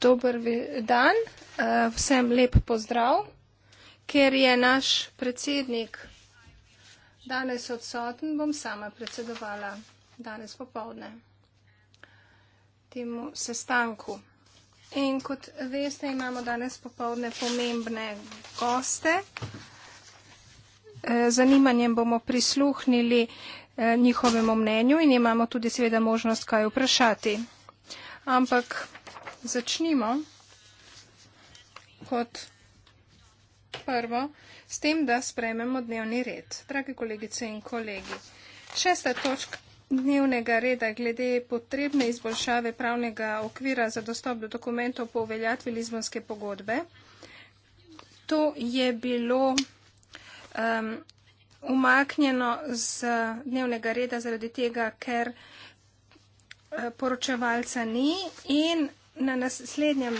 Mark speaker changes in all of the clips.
Speaker 1: Dober dan, eh, vsem lep pozdrav. Ker je naš predsednik danes odsoten, bom sama predsedovala danes popovdne temu sestanku. In kot veste, imamo danes popovdne pomembne goste. Eh, zanimanjem bomo prisluhnili Eh, njihovemu mnenju in imamo tudi seveda možnost kaj vprašati. Ampak začnimo kot prvo s tem, da sprejmemo dnevni red. Dragi kolegice in kolegi, šesta točka dnevnega reda glede potrebne izboljšave pravnega okvira za dostop do dokumentov po uveljatvi Lizbonske pogodbe. To je bilo um, umaknjeno z dnevnega reda zaradi tega, ker eh, poročevalca ni in na naslednjem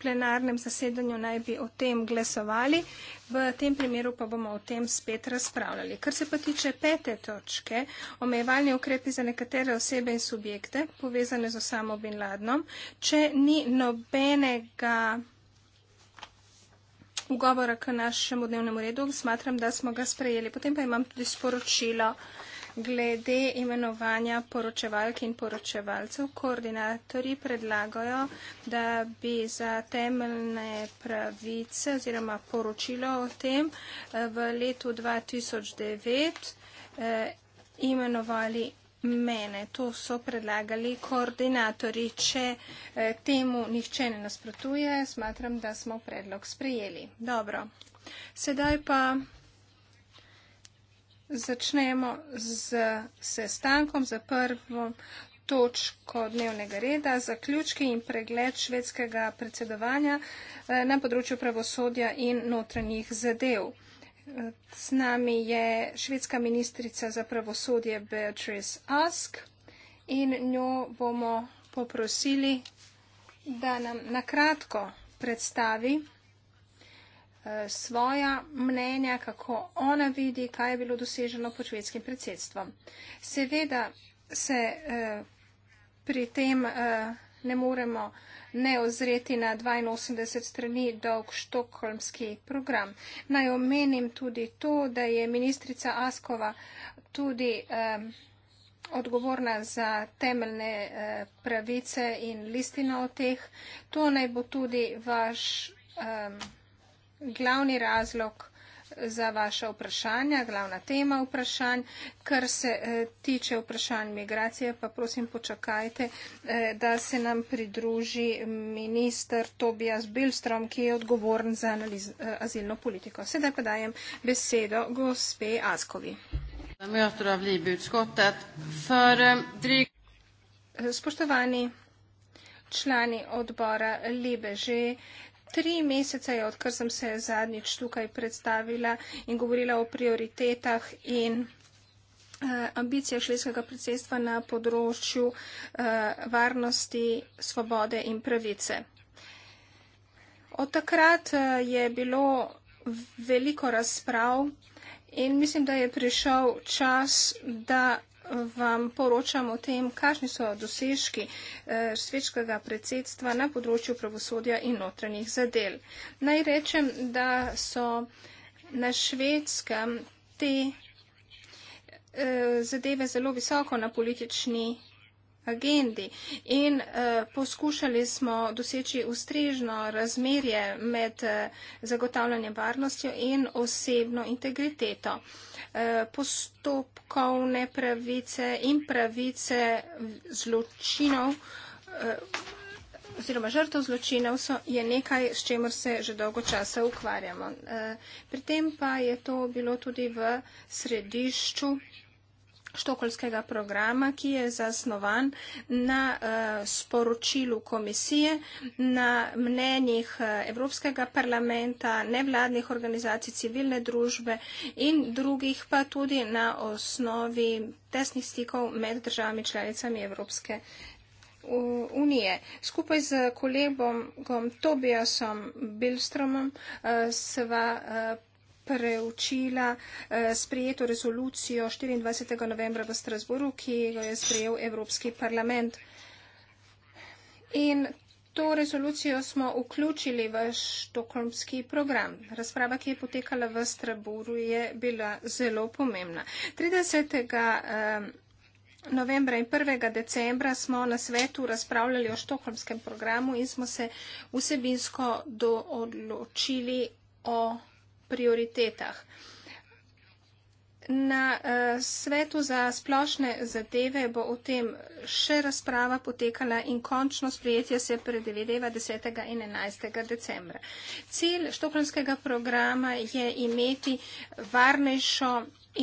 Speaker 1: plenarnem zasedanju naj bi o tem glasovali, v tem primeru pa bomo o tem spet razpravljali. Kar se pa tiče pete točke, omejevalni ukrepi za nekatere osebe in subjekte povezane z osamo bin Ladnom, če ni nobenega ugovora k našemu dnevnemu redu, smatram, da smo ga sprejeli. Potem pa imam tudi sporočilo glede imenovanja poročevalk in poročevalcev. Koordinatori predlagajo, da bi za temeljne pravice oziroma poročilo o tem eh, v letu 2009 eh, imenovali Mene, to so predlagali koordinatori, če eh, temu nihče ne nasprotuje, smatram, da smo predlog sprejeli. Dobro, sedaj pa začnemo z sestankom za prvo točko dnevnega reda, zaključki in pregled švedskega predsedovanja eh, na področju pravosodja in notranjih zadev. Z nami je švedska ministrica za pravosodje Beatrice Ask in njo bomo poprosili, da nam na kratko predstavi eh, svoja mnenja, kako ona vidi, kaj je bilo doseženo pod švedskim predsedstvom. Seveda se eh, pri tem eh, ne moremo ne ozreti na 82 strani dolg štokholmski program. Naj omenim tudi to, da je ministrica Askova tudi um, odgovorna za temeljne uh, pravice in listino o teh. To naj bo tudi vaš um, glavni razlog, za vaše vprašanja, glavna tema vprašanj. Kar se eh, tiče vprašanj migracije, pa prosim počakajte, eh, da se nam pridruži minister Tobias Bilstrom, ki je odgovoren za eh, azilno politiko. Sedaj pa dajem besedo gospe Askovi. Spoštovani člani odbora Libe, že tri mesece je, odkar sem se zadnjič tukaj predstavila in govorila o prioritetah in eh, ambicija švedskega predsedstva na področju uh, varnosti, svobode in pravice. Od takrat eh, je bilo veliko razprav in mislim, da je prišel čas, da vam poročam o tem, kakšni so dosežki eh, švedskega predsedstva na področju pravosodja in notranjih zadel. Naj rečem, da so na švedskem te eh, zadeve zelo visoko na politični agendi in uh, poskušali smo doseči ustrežno razmerje med uh, zagotavljanjem varnostjo in osebno integriteto. Uh, postopkovne pravice in pravice zločinov. Uh, oziroma žrtov zločinov so, je nekaj, s čemer se že dolgo časa ukvarjamo. E, pri tem pa je to bilo tudi v središču štokolskega programa, ki je zasnovan na uh, sporočilu komisije, na mnenjih eh, Evropskega parlamenta, nevladnih organizacij, civilne družbe in drugih pa tudi na osnovi tesnih stikov med državami članicami Evropske unije. Skupaj z kolegom Tobiasom Bilstromom uh, sva uh, preučila eh, sprejeto rezolucijo 24. novembra v Strasburu, ki jo je sprejel Evropski parlament. In to rezolucijo smo vključili v štokholmski program. Razprava, ki je potekala v Strasburu, je bila zelo pomembna. 30. Eh, novembra in 1. decembra smo na svetu razpravljali o štokholmskem programu in smo se vsebinsko odločili o prioritetah. Na eh, svetu za splošne zadeve bo o tem še razprava potekala in končno sprijetje se predvideva 10. in 11. decembra. Cilj štokholmskega programa je imeti varnejšo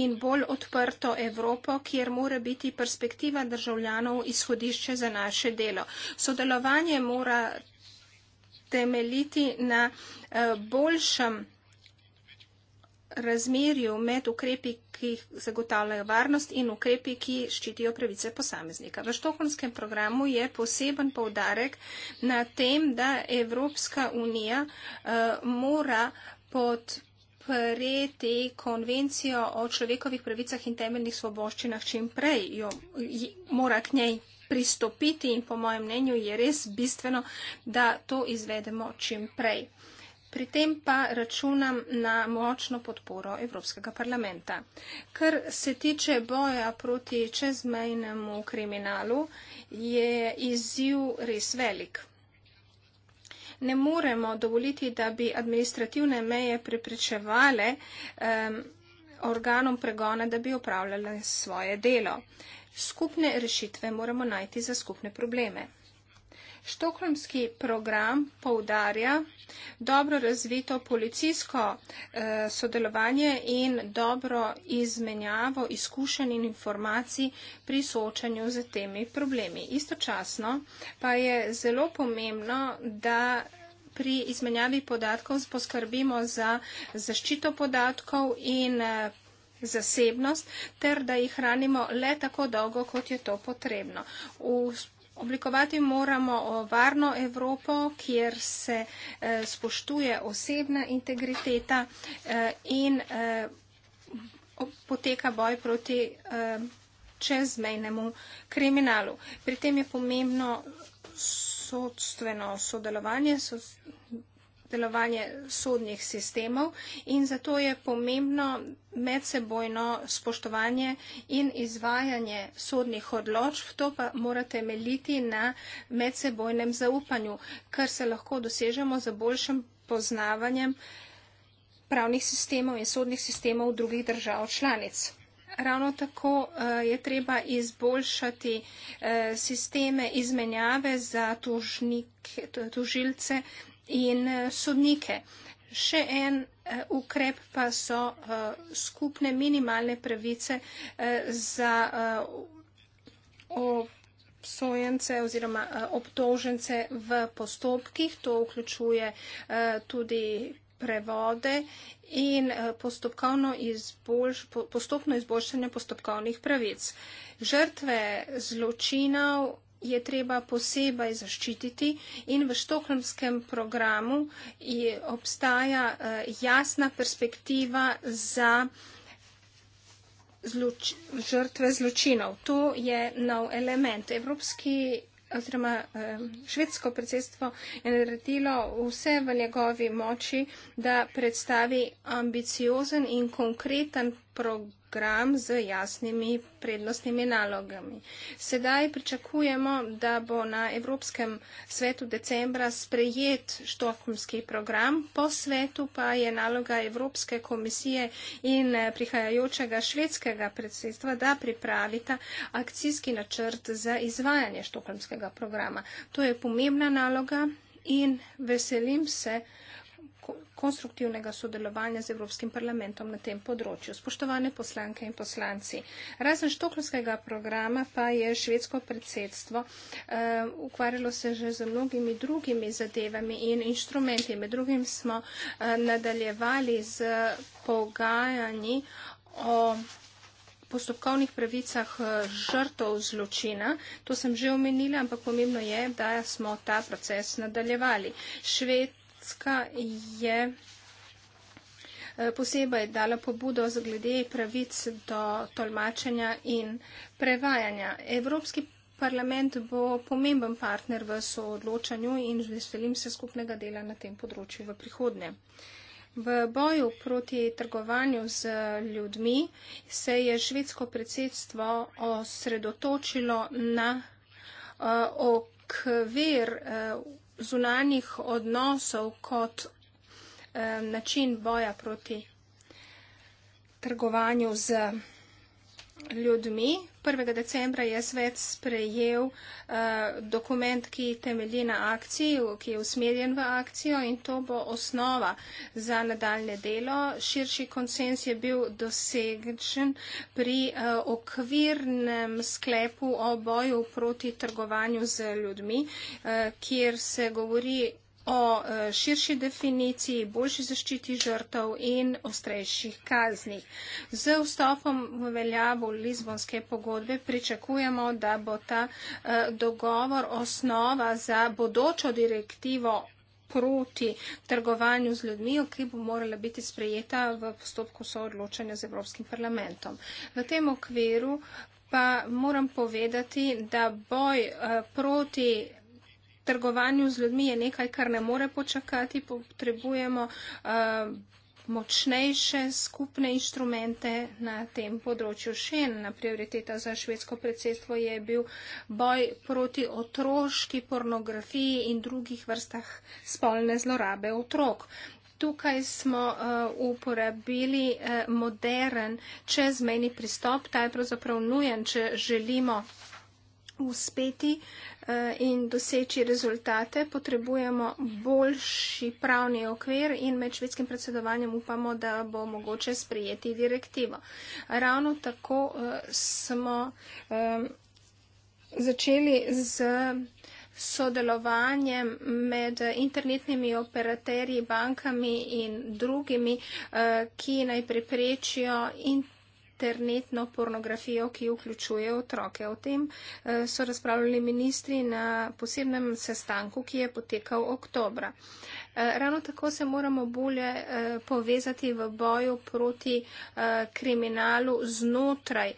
Speaker 1: in bolj odprto Evropo, kjer mora biti perspektiva državljanov izhodišče za naše delo. Sodelovanje mora temeljiti na eh, boljšem razmerju med ukrepi, ki zagotavljajo varnost in ukrepi, ki ščitijo pravice posameznika. V štokonskem programu je poseben povdarek na tem, da Evropska unija uh, mora pod preti konvencijo o človekovih pravicah in temeljnih svoboščinah čim prej. Jo, j, mora k njej pristopiti in po mojem mnenju je res bistveno, da to izvedemo čim prej. Pri tem pa računam na močno podporo Evropskega parlamenta. Kar se tiče boja proti čezmejnemu kriminalu, je izziv res velik. Ne moremo dovoliti, da bi administrativne meje preprečevale um, organom pregona, da bi opravljale svoje delo. Skupne rešitve moramo najti za skupne probleme. Štokholmski program poudarja dobro razvito policijsko eh, sodelovanje in dobro izmenjavo izkušenj in informacij pri soočanju z temi problemi. Istočasno pa je zelo pomembno, da pri izmenjavi podatkov poskrbimo za zaščito podatkov in eh, zasebnost, ter da jih hranimo le tako dolgo, kot je to potrebno. Oblikovati moramo varno Evropo, kjer se eh, spoštuje osebna integriteta eh, in eh, poteka boj proti čezmejnemu kriminalu. Pri tem je pomembno sodstveno sodelovanje. So delovanje sodnih sistemov in zato je pomembno medsebojno spoštovanje in izvajanje sodnih odločb, to pa mora temeljiti na medsebojnem zaupanju, kar se lahko dosežemo za boljšim poznavanjem pravnih sistemov in sodnih sistemov drugih držav članic. Ravno tako eh, je treba izboljšati eh, sisteme izmenjave za tužnike, tužilce in eh, sodnike. Še en eh, ukrep pa so eh, skupne minimalne pravice za obsojence oziroma obtožence v postopkih. To vključuje tudi prevode in izboljš, postopno izboljšanje postopkovnih pravic. Žrtve zločinov je treba posebej zaščititi in v štokholmskem programu obstaja eh, jasna perspektiva za zloč žrtve zločinov. To je nov element. Evropski oziroma eh, švedsko predsedstvo je naredilo vse v njegovi moči, da predstavi ambiciozen in konkreten program program z jasnimi prednostnimi nalogami. Sedaj pričakujemo, da bo na Evropskem svetu decembra sprejet štokholmski program, po svetu pa je naloga Evropske komisije in eh, prihajajočega švedskega predsedstva, da pripravita akcijski načrt za izvajanje štokholmskega programa. To je pomembna naloga in veselim se, konstruktivnega sodelovanja z Evropskim parlamentom na tem področju. Spoštovane poslanke in poslanci, razen štoklovskega programa pa je švedsko predsedstvo uh, ukvarjalo se že z mnogimi drugimi zadevami in inštrumenti. Med drugim smo uh, nadaljevali z pogajanji o postopkovnih pravicah eh, žrtov zločina. To sem že omenila, ampak pomembno je, da smo ta proces nadaljevali. Šved, Švedska je eh, posebej dala pobudo z glede pravic do tolmačenja in prevajanja. Evropski parlament bo pomemben partner v soodločanju in veselim se skupnega dela na tem področju v prihodnje. V boju proti trgovanju z ljudmi se je švedsko predsedstvo osredotočilo na eh, okvir eh, zunanjih odnosov kot eh, način boja proti trgovanju z ljudmi, 1. decembra je svet sprejel uh, dokument, ki temelji na akciji, ki je usmerjen v akcijo in to bo osnova za nadaljne delo. Širši konsens je bil dosežen pri uh, okvirnem sklepu o boju proti trgovanju z ljudmi, uh, kjer se govori o e, širši definiciji, boljši zaščiti žrtev in ostrejših kaznih. Z vstopom v veljavo Lizbonske pogodbe pričakujemo, da bo ta e, dogovor osnova za bodočo direktivo proti trgovanju z ljudmi, ki bo morala biti sprejeta v postopku soodločanja z Evropskim parlamentom. V tem okviru pa moram povedati, da boj e, proti trgovanju z ljudmi je nekaj, kar ne more počakati, potrebujemo uh, močnejše skupne inštrumente na tem področju. Še ena prioriteta za švedsko predsedstvo je bil boj proti otroški pornografiji in drugih vrstah spolne zlorabe otrok. Tukaj smo uh, uporabili uh, eh, modern čezmejni pristop, ta je pravzaprav nujen, če želimo uspeti eh, in doseči rezultate, potrebujemo boljši pravni okvir in med švedskim predsedovanjem upamo, da bo mogoče sprejeti direktivo. Ravno tako eh, smo eh, začeli z sodelovanjem med internetnimi operaterji, bankami in drugimi, ki naj preprečijo internetnimi internetno pornografijo, ki vključuje otroke. O tem eh, so razpravljali ministri na posebnem sestanku, ki je potekal oktobra. Eh, ravno tako se moramo bolje eh, povezati v boju proti kriminalu znotraj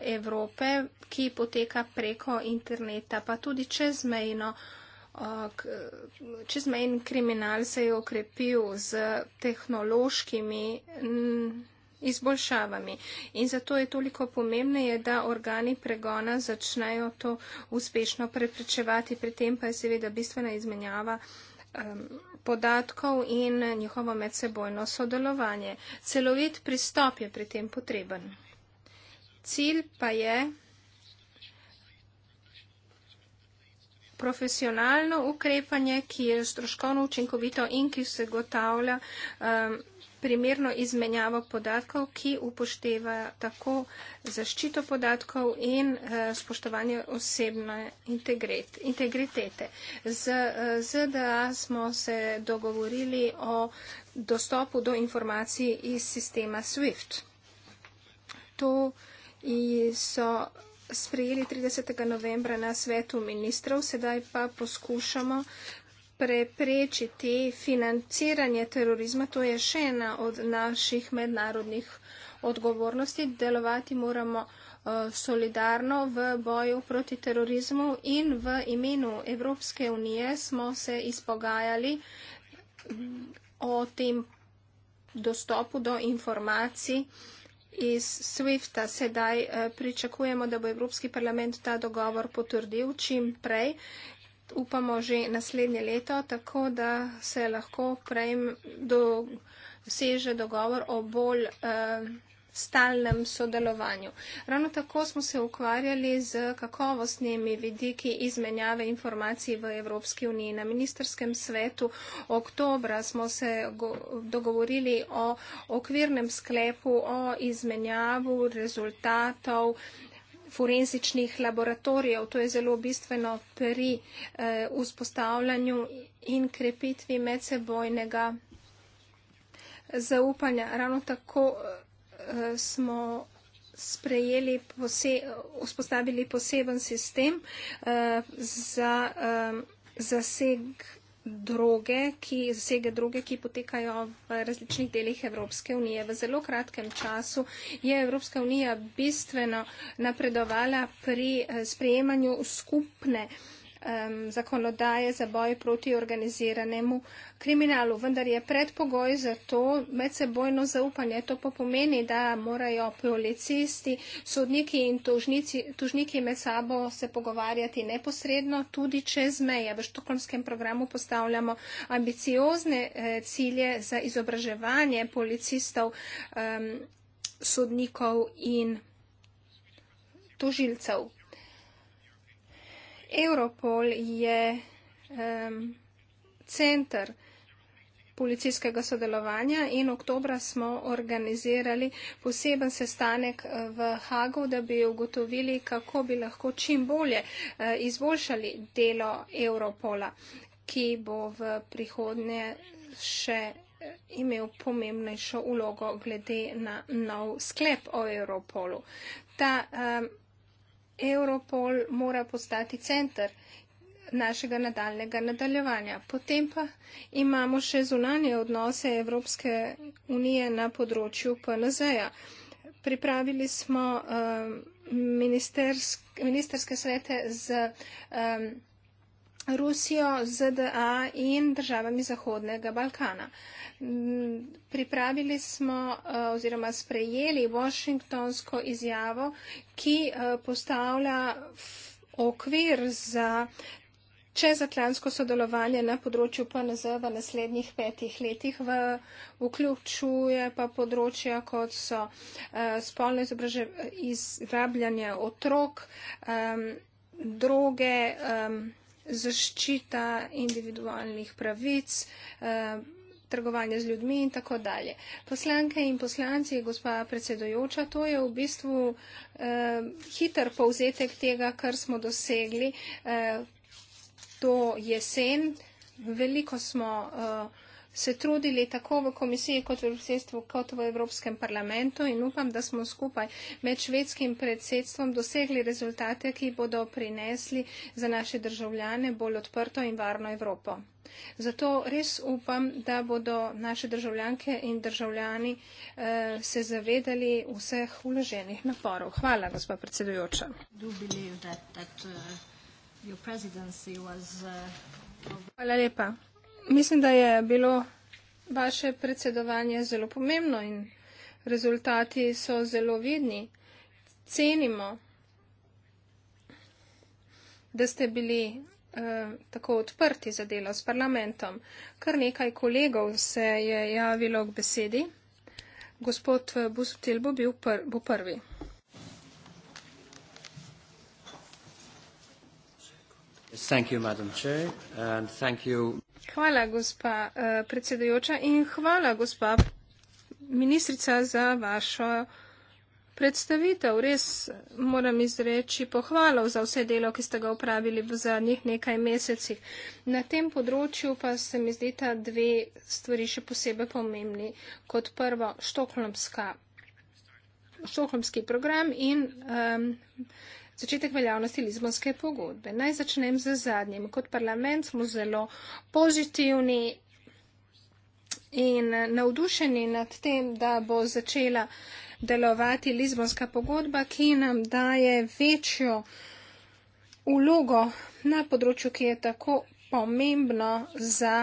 Speaker 1: Evrope, ki poteka preko interneta, pa tudi čezmejno. Čezmejni kriminal se je okrepil z tehnološkimi izboljšavami. In zato je toliko pomembneje, da organi pregona začnejo to uspešno preprečevati. Pri tem pa je seveda bistvena izmenjava podatkov in njihovo medsebojno sodelovanje. Celovit pristop je pri tem potreben. Cilj pa je profesionalno ukrepanje, ki je stroškovno učinkovito in ki se gotavlja um, primerno izmenjavo podatkov, ki upošteva tako zaščito podatkov in uh, spoštovanje osebne integret, integritete. Z uh, eh, ZDA smo se dogovorili o dostopu do informacij iz sistema SWIFT. To so sprejeli 30. novembra na svetu ministrov, sedaj pa poskušamo preprečiti financiranje terorizma, to je še ena od naših mednarodnih odgovornosti. Delovati moramo eh, solidarno v boju proti terorizmu in v imenu Evropske unije smo se izpogajali mm, o tem dostopu do informacij iz SWIFT-a. Sedaj eh, pričakujemo, da bo Evropski parlament ta dogovor potrdil čim prej upamo že naslednje leto, tako da se lahko prejm do, seže dogovor o bolj uh, stalnem sodelovanju. Ravno tako smo se ukvarjali z kakovostnimi vidiki izmenjave informacij v Evropski uniji. Na ministerskem svetu oktobra smo se go, dogovorili o okvirnem sklepu o izmenjavu rezultatov uh, forenzičnih laboratorijev. To je zelo bistveno pri eh, vzpostavljanju in krepitvi medsebojnega eh, zaupanja. Ravno tako eh, smo sprejeli, pose, vzpostavili poseben sistem eh, za eh, zaseg droge, ki, zasege droge, ki potekajo v različnih delih Evropske unije. V zelo kratkem času je Evropska unija bistveno napredovala pri eh, sprejemanju skupne uh, um, zakonodaje za boj proti organiziranemu kriminalu. Vendar je predpogoj za to medsebojno zaupanje. To pa pomeni, da morajo policisti, sodniki in tožnici, tužniki med sabo se pogovarjati neposredno, tudi čez meje. V štokholmskem programu postavljamo ambiciozne eh, cilje za izobraževanje policistov, um, sodnikov in tožilcev. Europol je um, centr policijskega sodelovanja in oktobra smo organizirali poseben sestanek eh, v Hagu, da bi ugotovili, kako bi lahko čim bolje eh, izboljšali delo Europola, ki bo v prihodnje še eh, imel pomembnejšo ulogo glede na nov sklep o Europolu. Ta, um, Europol mora postati centr našega nadaljnega nadaljevanja. Potem pa imamo še zunanje odnose Evropske unije na področju PNZ-ja. Pripravili smo um, eh, ministerske svete z um, Rusijo, ZDA in državami Zahodnega Balkana. Pripravili smo eh, oziroma sprejeli Washingtonsko izjavo, ki eh, postavlja okvir za čezatlansko sodelovanje na področju PNZ v naslednjih petih letih. V vključuje pa področja, kot so eh, spolno izobraževanje otrok, droge zaščita individualnih pravic, eh, trgovanje z ljudmi in tako dalje. Poslanke in poslanci, gospa predsedojoča, to je v bistvu eh, hiter povzetek tega, kar smo dosegli eh, to jesen. Veliko smo uh, se trudili tako v komisiji kot v predsedstvu kot v Evropskem parlamentu in upam, da smo skupaj med švedskim predsedstvom dosegli rezultate, ki bodo prinesli za naše državljane bolj odprto in varno Evropo. Zato res upam, da bodo naše državljanke in državljani eh, se zavedali vseh uloženih naporov. Hvala, gospa predsedujoča. That, that, uh, was, uh, Hvala lepa mislim, da je bilo vaše predsedovanje zelo pomembno in rezultati so zelo vidni. Cenimo, da ste bili eh, tako odprti za delo s parlamentom. Kar nekaj kolegov se je javilo k besedi. Gospod Busutil bo, pr bo prvi. Thank you, Madam Chair, and thank you. Hvala, gospa eh, predsedujoča in hvala, gospa ministrica, za vašo predstavitev. Res moram izreči pohvalo za vse delo, ki ste ga upravili v zadnjih nekaj mesecih. Na tem področju pa se mi zdi ta dve stvari še posebej pomembni. Kot prvo, štokholmski program in um, začetek veljavnosti Lizbonske pogodbe. Naj začnem z zadnjim. Kot parlament smo zelo pozitivni in navdušeni nad tem, da bo začela delovati Lizbonska pogodba, ki nam daje večjo ulogo na področju, ki je tako pomembno za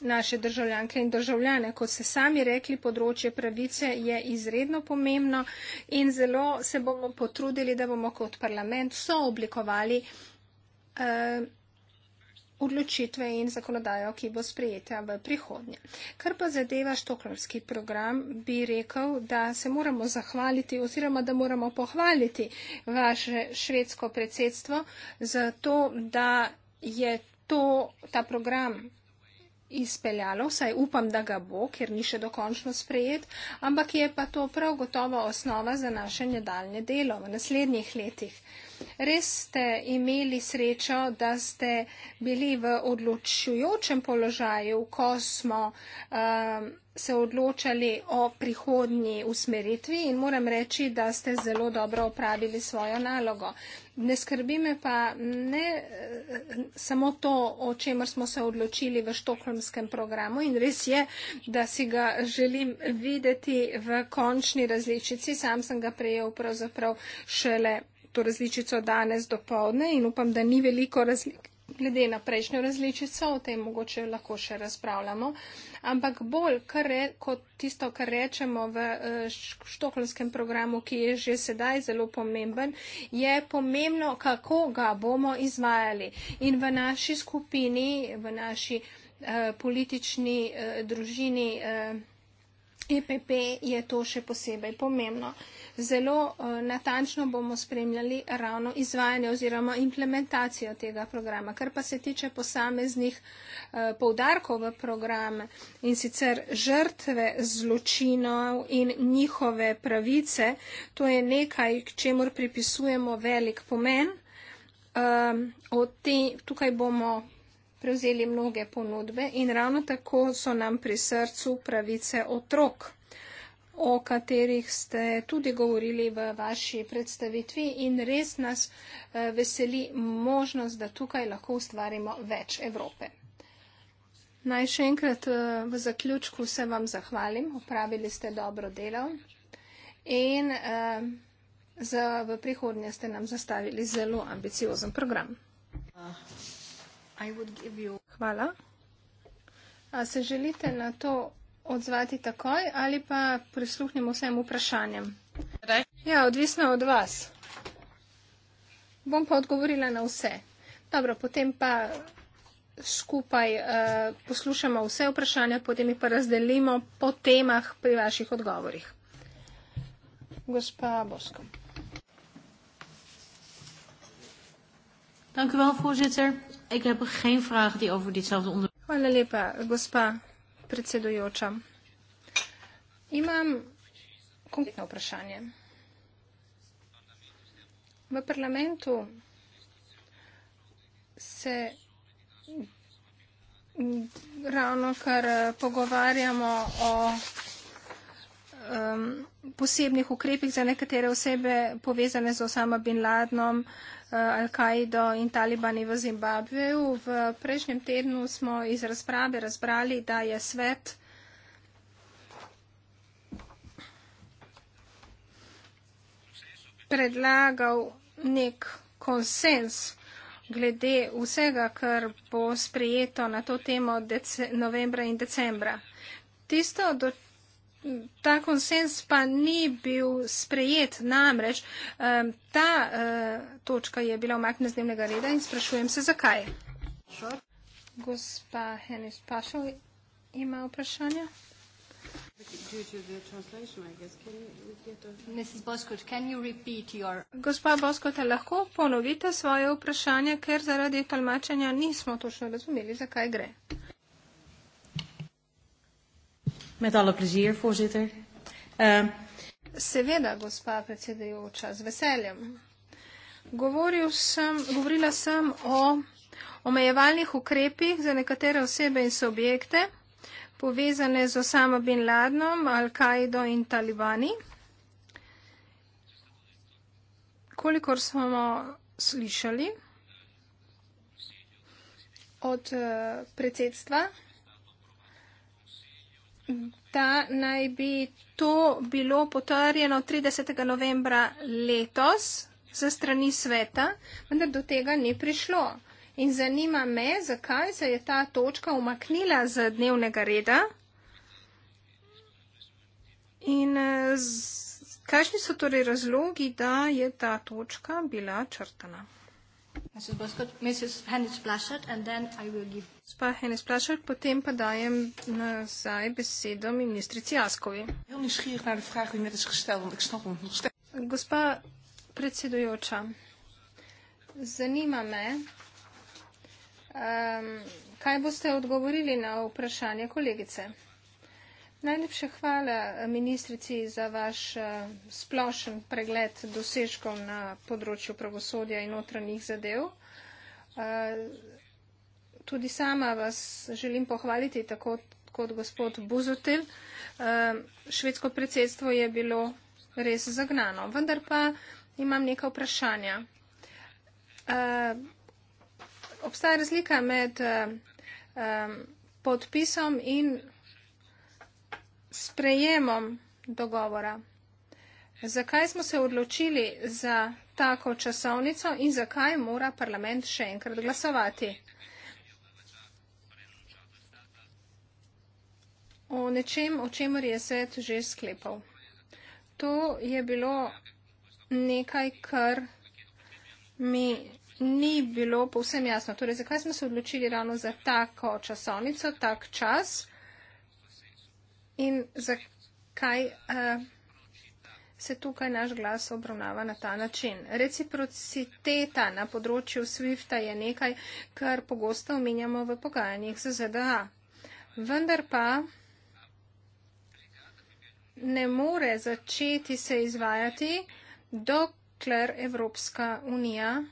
Speaker 1: naše državljanke in državljane. Kot ste sami rekli, področje pravice je izredno pomembno in zelo se bomo potrudili, da bomo kot parlament sooblikovali eh, odločitve in zakonodajo, ki bo sprejeta v prihodnje. Kar pa zadeva štoklarski program, bi rekel, da se moramo zahvaliti oziroma da moramo pohvaliti vaše švedsko predsedstvo za to, da je to, ta program izpeljalo, saj upam, da ga bo, ker ni še dokončno sprejet, ampak je pa to prav gotovo osnova za naše nedaljne delo v naslednjih letih. Res ste imeli srečo, da ste bili v odločujočem položaju, ko smo um, se odločali o prihodnji usmeritvi in moram reči, da ste zelo dobro opravili svojo nalogo. Ne skrbi me pa ne eh, samo to, o čemer smo se odločili v štokholmskem programu in res je, da si ga želim videti v končni različici. Sam sem ga prejel pravzaprav šele to različico danes do povdne in upam, da ni veliko razlike glede na prejšnjo različico, o tem mogoče lahko še razpravljamo, ampak bolj re, kot tisto, kar rečemo v eh, štokholmskem programu, ki je že sedaj zelo pomemben, je pomembno, kako ga bomo izvajali. In v naši skupini, v naši eh, politični eh, družini. Eh, EPP je to še posebej pomembno. Zelo uh, natančno bomo spremljali ravno izvajanje oziroma implementacijo tega programa. Kar pa se tiče posameznih uh, poudarkov v programe in sicer žrtve zločinov in njihove pravice, to je nekaj, k čemur pripisujemo velik pomen. Uh, te, tukaj bomo prevzeli mnoge ponudbe in ravno tako so nam pri srcu pravice otrok, o katerih ste tudi govorili v vaši predstavitvi in res nas eh, veseli možnost, da tukaj lahko ustvarimo več Evrope. Naj še enkrat eh, v zaključku se vam zahvalim, opravili ste dobro delo in eh, za, v prihodnje ste nam zastavili zelo ambiciozen program. Uh. Hvala. A se želite na to odzvati takoj ali pa prisluhnimo vsem vprašanjem? Ja, odvisno od vas. Bom pa odgovorila na vse. Dobro, potem pa skupaj uh, poslušamo vse vprašanja, potem jih pa razdelimo po temah pri vaših odgovorih. Gospa Boskom. Dank u wel, voorzitter. Ik heb geen vragen die over ditzelfde onderwerp. Hvala lepa, gospa predsedujoča. Imam konkretno vprašanje. V parlamentu se ravno kar pogovarjamo o um, posebnih ukrepih za nekatere osebe povezane z Osama bin Ladnom. Uh, Eh, Al-Kaido in talibani v Zimbabveju. V prejšnjem tednu smo iz razprave razbrali, da je svet predlagal nek konsens glede vsega, kar bo sprejeto na to temo dece novembra in decembra. Tisto, do ta konsens pa ni bil sprejet, namreč um, ta uh, točka je bila omaknjena z dnevnega reda in sprašujem se, zakaj. Gospa Henis Pašov ima vprašanje. Gospa Boskota, lahko ponovite svoje vprašanje, ker zaradi tolmačenja nismo točno razumeli, zakaj gre. Met alle plezier, voorzitter. Uh, Seveda, gospa predsedujoča, z veseljem. Sem, govorila sem o omejevalnih ukrepih za nekatere osebe in subjekte povezane z Osama bin Ladnom, Al-Kaido in Talibani. Kolikor smo slišali od eh, predsedstva, da naj bi to bilo potrjeno 30. novembra letos za strani sveta, vendar do tega ni prišlo. In zanima me, zakaj se je ta točka umaknila z dnevnega reda in kakšni so torej razlogi, da je ta točka bila črtana. Mrs. Boskot, Mrs. Gospa Henes Plašar, potem pa dajem nazaj besedo ministrici Jaskovi. Gospa predsedujoča, zanima me, um, kaj boste odgovorili na vprašanje kolegice. Najlepša hvala ministrici za vaš eh, splošen pregled dosežkov na področju pravosodja in notranjih zadev. Uh, tudi sama vas želim pohvaliti, tako kot gospod Buzutil. Ehm, švedsko predsedstvo je bilo res zagnano, vendar pa imam nekaj vprašanja. Ehm, obstaja razlika med ehm, podpisom in sprejemom dogovora. Zakaj smo se odločili za tako časovnico in zakaj mora parlament še enkrat glasovati? o nečem, o čemer je svet že sklepal. To je bilo nekaj, kar mi ni bilo povsem jasno. Torej, zakaj smo se odločili ravno za tako časovnico, tak čas in zakaj uh, se tukaj naš glas obravnava na ta način. Reciprociteta na področju SWIFT-a je nekaj, kar pogosto omenjamo v pogajanjih za ZDA. Vendar pa ne more začeti se izvajati, dokler Evropska unija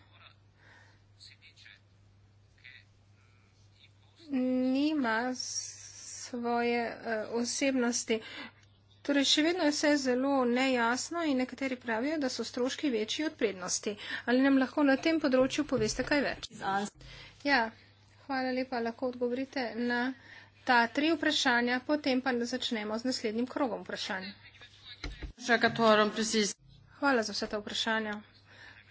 Speaker 1: nima svoje uh, osebnosti. Torej, še vedno je vse zelo nejasno in nekateri pravijo, da so stroški večji od prednosti. Ali nam lahko na tem področju poveste kaj več? Ja, hvala lepa, lahko odgovorite na ta tri vprašanja, potem pa začnemo z naslednjim krogom vprašanj. Hvala za vse ta vprašanja.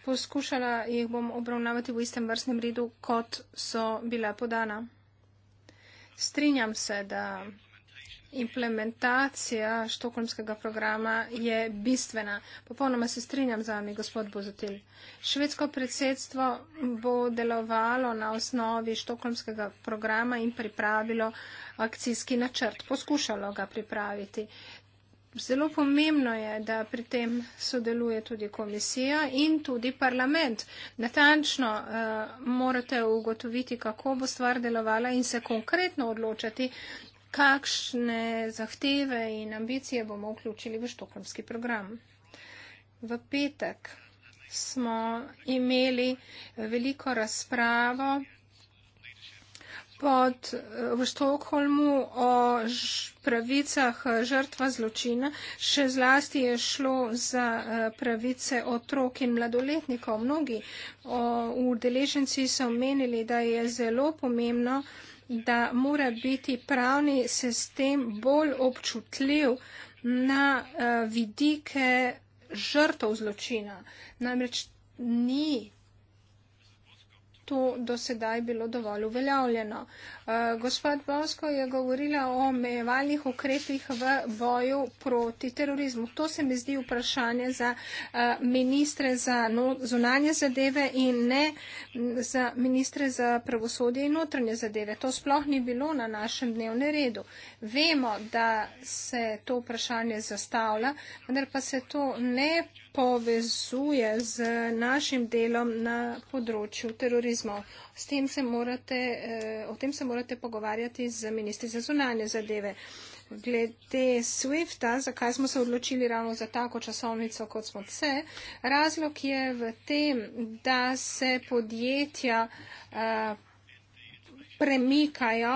Speaker 1: Poskušala jih bom obravnavati v istem vrstnem redu, kot so bila podana. Strinjam se, da implementacija štokholmskega programa je bistvena. Popolnoma se strinjam z vami, gospod Bozotil. Švedsko predsedstvo bo delovalo na osnovi štokholmskega programa in pripravilo akcijski načrt, poskušalo ga pripraviti. Zelo pomembno je, da pri tem sodeluje tudi komisija in tudi parlament. Natančno uh, morate ugotoviti, kako bo stvar delovala in se konkretno odločati, kakšne zahteve in ambicije bomo vključili v štokholmski program. V petek smo imeli veliko razpravo pod, v Štokholmu o ž, pravicah žrtva zločina. Še zlasti je šlo za eh, pravice otrok in mladoletnikov. Mnogi udeleženci so menili, da je zelo pomembno, da mora biti pravni sistem bolj občutljiv na eh, vidike žrtov zločina. Namreč ni to do sedaj bilo dovolj uveljavljeno. Eh, Gospod Bosko je govorila o omejevalnih ukrepih v boju proti terorizmu. To se mi zdi vprašanje za eh, ministre za no-, zunanje zadeve in ne za ministre za pravosodje in notranje zadeve. To sploh ni bilo na našem dnevnem redu. Vemo, da se to vprašanje zastavlja, vendar pa se to ne povezuje z našim delom na področju terorizma. S tem se morate, eh, o tem se morate pogovarjati z ministri za zunanje zadeve. Glede SWIFT-a, zakaj smo se odločili ravno za tako časovnico, kot smo vse, razlog je v tem, da se podjetja eh, premikajo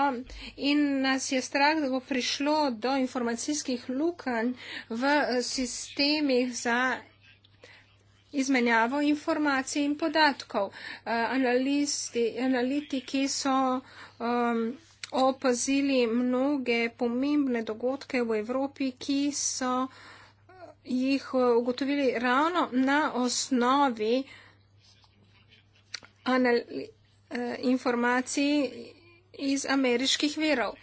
Speaker 1: in nas je strah, da bo prišlo do informacijskih lukanj v eh, sistemih za izmenjavo informacij in podatkov. Eh, analisti, analitiki so um, opazili mnoge pomembne dogodke v Evropi, ki so jih eh, ugotovili ravno na osnovi anal, uh, informacij iz ameriških verov.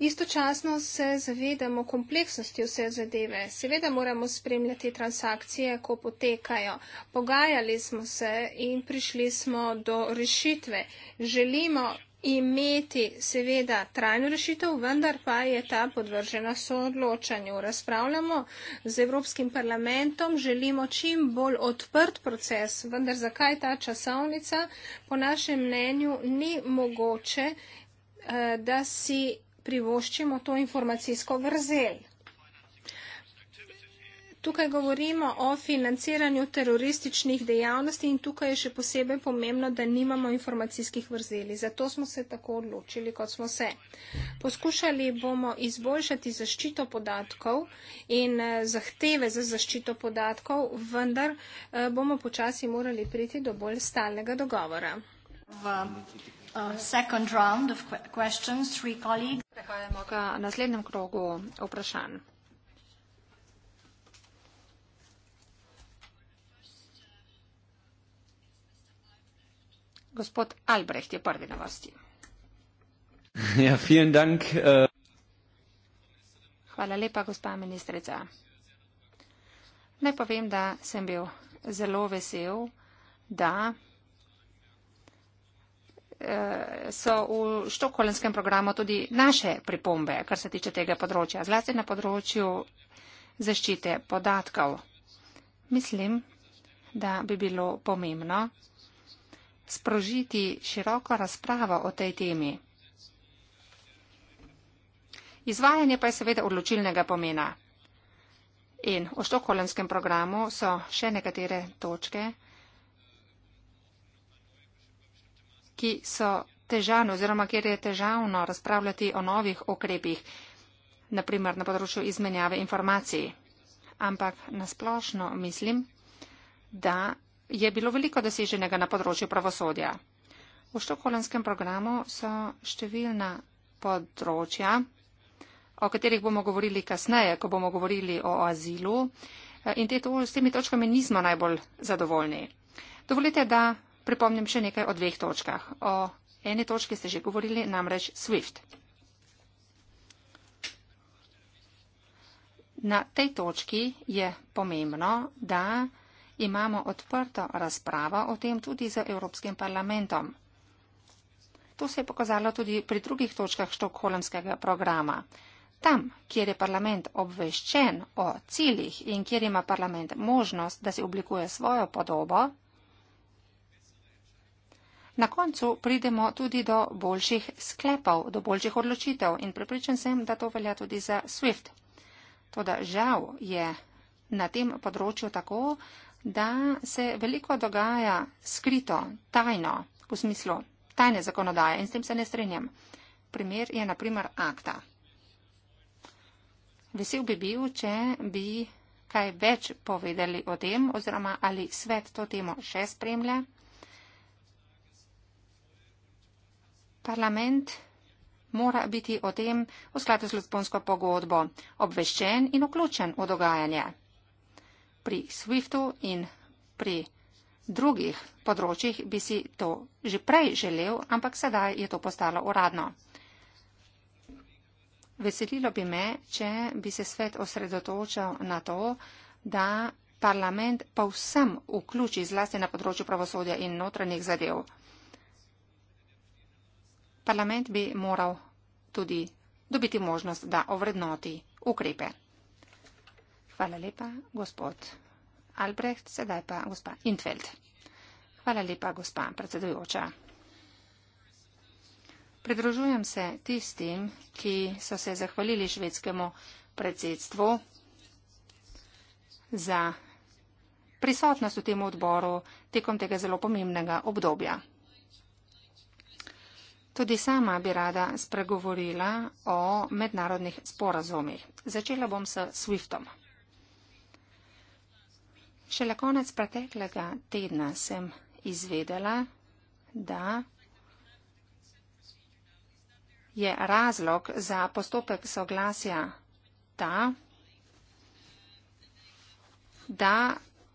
Speaker 1: Istočasno se zavedamo kompleksnosti vse zadeve. Seveda moramo spremljati transakcije, ko potekajo. Pogajali smo se in prišli smo do rešitve. Želimo imeti seveda trajno rešitev, vendar pa je ta podvržena soodločanju. Razpravljamo z Evropskim parlamentom, želimo čim bolj odprt proces, vendar zakaj ta časovnica po našem mnenju ni mogoče, eh, da si privoščimo to informacijsko vrzel. Tukaj govorimo o financiranju terorističnih dejavnosti in tukaj je še posebej pomembno, da nimamo informacijskih vrzeli. Zato smo se tako odločili, kot smo se. Poskušali bomo izboljšati zaščito podatkov in eh, zahteve za zaščito podatkov, vendar eh, bomo počasi morali priti do bolj stalnega dogovora. V Uh, second round of questions. Three colleagues. Prehajamo ga na naslednjem krogu vprašanj.
Speaker 2: Gospod Albrecht je prvi na vrsti. Ja, vielen dank. Äh, Hvala lepa, gospa ministrica. Naj povem, da sem bil zelo vesel, da Eh, so v štokholmskem programu tudi naše pripombe, kar se tiče tega področja, zlasti na področju zaščite podatkov. Mislim, da bi bilo pomembno sprožiti široko razpravo o tej temi. Izvajanje pa je seveda odločilnega pomena. In v štokholmskem programu so še nekatere točke, ki so težavne oziroma kjer je težavno razpravljati o novih ukrepih, naprimer na področju izmenjave informacij. Ampak nasplošno mislim, da je bilo veliko doseženega na področju pravosodja. V štokolanskem programu so številna področja, o katerih bomo govorili kasneje, ko bomo govorili o azilu, in te to, s temi točkami nismo najbolj zadovoljni. Dovolite, da pripomnim še nekaj o dveh točkah. O eni točki ste že govorili, namreč SWIFT. Na tej točki je pomembno, da imamo odprto razpravo o tem tudi z Evropskim parlamentom. To se je pokazalo tudi pri drugih točkah štokholmskega programa. Tam, kjer je parlament obveščen o ciljih in kjer ima parlament možnost, da se oblikuje svojo podobo, Na koncu pridemo tudi do boljših sklepov, do boljših odločitev in pripričan sem, da to velja tudi za SWIFT. Toda žal je na tem področju tako, da se veliko dogaja skrito, tajno, v smislu tajne zakonodaje in s tem se ne strinjam. Primer je naprimer akta. Vesel bi bil, če bi kaj več povedali o tem oziroma ali svet to temo še spremlja. parlament mora biti o tem v skladu z Lisbonsko pogodbo obveščen in vključen v dogajanje. Pri SWIFT-u in pri drugih področjih bi si to že prej želel, ampak sedaj je to postalo uradno. Veselilo bi me, če bi se svet osredotočal na to, da parlament pa vsem vključi zlasti na področju pravosodja in notranjih zadev parlament bi moral tudi dobiti možnost, da ovrednoti ukrepe. Hvala lepa, gospod Albrecht, sedaj pa gospa Intveld. Hvala lepa, gospa predsedujoča. Pridružujem se tistim, ki so se zahvalili švedskemu predsedstvu za prisotnost v tem odboru tekom tega zelo pomembnega obdobja. Tudi sama bi rada spregovorila o mednarodnih sporazumih. Začela bom s SWIFTom. Šele konec preteklega tedna sem izvedela, da je razlog za postopek soglasja ta, da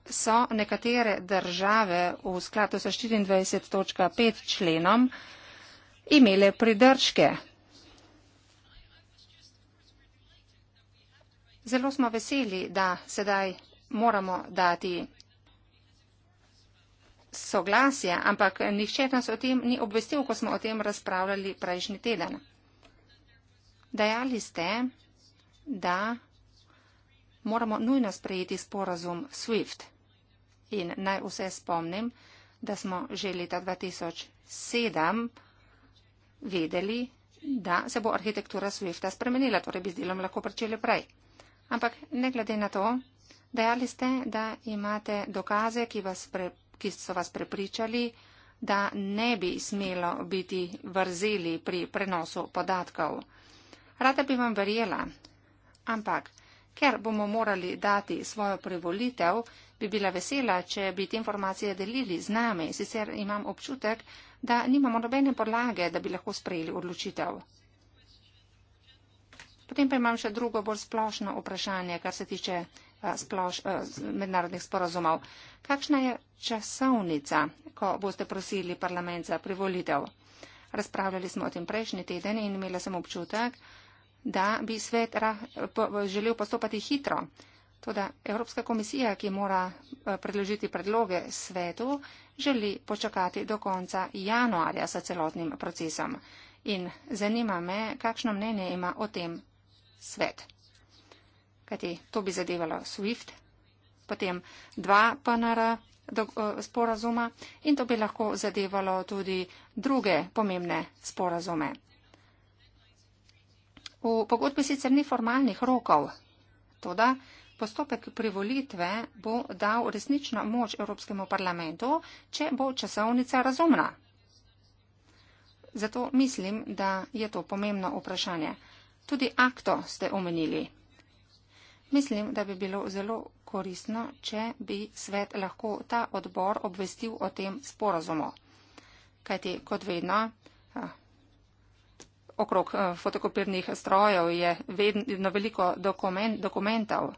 Speaker 2: so nekatere države v skladu s 24.5 členom imele pridržke. Zelo smo veseli, da sedaj moramo dati soglasje, ampak nihče nas o tem ni obvestil, ko smo o tem razpravljali prejšnji teden. Dajali ste, da moramo nujno sprejeti sporazum SWIFT. In naj vse spomnim, da smo že leta 2007 vedeli, da se bo arhitektura Swifta spremenila, torej bi z delom lahko pričeli prej. Ampak ne glede na to, dejali ste, da imate dokaze, ki, pre, ki so vas prepričali, da ne bi smelo biti vrzeli pri prenosu podatkov. Rada bi vam verjela, ampak ker bomo morali dati svojo privolitev, bi bila vesela, če bi te informacije delili z nami, sicer imam občutek, da nimamo nobene podlage, da bi lahko sprejeli odločitev. Potem pa imam še drugo bolj splošno vprašanje, kar se tiče sploš, mednarodnih sporozumov. Kakšna je časovnica, ko boste prosili parlament za privolitev? Razpravljali smo o tem prejšnji teden in imela sem občutek, da bi svet želel postopati hitro. Toda Evropska komisija, ki mora eh, predložiti predloge svetu, želi počakati do konca januarja sa celotnim procesom. In zanima me, kakšno mnenje ima o tem svet. Kajti to bi zadevalo SWIFT, potem dva PNR eh, sporazuma in to bi lahko zadevalo tudi druge pomembne sporazume. V pogodbi sicer ni formalnih rokov, to da. Postopek privolitve bo dal resnično moč Evropskemu parlamentu, če bo časovnica razumna. Zato mislim, da je to pomembno vprašanje. Tudi akto ste omenili. Mislim, da bi bilo zelo koristno, če bi svet lahko ta odbor obvestil o tem sporazumu. Kajti, kot vedno, okrog fotokopirnih strojev je vedno veliko dokumentov.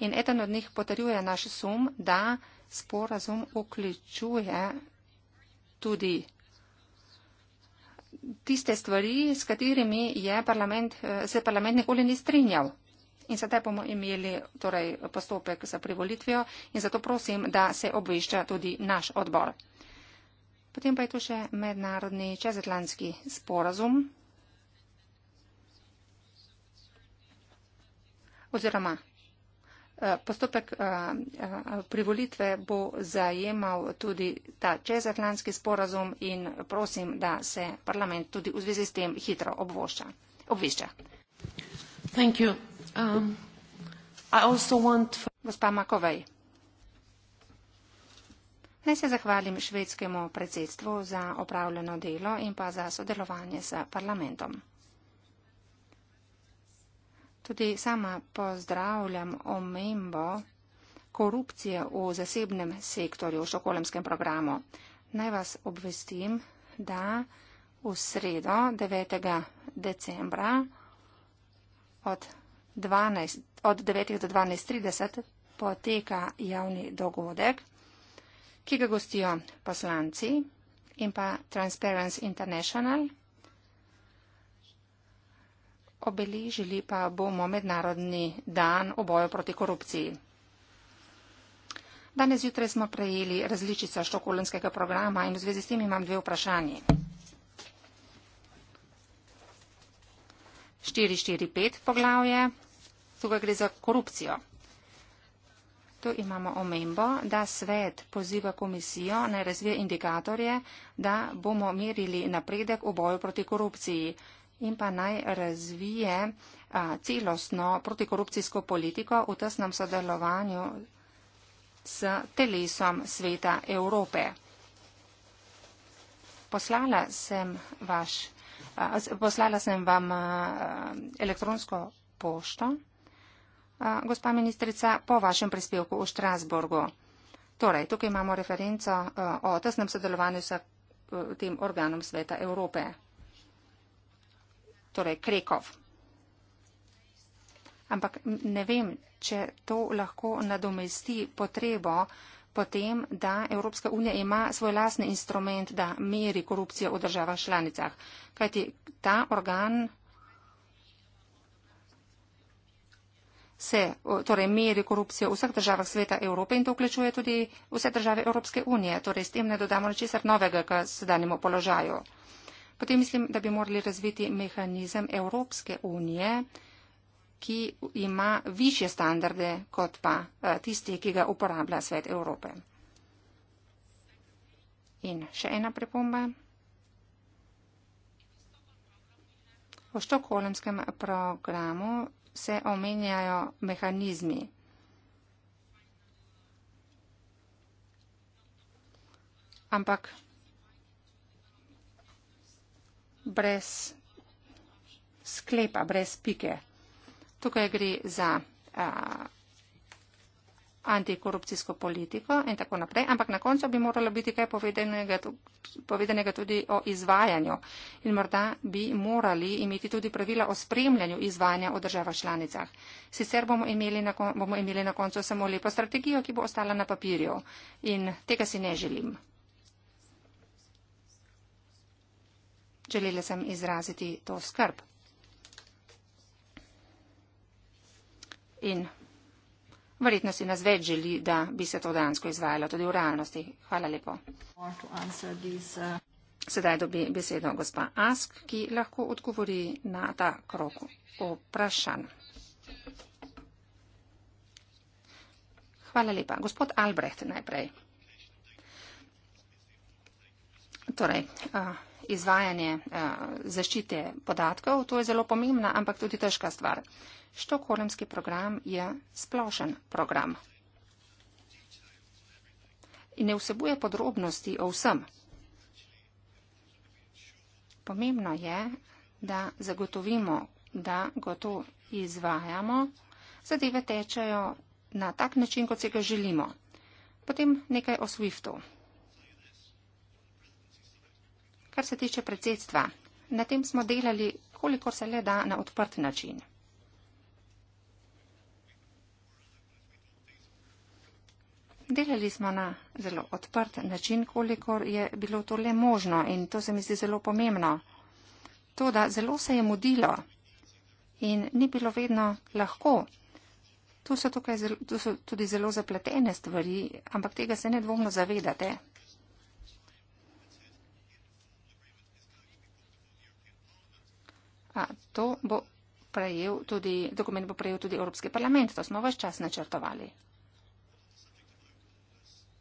Speaker 2: In eden od njih potrjuje naš sum, da sporazum vključuje tudi tiste stvari, s katerimi je parlament, eh, se parlament nikoli ni strinjal. In sedaj bomo imeli torej, postopek za privolitvijo in zato prosim, da se obvešča tudi naš odbor. Potem pa je tu še mednarodni čezatlantski sporazum oziroma Eh, postopek eh, eh, privolitve bo zajemal tudi ta čezatlantski sporazum in prosim, da se parlament tudi v zvezi s tem hitro obvošča, obvešča. Thank you. Um, I also want for... Gospa Makovej. Naj se zahvalim švedskemu predsedstvu za opravljeno delo in pa za sodelovanje s parlamentom. Tudi sama pozdravljam omembo korupcije v zasebnem sektorju, v šokolemskem programu. Naj vas obvestim, da v sredo 9. decembra od, 12, od 9. do 12.30 poteka javni dogodek, ki ga gostijo poslanci in pa Transparency International – obeležili pa bomo mednarodni dan o boju proti korupciji. Danes jutraj smo prejeli različico štokolenskega programa in v zvezi s tem imam dve vprašanje. 4.4.5 poglavje, tukaj gre za korupcijo. Tu imamo omembo, da svet poziva komisijo na razvije indikatorje, da bomo merili napredek v boju proti korupciji in pa naj razvije celostno protikorupcijsko politiko v tesnem sodelovanju s telesom sveta Evrope. Poslala sem, vaš, poslala sem vam elektronsko pošto, gospa ministrica, po vašem prispevku v Štrasburgu. Torej, tukaj imamo referenco o tesnem sodelovanju s tem organom sveta Evrope torej krekov. Ampak ne vem, če to lahko nadomesti potrebo potem, da Evropska unija ima svoj lasni instrument, da meri korupcijo v državah članicah. Kajti ta organ se torej, meri korupcijo v vseh državah sveta Evrope in to vključuje tudi vse države Evropske unije. Torej s tem ne dodamo ničesar novega k sedanjemu položaju. Potem mislim, da bi morali razviti mehanizem Evropske unije, ki ima više standarde kot pa eh, tisti, ki ga uporablja svet Evrope. In še ena pripomba. V štokolemskem programu se omenjajo mehanizmi. Ampak brez sklepa, brez pike. Tukaj gre za a, antikorupcijsko politiko in tako naprej, ampak na koncu bi moralo biti kaj povedenega, povedenega tudi o izvajanju in morda bi morali imeti tudi pravila o spremljanju izvajanja v državah članicah. Sicer bomo imeli, na, bomo imeli na koncu samo lepo strategijo, ki bo ostala na papirju in tega si ne želim. Želela sem izraziti to skrb. In verjetno si nas več želi, da bi se to dansko izvajalo tudi v realnosti. Hvala lepo. Sedaj dobi besedo gospa Ask, ki lahko odgovori na ta krok vprašanj. Hvala lepa. Gospod Albrecht najprej. Torej, uh, izvajanje uh, zaščite podatkov, to je zelo pomembna, ampak tudi težka stvar. Štokolemski program je splošen program in ne vsebuje podrobnosti o vsem. Pomembno je, da zagotovimo, da gotovo izvajamo, zadeve tečejo na tak način, kot se ga želimo. Potem nekaj o Swiftu kar se tiče predsedstva, na tem smo delali, kolikor se le da, na odprt način. Delali smo na zelo odprt način, kolikor je bilo to le možno in to se mi zdi zelo pomembno. To, da zelo se je mudilo in ni bilo vedno lahko. Tu so, zelo, tu so tudi zelo zapletene stvari, ampak tega se nedvomno zavedate. to bo prejel tudi, dokument bo prejel tudi Evropski parlament. To smo vse čas načrtovali.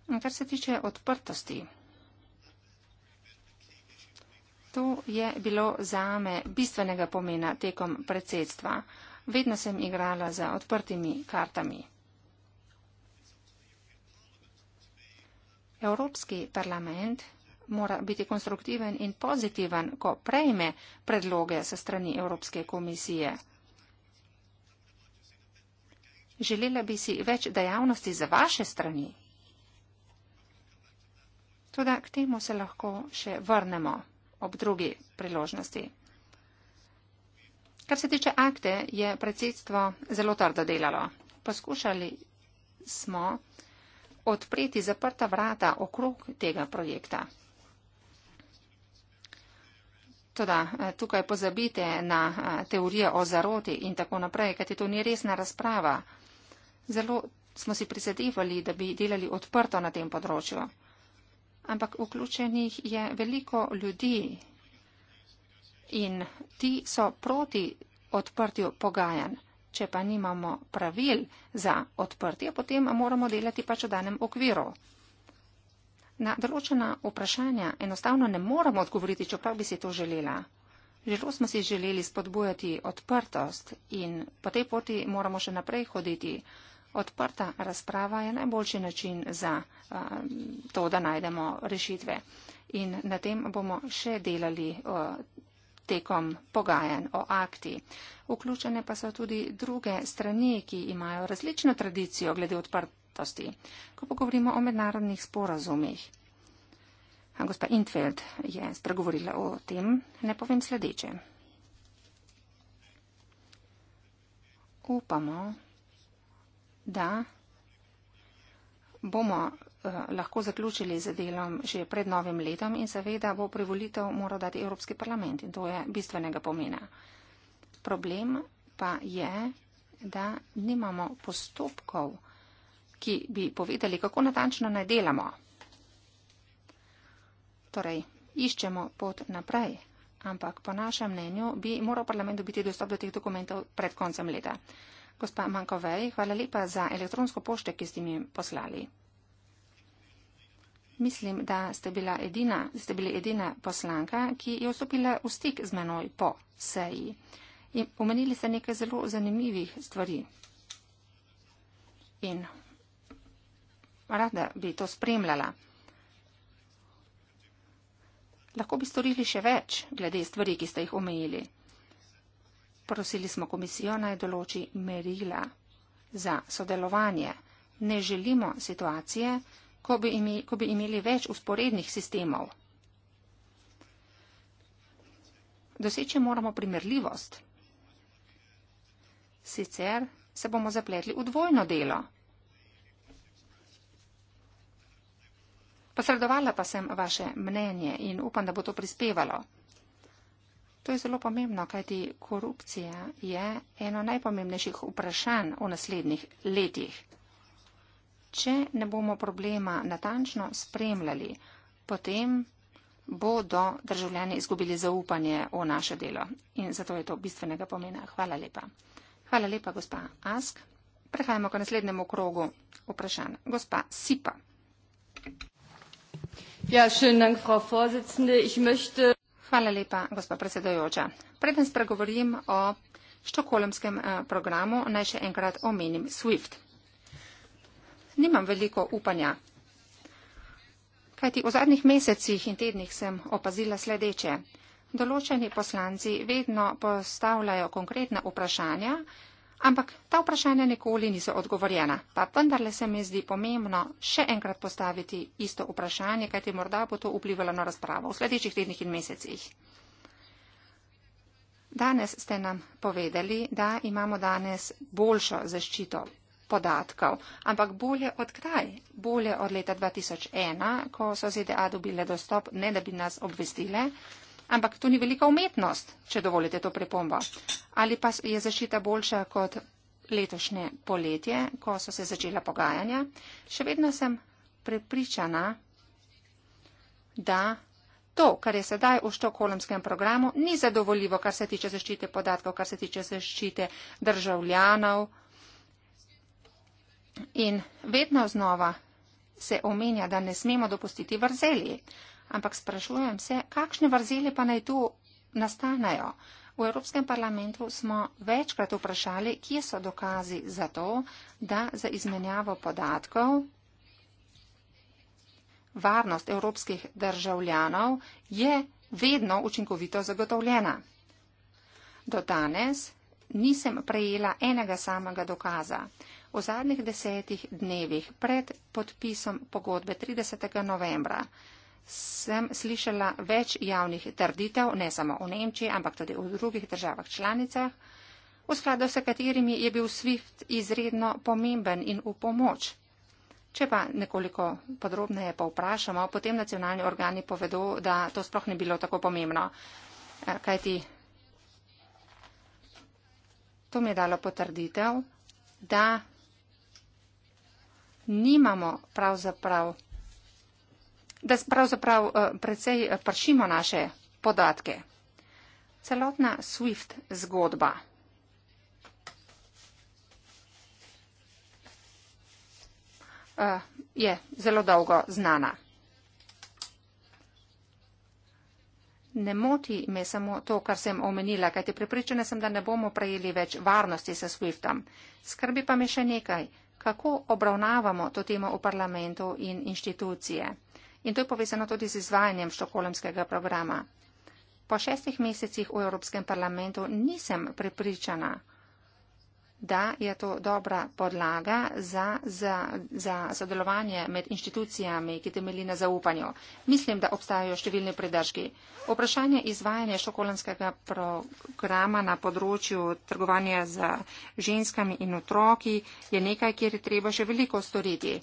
Speaker 2: In kar se tiče odprtosti, to je bilo zame bistvenega pomena tekom predsedstva. Vedno sem igrala za odprtimi kartami. Evropski parlament mora biti konstruktiven in pozitiven, ko prejme predloge se strani Evropske komisije. Želela bi si več dejavnosti za vaše strani. Tudi k temu se lahko še vrnemo ob drugi priložnosti. Kar se tiče akte, je predsedstvo zelo trdo delalo. Poskušali smo odpreti zaprta vrata okrog tega projekta. Toda eh, tukaj pozabite na eh, teorije o zaroti in tako naprej, kajti to ni resna razprava. Zelo smo si prizadevali, da bi delali odprto na tem področju. Ampak vključenih je veliko ljudi in ti so proti odprtju pogajanj. Če pa nimamo pravil za odprtje, potem moramo delati pač v danem okviru. Na določena vprašanja enostavno ne moremo odgovoriti, čeprav bi si to želela. Želo smo si želeli spodbujati odprtost in po tej poti moramo še naprej hoditi. Odprta razprava je najboljši način za a, eh, to, da najdemo rešitve. In na tem bomo še delali a, eh, tekom pogajanj o akti. Vključene pa so tudi druge strani, ki imajo različno tradicijo glede odprtosti odprtosti, ko pogovorimo o mednarodnih sporazumih. Gospa Intfeld je spregovorila o tem, ne povem sledeče. Upamo, da bomo eh, lahko zaključili z delom že pred novim letom in seveda bo privolitev moral dati Evropski parlament in to je bistvenega pomena. Problem pa je, da nimamo postopkov ki bi povedali, kako natančno naj delamo. Torej, iščemo pot naprej, ampak po našem mnenju bi moral parlament dobiti dostop do teh dokumentov pred koncem leta. Gospa Mankovej, hvala lepa za elektronsko pošte, ki ste mi poslali. Mislim, da ste, bila edina, ste bili edina poslanka, ki je vstopila v stik z menoj po seji. In omenili ste nekaj zelo zanimivih stvari. In rada bi to spremljala. Lahko bi storili še več glede stvari, ki ste jih omejili. Prosili smo komisijo naj določi merila za sodelovanje. Ne želimo situacije, ko bi, imeli, ko bi imeli več usporednih sistemov. Doseče moramo primerljivost. Sicer se bomo zapletli v dvojno delo. Posredovala pa sem vaše mnenje in upam, da bo to prispevalo. To je zelo pomembno, kajti korupcija je eno najpomembnejših vprašanj v naslednjih letih. Če ne bomo problema natančno spremljali, potem bodo državljani izgubili zaupanje v naše delo. In zato je to bistvenega pomena. Hvala lepa. Hvala lepa, gospa Ask. Prehajamo k naslednjemu krogu vprašanj. Gospa Sipa. Ja, dank, Frau ich möchte... Hvala lepa, gospa predsedojoča. Preden spregovorim o štokolemskem eh, programu, naj še enkrat omenim SWIFT. Nimam veliko upanja, kajti v zadnjih mesecih in tednih sem opazila sledeče. Določeni poslanci vedno postavljajo konkretna vprašanja, Ampak ta vprašanja nikoli niso odgovorjena. Pa vendarle se mi zdi pomembno še enkrat postaviti isto vprašanje, kajti morda bo to vplivalo na razpravo v sledečih tednih in mesecih. Danes ste nam povedali, da imamo danes boljšo zaščito podatkov, ampak bolje od kdaj? Bolje od leta 2001, ko so ZDA dobile dostop, ne da bi nas obvestile, Ampak to ni velika umetnost, če dovolite to pripombo. Ali pa je zaščita boljša kot letošnje poletje, ko so se začela pogajanja? Še vedno sem prepričana, da to, kar je sedaj v štokolemskem programu, ni zadovoljivo, kar se tiče zaščite podatkov, kar se tiče zaščite državljanov. In vedno znova se omenja, da ne smemo dopustiti vrzeli ampak sprašujem se, kakšne vrzeli pa naj tu nastanejo. V Evropskem parlamentu smo večkrat vprašali, kje so dokazi za to, da za izmenjavo podatkov varnost evropskih državljanov je vedno učinkovito zagotovljena. Do danes nisem prejela enega samega dokaza. V zadnjih desetih dnevih pred podpisom pogodbe 30. novembra sem slišala več javnih trditev, ne samo v Nemčiji, ampak tudi v drugih državah članicah, v skladu s katerimi je bil SWIFT izredno pomemben in v pomoč. Če pa nekoliko podrobneje pa vprašamo, potem nacionalni organi povedo, da to sploh ni bilo tako pomembno. Eh, kajti to mi je dalo potrditev, da nimamo pravzaprav. Prav da pravzaprav eh, precej eh, pršimo naše podatke. Celotna SWIFT zgodba. Eh, je zelo dolgo znana. Ne moti me samo to, kar sem omenila, kajti prepričana sem, da ne bomo prejeli več varnosti s SWIFTom. Skrbi pa me še nekaj, kako obravnavamo to temo v parlamentu in inštitucije in to je povezano tudi z izvajanjem štokolemskega programa. Po šestih mesecih v Evropskem parlamentu nisem prepričana, da je to dobra podlaga za, za, za sodelovanje med inštitucijami, ki temelji na zaupanju. Mislim, da obstajajo številni pridržki. Vprašanje izvajanja šokolanskega programa na področju trgovanja z ženskami in otroki je nekaj, kjer je treba še veliko storiti.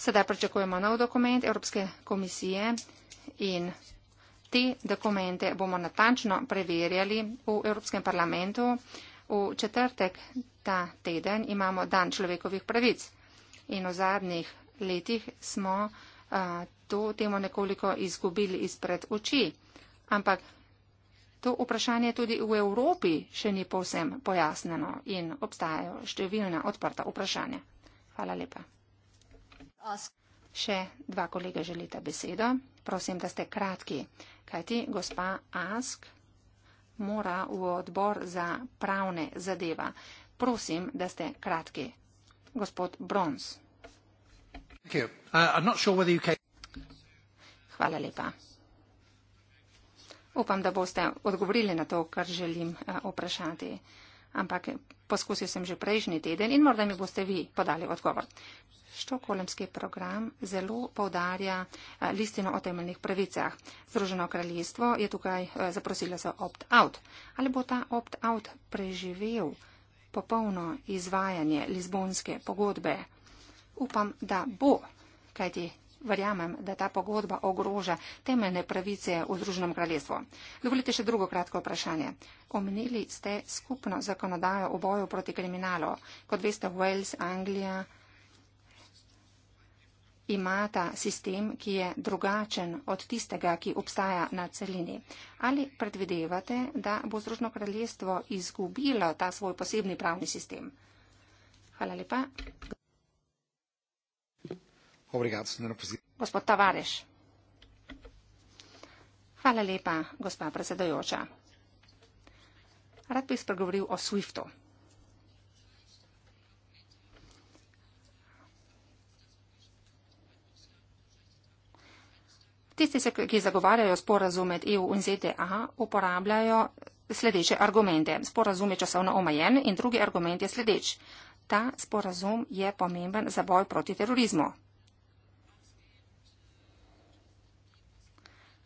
Speaker 2: Sedaj pričakujemo nov dokument Evropske komisije in te dokumente bomo natančno preverjali v Evropskem parlamentu. V četrtek ta teden imamo dan človekovih pravic in v zadnjih letih smo a, to temo nekoliko izgubili izpred oči. Ampak to vprašanje tudi v Evropi še ni povsem pojasneno in obstajajo številna odprta vprašanja. Hvala lepa. Še dva kolega želita besedo. Prosim, da ste kratki. Kajti, gospa Ask mora v odbor za pravne zadeva. Prosim, da ste kratki. Gospod Brons. Uh, Hvala lepa. Upam, da boste odgovorili na to, kar želim uh, vprašati. Ampak poskusil sem že prejšnji teden in morda mi boste vi podali odgovor štokolemski program zelo povdarja eh, listino o temeljnih pravicah. Združeno kraljestvo je tukaj eh, zaprosilo za opt-out. Ali bo ta opt-out preživel popolno izvajanje Lizbonske pogodbe? Upam, da bo, kajti. Verjamem, da ta pogodba ogroža temeljne pravice v Združenem kraljestvu. Dovolite še drugo kratko vprašanje. Omenili ste skupno zakonodajo v boju proti kriminalu. Kot veste, Wales, Anglija, imata sistem, ki je drugačen od tistega, ki obstaja na celini. Ali predvidevate, da bo Združno kraljestvo izgubilo ta svoj posebni pravni sistem? Hvala lepa. Gospod Tavareš. Hvala lepa, gospa predsedojoča. Rad bi spregovoril o SWIFT-u. tisti, ki zagovarjajo sporazum med EU in ZDA, uporabljajo sledeče argumente. Sporazum je časovno omejen in drugi argument je sledeč. Ta sporazum je pomemben za boj proti terorizmu.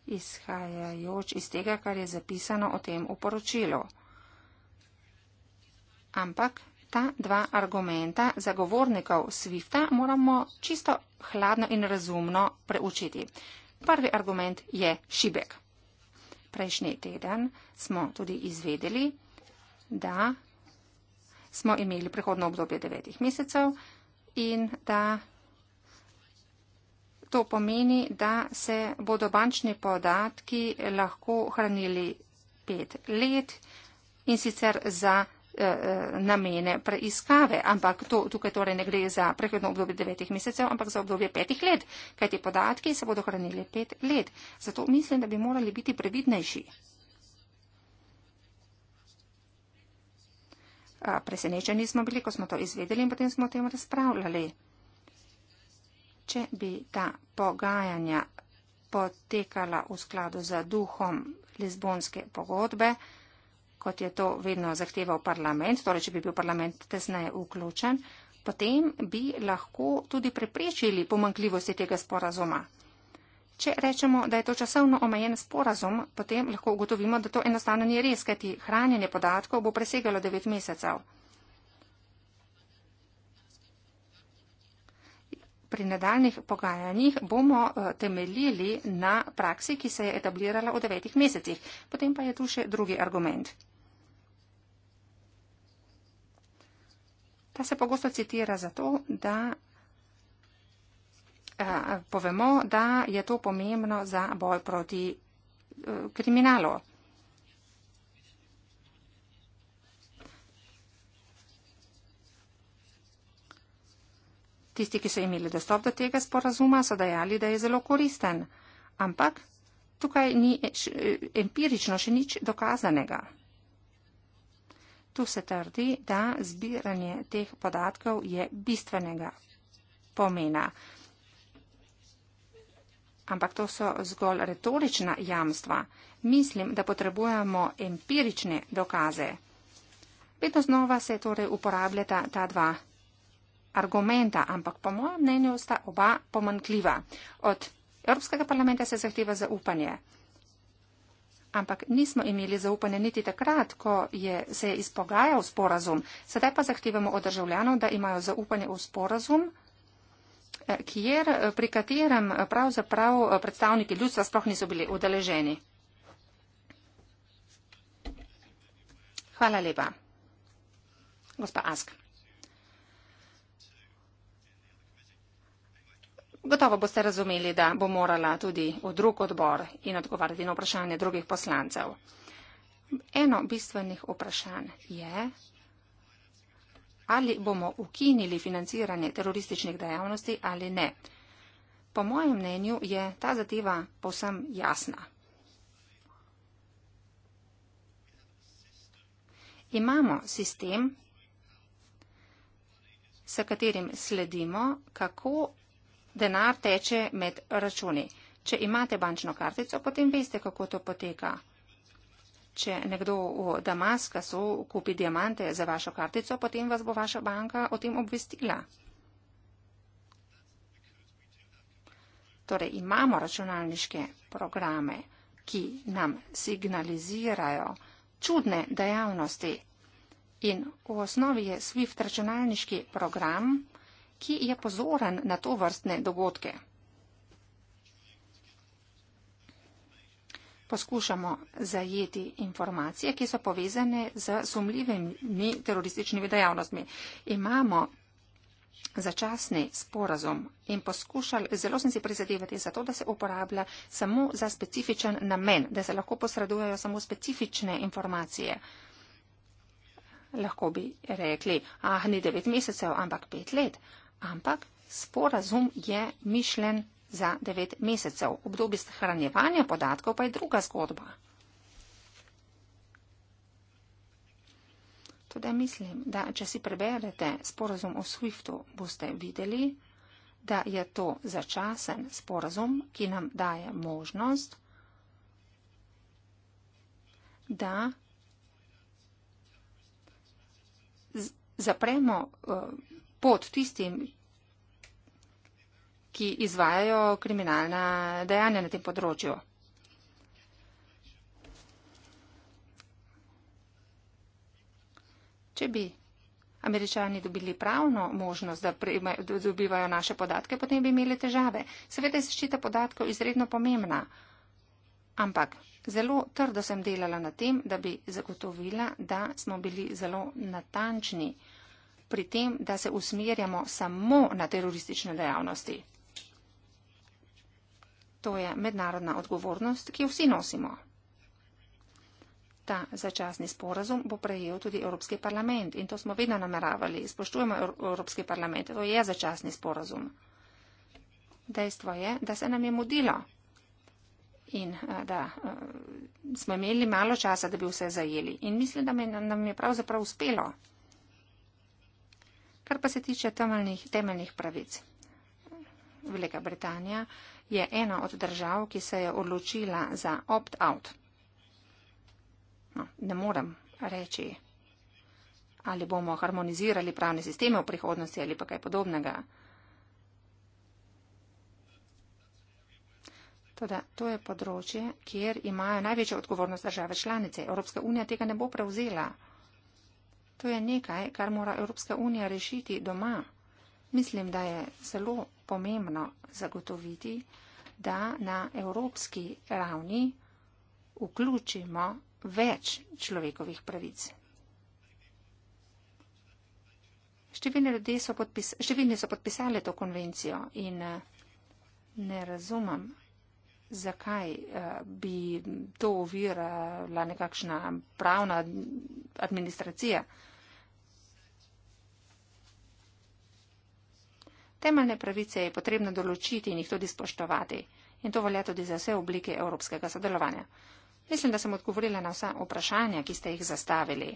Speaker 2: Izhajajoč iz tega, kar je zapisano o tem v poročilu. Ampak ta dva argumenta zagovornikov SWIFT-a moramo čisto hladno in razumno preučiti. Prvi argument je šibek. Prejšnji teden smo tudi izvedeli, da smo imeli prihodno obdobje devetih mesecev in da to pomeni, da se bodo bančni podatki lahko hranili pet let in sicer za Eh, namene preiskave, ampak to, tukaj torej ne gre za prehodno obdobje devetih mesecev, ampak za obdobje petih let, kaj ti podatki se bodo hranili pet let. Zato mislim, da bi morali biti previdnejši. Presenečeni smo bili, ko smo to izvedeli in potem smo o tem razpravljali. Če bi ta pogajanja potekala v skladu z duhom Lizbonske pogodbe, kot je to vedno zahteval parlament, torej če bi bil parlament tesneje vključen, potem bi lahko tudi preprečili pomankljivosti tega sporazuma. Če rečemo, da je to časovno omejen sporazum, potem lahko ugotovimo, da to enostavno ni res, kajti hranjenje podatkov bo presegalo 9 mesecev. Pri nadaljnih pogajanjih bomo eh, temeljili na praksi, ki se je etablirala v 9 mesecih. Potem pa je tu še drugi argument. Ta se pogosto citira zato, da eh, povemo, da je to pomembno za boj proti eh, kriminalu. Tisti, ki so imeli dostop do tega sporazuma, so dejali, da je zelo koristen, ampak tukaj ni eh, empirično še nič dokazanega. Tu se trdi, da zbiranje teh podatkov je bistvenega pomena. Ampak to so zgolj retorična jamstva. Mislim, da potrebujemo empirične dokaze. Vedno znova se torej uporabljata ta dva argumenta, ampak po mojem mnenju sta oba pomankljiva. Od Evropskega parlamenta se zahteva zaupanje ampak nismo imeli zaupanja niti takrat, ko je, se je izpogajal sporazum. Sedaj pa zahtevamo od državljanov, da imajo zaupanje v sporazum, eh, kjer, eh, pri katerem pravzaprav eh, predstavniki ljudstva sploh niso bili udeleženi. Hvala lepa. Gospa Ask. Gotovo boste razumeli, da bo morala tudi v drug odbor in odgovarjati na vprašanje drugih poslancev. Eno bistvenih vprašanj je, ali bomo ukinili financiranje terorističnih dejavnosti ali ne. Po mojem mnenju je ta zadeva povsem jasna. Imamo sistem, s katerim sledimo, kako denar teče med računi. Če imate bančno kartico, potem veste, kako to poteka. Če nekdo v Damaskasu kupi diamante za vašo kartico, potem vas bo vaša banka o tem obvestila. Torej imamo računalniške programe, ki nam signalizirajo čudne dejavnosti. In v osnovi je SWIFT računalniški program, ki je pozoren na to vrstne dogodke. Poskušamo zajeti informacije, ki so povezane z sumljivimi terorističnimi dejavnostmi. Imamo začasni sporazum in poskušali, zelo sem si prizadevati za to, da se uporablja samo za specifičen namen, da se lahko posredujejo samo specifične informacije. Lahko bi rekli, ah, ni devet mesecev, ampak pet let ampak sporazum je mišljen za devet mesecev. Obdobje shranjevanja podatkov pa je druga zgodba. Tudi mislim, da če si preberete sporazum o SWIFT-u, boste videli, da je to začasen sporazum, ki nam daje možnost, da zapremo uh, pot tistim, ki izvajajo kriminalna dejanja na tem področju. Če bi američani dobili pravno možnost, da dobivajo naše podatke, potem bi imeli težave. Seveda je zaščita podatkov izredno pomembna, ampak zelo trdo sem delala na tem, da bi zagotovila, da smo bili zelo natančni pri tem, da se usmerjamo samo na teroristične dejavnosti. To je mednarodna odgovornost, ki jo vsi nosimo. Ta začasni sporazum bo prejel tudi Evropski parlament in to smo vedno nameravali. Spoštujemo Evropski parlament, to je začasni sporazum. Dejstvo je, da se nam je mudilo in eh, da eh, smo imeli malo časa, da bi vse zajeli. In mislim, da nam je pravzaprav uspelo. Kar pa se tiče temeljnih, temeljnih pravic. Velika Britanija je ena od držav, ki se je odločila za opt-out. No, ne morem reči, ali bomo harmonizirali pravne sisteme v prihodnosti ali pa kaj podobnega. Teda, to je področje, kjer imajo največjo odgovornost države članice. Evropska unija tega ne bo prevzela. To je nekaj, kar mora Evropska unija rešiti doma. Mislim, da je zelo pomembno zagotoviti, da na evropski ravni vključimo več človekovih pravic. Številni, so, podpis, številni so podpisali to konvencijo in eh, ne razumem, Zakaj eh, bi to ovirala nekakšna pravna administracija? Temeljne pravice je potrebno določiti in jih tudi spoštovati. In to velja tudi za vse oblike evropskega sodelovanja. Mislim, da sem odgovorila na vsa vprašanja, ki ste jih zastavili.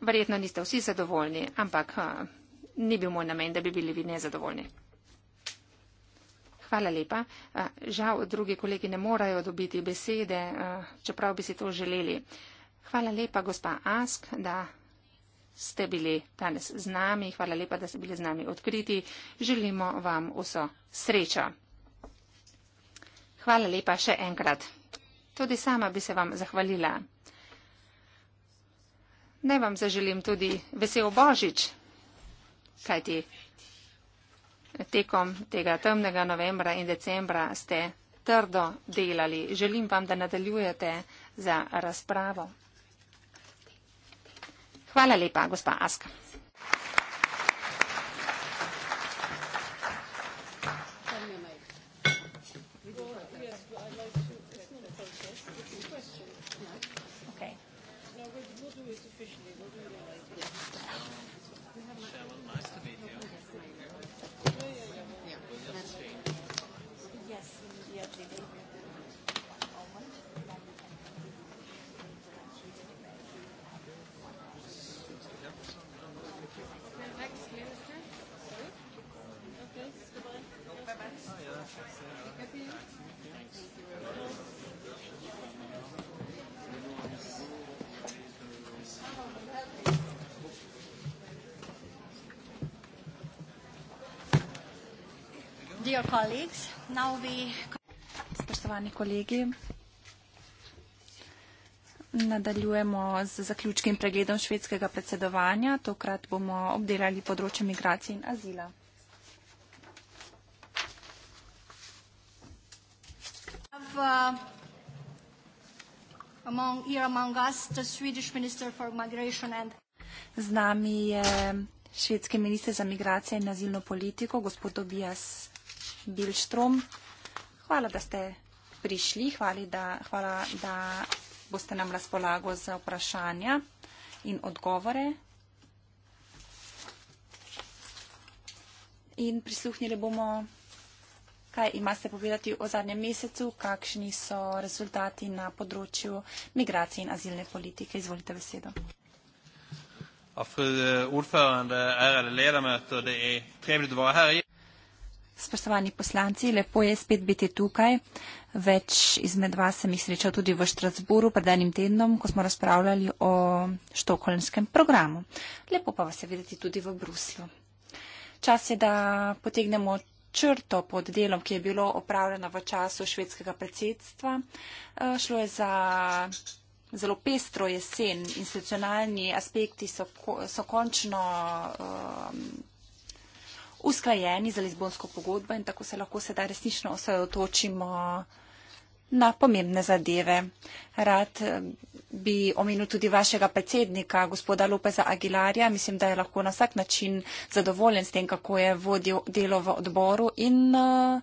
Speaker 2: Verjetno niste vsi zadovoljni, ampak ha, eh, ni bil moj namen, da bi bili vi nezadovoljni. Hvala lepa. Eh, žal drugi kolegi ne morajo dobiti besede, eh, čeprav bi si to želeli. Hvala lepa, gospa Ask, da ste bili danes z nami. Hvala lepa, da ste bili z nami odkriti. Želimo vam vso srečo. Hvala lepa še enkrat. Tudi sama bi se vam zahvalila. Naj vam zaželim tudi vesel Božič, kajti tekom tega temnega novembra in decembra ste trdo delali. Želim vam, da nadaljujete za razpravo. Hvala lepa, gospa Aska.
Speaker 1: colleagues, now we... Spoštovani kolegi,
Speaker 3: nadaljujemo z zaključkim pregledom švedskega predsedovanja. Tokrat bomo obdelali področje migracije in azila.
Speaker 1: Of, uh, among, here among us, the Swedish Minister for Migration and...
Speaker 3: Z nami je švedski minister za migracijo in azilno politiko, gospod Tobias Bilštrom. Hvala, da ste prišli, hvala da, hvala, da boste nam razpolago za vprašanja in odgovore. In prisluhnili bomo, kaj imate povedati o zadnjem mesecu, kakšni so rezultati na področju migracije in azilne politike. Izvolite besedo.
Speaker 1: Fru øh, ordförande, ärade er ledamöter, det är er trevligt att vara här igen.
Speaker 3: Spoštovani poslanci, lepo je spet biti tukaj. Več izmed vas sem jih srečal tudi v Štrasburu pred enim tednom, ko smo razpravljali o štokholmskem programu. Lepo pa vas je videti tudi v Bruslu. Čas je, da potegnemo črto pod delom, ki je bilo opravljeno v času švedskega predsedstva. E, šlo je za zelo pestro jesen. Institucionalni aspekti so, so končno. Um, usklajeni za Lizbonsko pogodbo in tako se lahko sedaj resnično osredotočimo na pomembne zadeve. Rad eh, bi omenil tudi vašega predsednika, gospoda Lopeza Aguilarja. Mislim, da je lahko na vsak način zadovoljen s tem, kako je vodil delo v odboru in eh,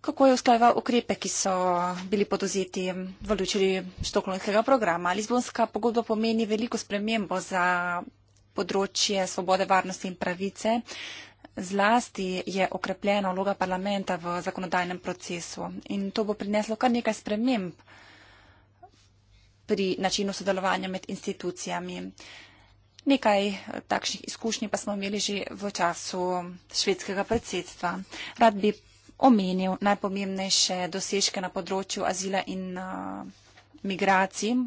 Speaker 3: kako je usklajeval ukrepe, ki so bili podozeti v luči štokholmskega programa. Lizbonska pogodba pomeni veliko spremembo za področje svobode, varnosti in pravice. Zlasti je okrepljena vloga parlamenta v zakonodajnem procesu in to bo prineslo kar nekaj sprememb pri načinu sodelovanja med institucijami. Nekaj takšnih izkušnj pa smo imeli že v času švedskega predsedstva. Rad bi omenil najpomembnejše dosežke na področju azila in uh, migracij. Uh,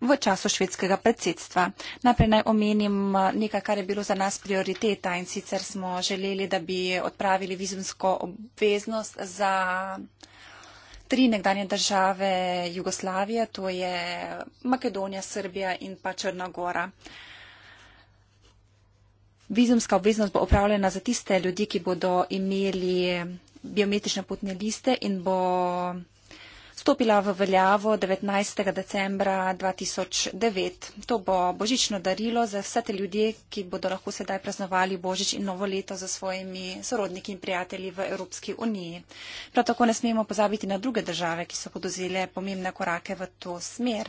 Speaker 3: v času švedskega predsedstva. Najprej naj omenim eh, nekaj, kar je bilo za nas prioriteta in sicer smo želeli, da bi odpravili vizumsko obveznost za tri nekdanje države Jugoslavije, to je Makedonija, Srbija in pa Črnagora. Vizumska obveznost bo upravljena za tiste ljudi, ki bodo imeli biometrične potne liste in bo stopila v veljavo 19. decembra 2009. To bo božično darilo za vse te ljudje, ki bodo lahko sedaj praznovali božič in novo leto za svojimi sorodniki in prijatelji v Evropski uniji. Prav tako ne smemo pozabiti na druge države, ki so podozile pomembne korake v to smer.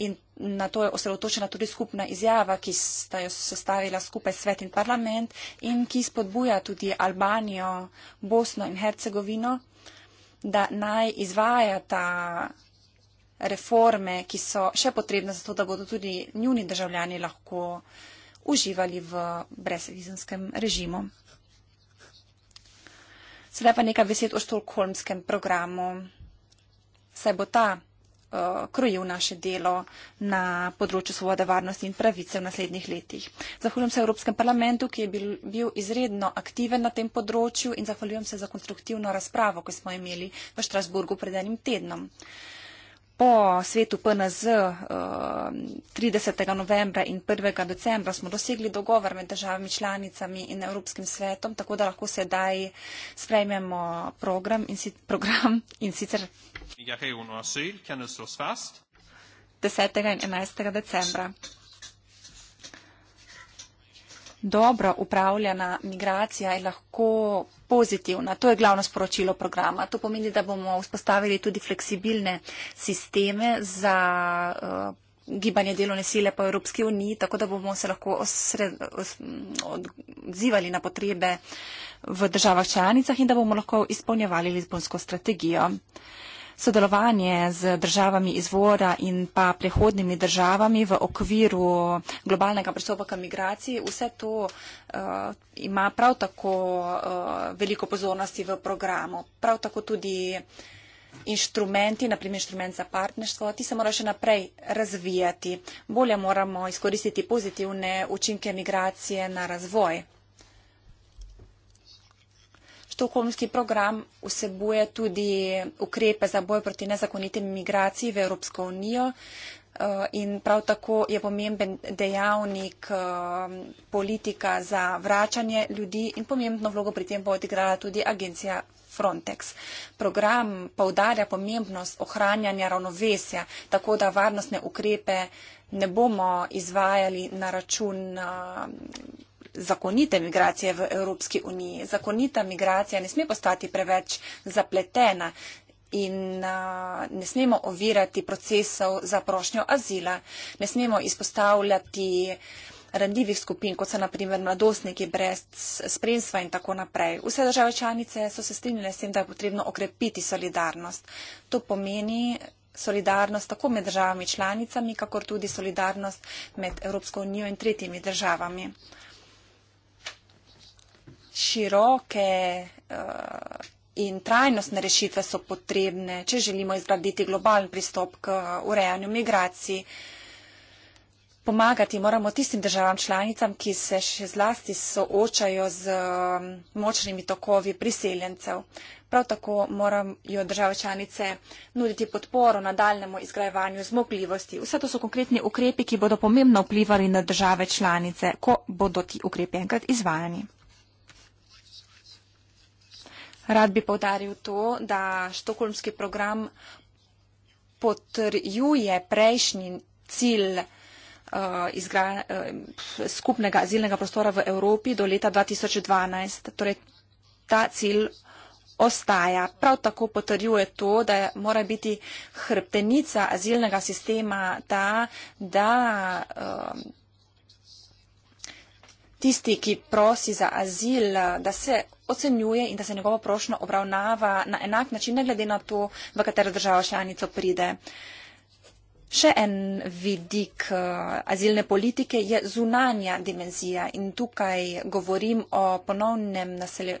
Speaker 3: In na to je osredotočena tudi skupna izjava, ki sta jo sestavila skupaj svet in parlament in ki spodbuja tudi Albanijo, Bosno in Hercegovino, da naj izvajata reforme, ki so še potrebne za to, da bodo tudi njuni državljani lahko uživali v brezvizenskem režimu. Sedaj pa nekaj besed o štolkolmskem programu. Saj bo ta Eh, krojil naše delo na področju svobode, varnosti in pravice v naslednjih letih. Zahvaljujem se Evropskem parlamentu, ki je bil, bil izredno aktiven na tem področju in zahvaljujem se za konstruktivno razpravo, ki smo imeli v Štrasburgu pred enim tednom. Po svetu PNZ 30. Eh, novembra in 1. decembra smo dosegli dogovor med državami članicami in Evropskim svetom, tako da lahko sedaj sprejmemo program in, si, program, in sicer
Speaker 1: migration och asyl kan nu slås fast.
Speaker 3: 10. in 11. decembra. Dobro upravljena migracija je lahko pozitivna. To je glavno sporočilo programa. To pomeni, da bomo vzpostavili tudi fleksibilne sisteme za uh, gibanje delovne sile po Evropski uniji, tako da bomo se lahko osred, os, odzivali na potrebe v državah članicah in da bomo lahko izpolnjevali Lizbonsko strategijo. Uh, sodelovanje z državami izvora in pa prehodnimi državami v okviru globalnega pristopka migraciji, vse to uh, ima prav tako uh, veliko pozornosti v programu. Prav tako tudi inštrumenti, naprimer inštrument za partnerstvo, ti se morajo še naprej razvijati. Bolje moramo izkoristiti pozitivne učinke migracije na razvoj. Štokholmski program vsebuje tudi ukrepe za boj proti nezakonitim migracijam v Evropsko unijo eh, in prav tako je pomemben dejavnik eh, politika za vračanje ljudi in pomembno vlogo pri tem bo odigrala tudi agencija Frontex. Program povdarja pomembnost ohranjanja ravnovesja, tako da varnostne ukrepe ne bomo izvajali na račun eh, zakonite migracije v Evropski uniji. Zakonita migracija ne sme postati preveč zapletena in a, ne smemo ovirati procesov za prošnjo azila. Ne smemo izpostavljati randljivih skupin, kot so naprimer mladostniki brez spremstva in tako naprej. Vse države članice so se strinjale s tem, da je potrebno okrepiti solidarnost. To pomeni solidarnost tako med državami članicami, kakor tudi solidarnost med Evropsko unijo in tretjimi državami široke uh, in trajnostne rešitve so potrebne, če želimo izgraditi globalen pristop k urejanju migracij. Pomagati moramo tistim državam članicam, ki se še zlasti soočajo z eh, močnimi tokovi priseljencev. Prav tako morajo države članice nuditi podporo nadaljnemu izgrajevanju zmogljivosti. Vse to so konkretni ukrepi, ki bodo pomembno vplivali na države članice, ko bodo ti ukrepi enkrat izvajani. Rad bi povdaril to, da štokholmski program potrjuje prejšnji cilj uh, izgra, uh, skupnega azilnega prostora v Evropi do leta 2012. Torej, ta cilj ostaja. Prav tako potrjuje to, da mora biti hrbtenica azilnega sistema ta, da uh, tisti, ki prosi za azil, da se ocenjuje in da se njegovo prošnjo obravnava na enak način, ne glede na to, v katero državo članico pride. Še en vidik eh, azilne politike je zunanja dimenzija in tukaj govorim o ponovnem naselje,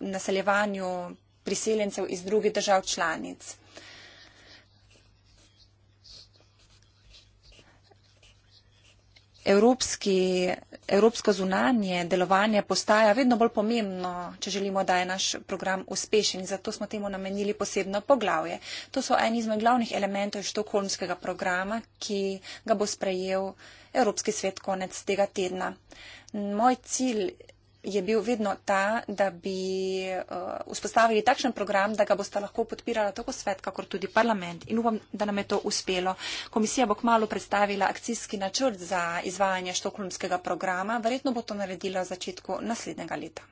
Speaker 3: naseljevanju priseljencev iz drugih držav članic. Evropski evropsko zunanje delovanje postaja vedno bolj pomembno, če želimo, da je naš program uspešen. Zato smo temu namenili posebno poglavje. To so eni izmed glavnih elementov štokholmskega programa, ki ga bo sprejel Evropski svet konec tega tedna. Moj cilj je bil vedno ta, da bi uh, vzpostavili takšen program, da ga boste lahko podpirali tako svet, kakor tudi parlament. In upam, da nam je to uspelo. Komisija bo kmalo predstavila akcijski načrt za izvajanje štokholmskega programa. Verjetno bo to naredila v začetku naslednjega leta.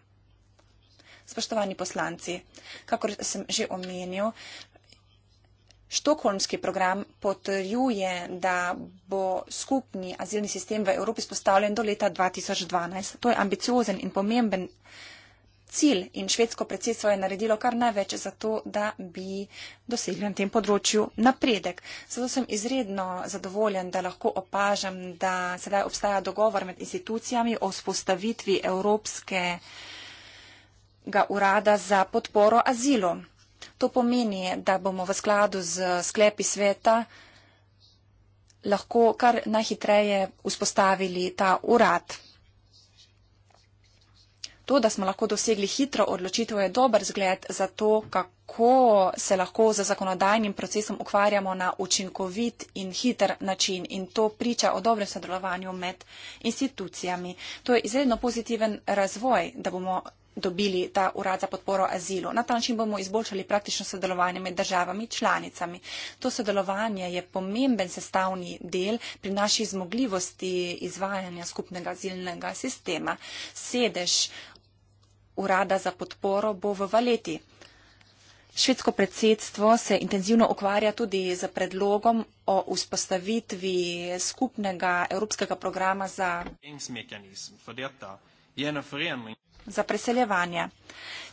Speaker 3: Spoštovani poslanci, kakor sem že omenil, Štokholmski program potrjuje, da bo skupni azilni sistem v Evropi spostavljen do leta 2012. To je ambiciozen in pomemben cilj in švedsko predsedstvo je naredilo kar največ za to, da bi dosegli na tem področju napredek. Zato sem izredno zadovoljen, da lahko opažam, da sedaj obstaja dogovor med institucijami o spostavitvi Evropskega urada za podporo azilom. To pomeni, da bomo v skladu z sklepi sveta lahko kar najhitreje vzpostavili ta urad. To, da smo lahko dosegli hitro odločitev, je dober zgled za to, kako se lahko z zakonodajnim procesom ukvarjamo na učinkovit in hiter način. In to priča o dobrem sodelovanju med institucijami. To je izredno pozitiven razvoj, da bomo dobili ta urad za podporo azilu. Na ta način bomo izboljšali praktično sodelovanje med državami članicami. To sodelovanje je pomemben sestavni del pri naši zmogljivosti izvajanja skupnega azilnega sistema. Sedež urada za podporo bo v valeti. Švedsko predsedstvo se intenzivno ukvarja tudi z predlogom o vzpostavitvi skupnega evropskega programa za za preseljevanje.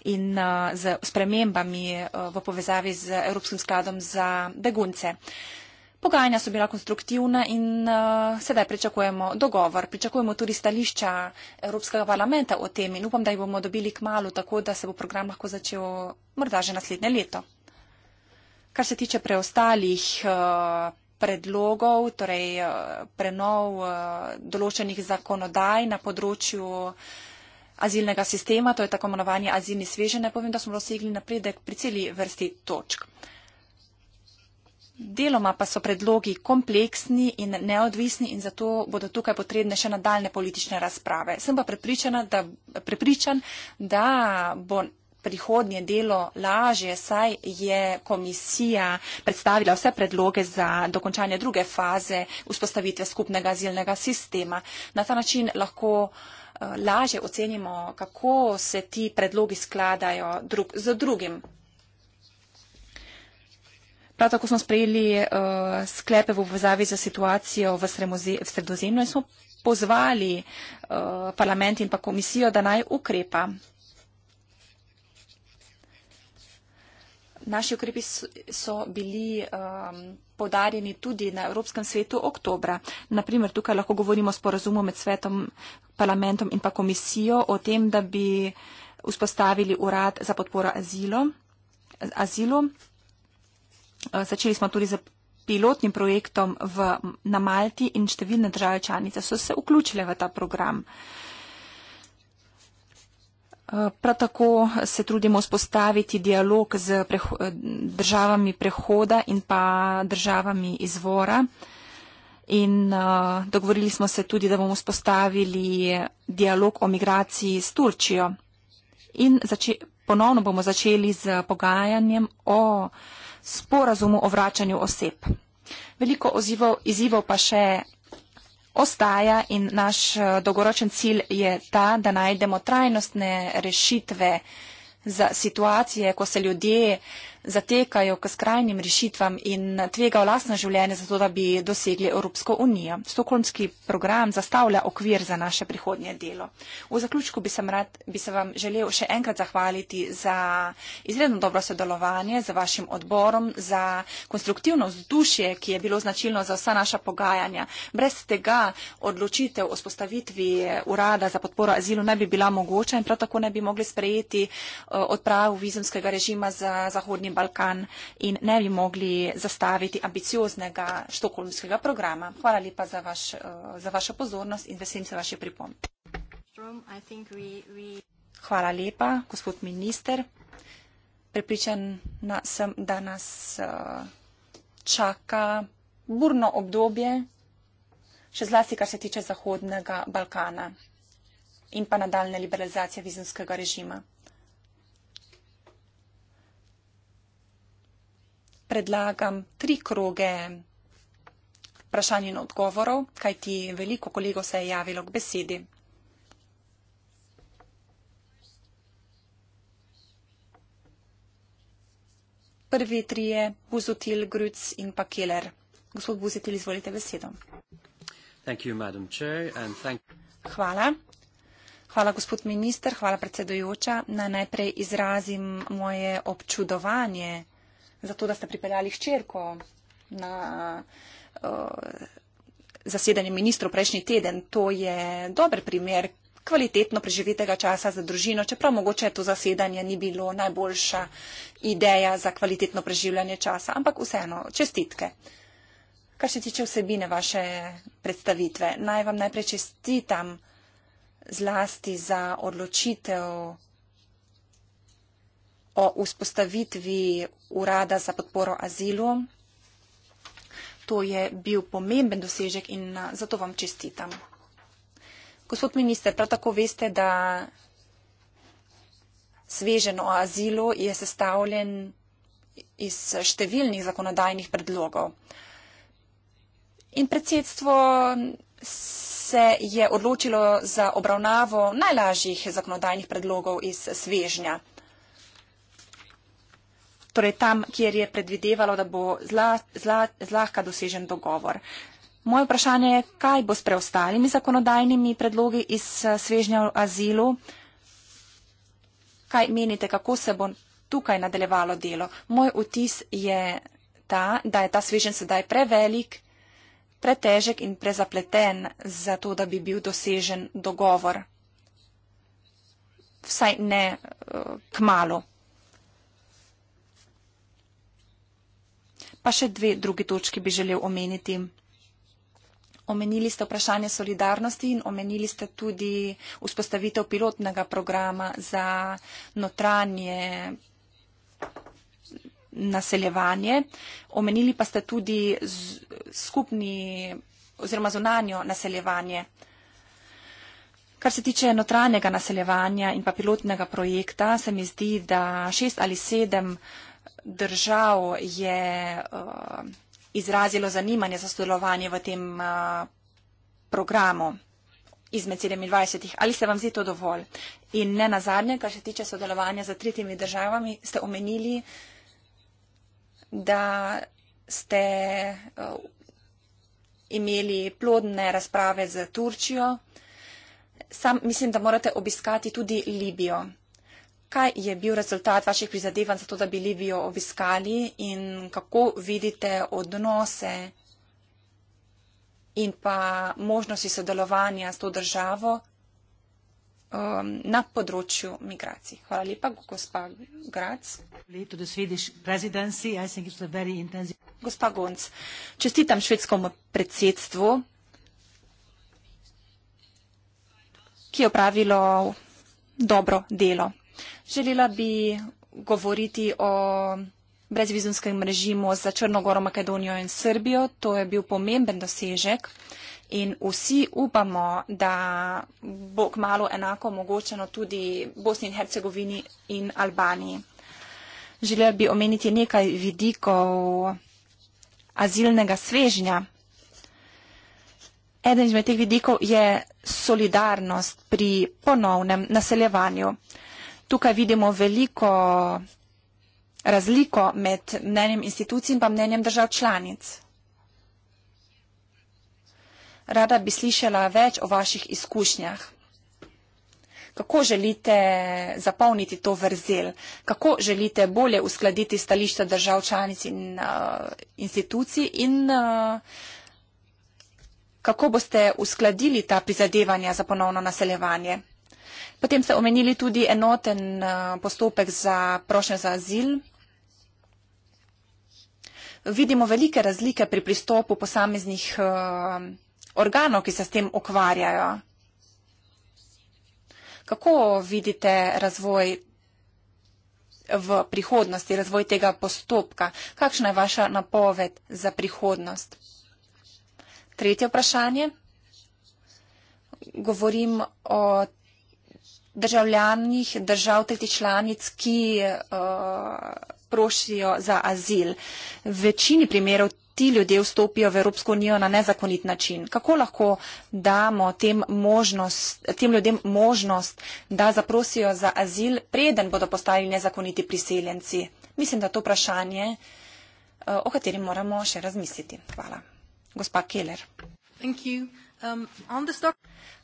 Speaker 3: In uh, z spremembami uh, v povezavi z Evropskim skladom za begunce. Pogajanja so bila konstruktivna in uh, sedaj pričakujemo dogovor. Pričakujemo tudi stališča Evropskega parlamenta o tem in upam, da jih bomo dobili k malu, tako da se bo program lahko začel morda že naslednje leto. Kar se tiče preostalih uh, predlogov, torej uh, prenov uh, določenih zakonodaj na področju uh, azilnega sistema, to je tako imenovani azilni svežene, povem, da smo dosegli napredek pri celi vrsti točk. Deloma pa so predlogi kompleksni in neodvisni in zato bodo tukaj potrebne še nadaljne politične razprave. Sem pa prepričan, da, prepričan, da bo prihodnje delo lažje, saj je komisija predstavila vse predloge za dokončanje druge faze vzpostavitve skupnega azilnega sistema. Na ta način lahko. Eh, lažje ocenimo, kako se ti predlogi skladajo drug z drugim. Prav tako smo sprejeli uh, sklepe v povezavi za situacijo v, v sredozemlju in smo pozvali uh, parlament in pa komisijo, da naj ukrepa. Naši ukrepi so, so bili um, podarjeni tudi na Evropskem svetu oktobra. Naprimer, tukaj lahko govorimo o sporazumu med svetom, parlamentom in pa komisijo o tem, da bi vzpostavili urad za podporo azilo, azilu. Eh, začeli smo tudi z pilotnim projektom v, na Malti in številne države članice so se vključile v ta program. Uh, Prav tako se trudimo spostaviti dialog z državami prehoda in pa državami izvora. In uh, dogovorili smo se tudi, da bomo spostavili dialog o migraciji s Turčijo. In ponovno bomo začeli z pogajanjem o sporazumu o vračanju oseb. Veliko ozivov, izzivov pa še ostaja in naš eh, dolgoročen cilj je ta, da najdemo trajnostne rešitve za situacije, ko se ljudje zatekajo k skrajnim rešitvam in tvegajo lasno življenje, zato da bi dosegli Evropsko unijo. Stokholmski program zastavlja okvir za naše prihodnje delo. V zaključku bi, rad, bi se vam želel še enkrat zahvaliti za izredno dobro sodelovanje z vašim odborom, za konstruktivno vzdušje, ki je bilo značilno za vsa naša pogajanja. Brez tega odločitev o spostavitvi eh, urada za podporo azilu ne bi bila mogoča in prav tako ne bi mogli sprejeti eh, odpravu vizumskega režima za zahodnje. Balkan in ne bi mogli zastaviti ambicioznega štokolmskega programa. Hvala lepa za, vaš, eh, za vašo pozornost in veselim se vaše pripombe. Hvala lepa, gospod minister. Prepričan na, sem, da nas uh, čaka burno obdobje, še zlasti, kar se tiče Zahodnega Balkana in pa nadaljne liberalizacije vizumskega režima. predlagam tri kroge vprašanj in odgovorov, kajti veliko kolegov se je javilo k besedi. Prvi tri je Buzutil, Gruc in pa Keller. Gospod Buzutil, izvolite besedo.
Speaker 1: Thank you, Chair, and thank
Speaker 3: hvala. Hvala, gospod minister, hvala predsedujoča. Naj najprej izrazim moje občudovanje zato da ste pripeljali hčerko na uh, zasedanje ministrov prejšnji teden. To je dober primer kvalitetno preživetega časa za družino, čeprav mogoče to zasedanje ni bilo najboljša ideja za kvalitetno preživljanje časa, ampak vseeno, čestitke. Kar se tiče vsebine vaše predstavitve, naj vam najprej čestitam zlasti za odločitev o vzpostavitvi urada za podporo azilu. To je bil pomemben dosežek in zato vam čestitam. Gospod minister, prav tako veste, da svežen o azilu je sestavljen iz številnih zakonodajnih predlogov. In predsedstvo se je odločilo za obravnavo najlažjih zakonodajnih predlogov iz svežnja torej tam, kjer je predvidevalo, da bo zla, zla, zlahka dosežen dogovor. Moje vprašanje je, kaj bo s preostalimi zakonodajnimi predlogi iz eh, svežnja v azilu? Kaj menite, kako se bo tukaj nadaljevalo delo? Moj vtis je ta, da je ta svežen sedaj prevelik, pretežek in prezapleten za to, da bi bil dosežen dogovor. Vsaj ne eh, k malu. Pa še dve drugi točki bi želel omeniti. Omenili ste vprašanje solidarnosti in omenili ste tudi vzpostavitev pilotnega programa za notranje naseljevanje. Omenili pa ste tudi skupni oziroma zunanjo naseljevanje. Kar se tiče notranjega naseljevanja in pa pilotnega projekta, se mi zdi, da šest ali sedem držav je eh, izrazilo zanimanje za sodelovanje v tem eh, programu izmed 27. Ali se vam zdi to dovolj? In ne nazadnje, kar se tiče sodelovanja z tretjimi državami, ste omenili, da ste eh, imeli plodne razprave z Turčijo. Sam mislim, da morate obiskati tudi Libijo. Kaj je bil rezultat vaših prizadevanj za to, da bi Libijo obiskali in kako vidite odnose in pa možnosti sodelovanja s to državo um, na področju migracij? Hvala lepa, gospa Grac. Gospa Gonc, čestitam švedskom predsedstvu, ki je opravilo dobro delo. Želela bi govoriti o brezvizumskem režimu za Črnogoro, Makedonijo in Srbijo. To je bil pomemben dosežek in vsi upamo, da bo k malu enako omogočeno tudi Bosni in Hercegovini in Albaniji. Želela bi omeniti nekaj vidikov azilnega svežnja. Eden izmed teh vidikov je solidarnost pri ponovnem naseljevanju tukaj vidimo veliko razliko med mnenjem institucij in pa mnenjem držav članic. Rada bi slišala več o vaših izkušnjah. Kako želite zapolniti to vrzel? Kako želite bolje uskladiti stališča držav članic in uh, institucij? In uh, kako boste uskladili ta prizadevanja za ponovno naseljevanje? Potem ste omenili tudi enoten eh, postopek za prošnje za azil. Vidimo velike razlike pri pristopu posameznih eh, organov, ki se s tem okvarjajo. Kako vidite razvoj v prihodnosti, razvoj tega postopka? Kakšna je vaša napoved za prihodnost? Tretje vprašanje. Govorim o tem, državljanih držav tretjih članic, ki uh, eh, prošijo za azil. V večini primerov ti ljudje vstopijo v Evropsko unijo na nezakonit način. Kako lahko damo tem, možnost, tem ljudem možnost, da zaprosijo za azil, preden bodo postali nezakoniti priseljenci? Mislim, da je to vprašanje, uh, o katerem moramo še razmisliti. Hvala. Gospa Keller. Thank you. Um,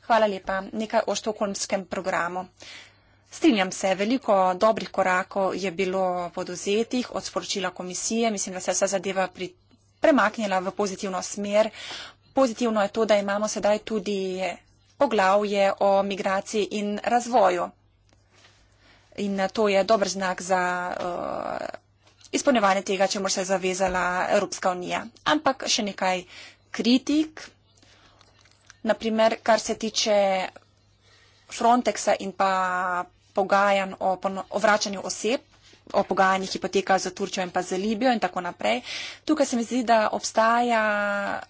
Speaker 3: Hvala lepa. Nekaj o štokholmskem programu. Strinjam se, veliko dobrih korakov je bilo podozetih od sporočila komisije. Mislim, da se vsa zadeva pri, premaknila v pozitivno smer. Pozitivno je to, da imamo sedaj tudi poglavje o migraciji in razvoju. In to je dober znak za uh, izpolnjevanje tega, čemu se je zavezala Evropska unija. Ampak še nekaj kritik naprimer, kar se tiče Frontexa in pa pogajanj o, o vračanju oseb, o pogajanjih, ki poteka za Turčjo in pa za Libijo in tako naprej. Tukaj se mi zdi, da obstaja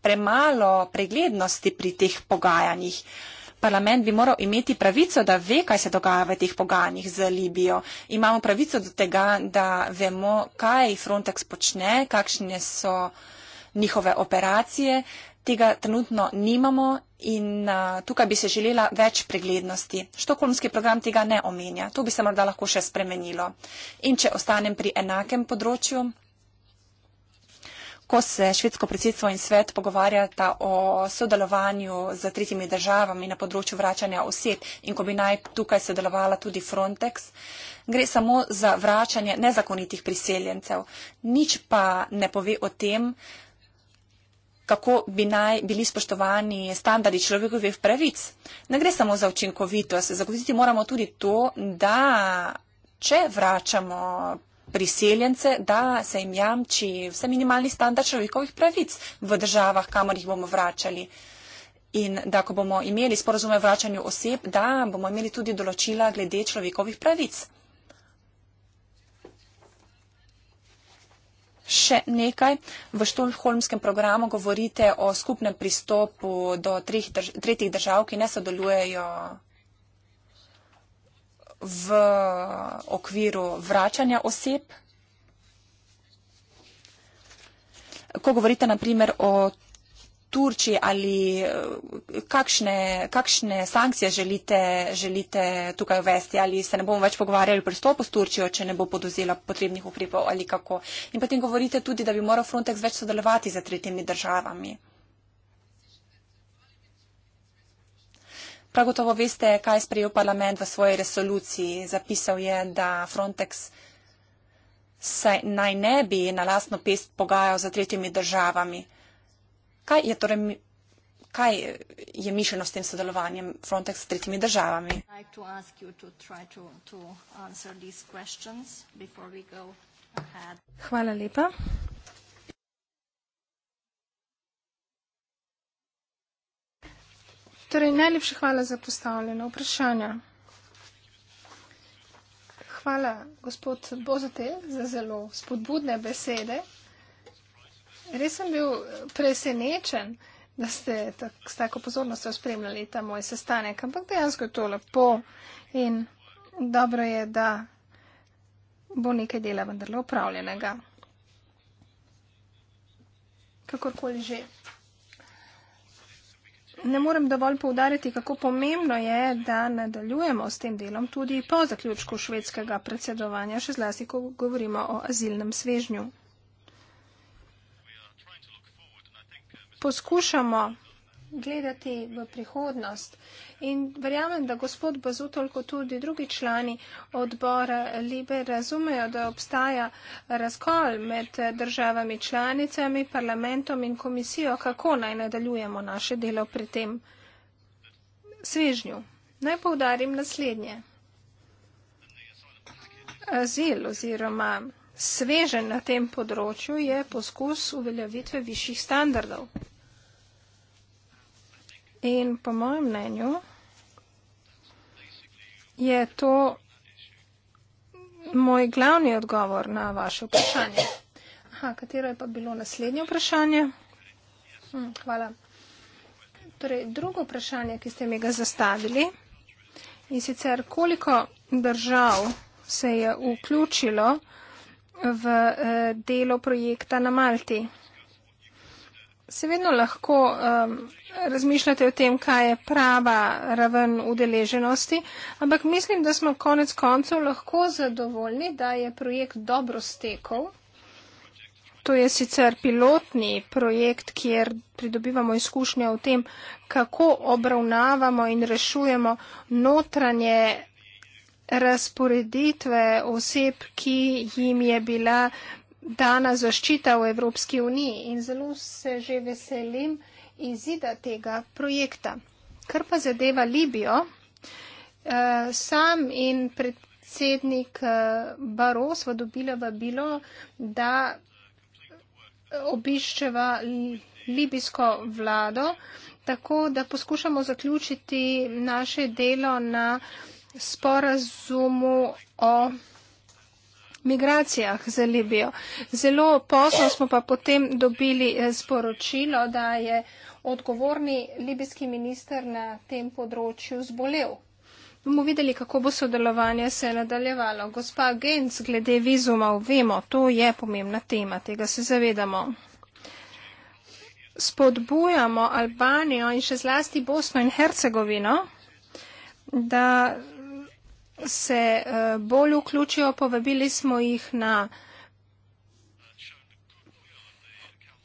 Speaker 3: premalo preglednosti pri teh pogajanjih. Parlament bi moral imeti pravico, da ve, kaj se dogaja v teh pogajanjih z Libijo. Imamo pravico do tega, da vemo, kaj Frontex počne, kakšne so njihove operacije tega trenutno nimamo in tukaj bi se želela več preglednosti. Štokholmski program tega ne omenja. To bi se morda lahko še spremenilo. In če ostanem pri enakem področju, ko se švedsko predsedstvo in svet pogovarjata o sodelovanju z tretjimi državami na področju vračanja oseb in ko bi naj tukaj sodelovala tudi Frontex, gre samo za vračanje nezakonitih priseljencev. Nič pa ne pove o tem, kako bi naj bili spoštovani standardi človekovih pravic. Ne gre samo za učinkovitost, zagotoviti moramo tudi to, da če vračamo priseljence, da se jim jamči vse minimalni standard človekovih pravic v državah, kamor jih bomo vračali. In da, ko bomo imeli sporozume o vračanju oseb, da bomo imeli tudi določila glede človekovih pravic. še nekaj. V Štulholmskem programu govorite o skupnem pristopu do treh drž tretjih držav, ki ne sodelujejo v okviru vračanja oseb. Ko govorite naprimer o Turčiji ali eh, kakšne, kakšne sankcije želite, želite tukaj uvesti ali se ne bomo več pogovarjali pri stopu s Turčijo, če ne bo podozela potrebnih ukrepov ali kako. In potem govorite tudi, da bi moral Frontex več sodelovati z tretjimi državami. Prav gotovo veste, kaj je sprejel parlament v svoji resoluciji. Zapisal je, da Frontex naj ne bi na lastno pest pogajal z tretjimi državami. Kaj je torej? Kaj je mišljeno s tem sodelovanjem Frontex s tretjimi državami?
Speaker 1: Hvala lepa. Torej, najlepša hvala za postavljeno vprašanje. Hvala, gospod Bozote, za zelo spodbudne besede. Res sem bil presenečen, da ste tak, s tako pozornostjo spremljali ta moj sestanek, ampak dejansko je to lepo in dobro je, da bo nekaj dela vendarle upravljenega. Kakorkoli že. Ne morem dovolj poudariti, kako pomembno je, da nadaljujemo s tem delom tudi po zaključku švedskega predsedovanja, še zlasti, ko govorimo o azilnem svežnju. poskušamo gledati v prihodnost. In verjamem, da gospod Bazutol, kot tudi drugi člani odbora Libe, razumejo, da obstaja razkol med državami članicami, parlamentom in komisijo, kako naj nadaljujemo naše delo pri tem svežnju. Naj povdarim naslednje. Azil oziroma svežen na tem področju je poskus uveljavitve višjih standardov. In po mojem mnenju je to moj glavni odgovor na vaše vprašanje. Aha, katero je pa bilo naslednje vprašanje? Hm, hvala. Torej, drugo vprašanje, ki ste mi ga zastavili, in sicer koliko držav se je vključilo v uh, delo projekta na Malti. Se vedno lahko um, razmišljate o tem, kaj je prava raven udeleženosti, ampak mislim, da smo konec koncev lahko zadovoljni, da je projekt dobro stekel. To je sicer pilotni projekt, kjer pridobivamo izkušnje o tem, kako obravnavamo in rešujemo notranje razporeditve oseb, ki jim je bila dana zaščita v Evropski uniji in zelo se že veselim izida tega projekta. Kar pa zadeva Libijo, eh, sam in predsednik eh, Baros v dobila vabilo, da obiščeva libijsko vlado, tako da poskušamo zaključiti naše delo na sporazumu o migracijah za Libijo. Zelo pozno smo pa potem dobili eh, sporočilo, da je odgovorni libijski minister na tem področju zbolel. Bomo videli, kako bo sodelovanje se nadaljevalo. Gospa Genc, glede vizumov, vemo, to je pomembna tema, tega se zavedamo. Spodbujamo Albanijo in še zlasti Bosno in Hercegovino, da se eh, bolj vključijo, povabili smo jih na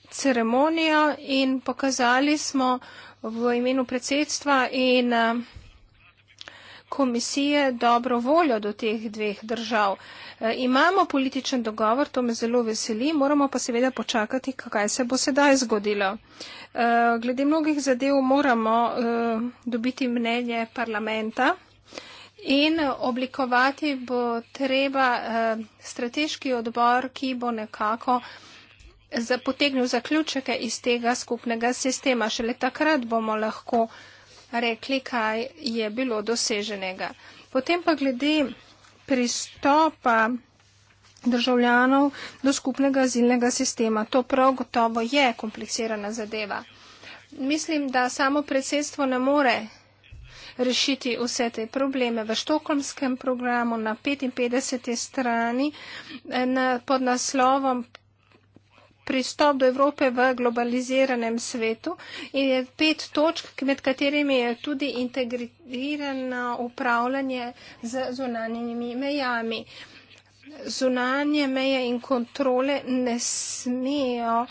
Speaker 1: ceremonijo in pokazali smo v imenu predsedstva in eh, komisije dobro voljo do teh dveh držav. Eh, imamo političen dogovor, to me zelo veseli, moramo pa seveda počakati, kaj se bo sedaj zgodilo. Glede mnogih zadev moramo dobiti mnenje parlamenta. In oblikovati bo treba eh, strateški odbor, ki bo nekako potegnil zaključke iz tega skupnega sistema. Šele takrat bomo lahko rekli, kaj je bilo doseženega. Potem pa glede pristopa državljanov do skupnega azilnega sistema. To prav gotovo je komplicirana zadeva. Mislim, da samo predsedstvo ne more rešiti vse te probleme. V štokholmskem programu na 55. strani eh, pod naslovom pristop do Evrope v globaliziranem svetu in je pet točk, med katerimi je tudi integrirano upravljanje z zunanjimi mejami. Zunanje meje in kontrole ne smejo uh,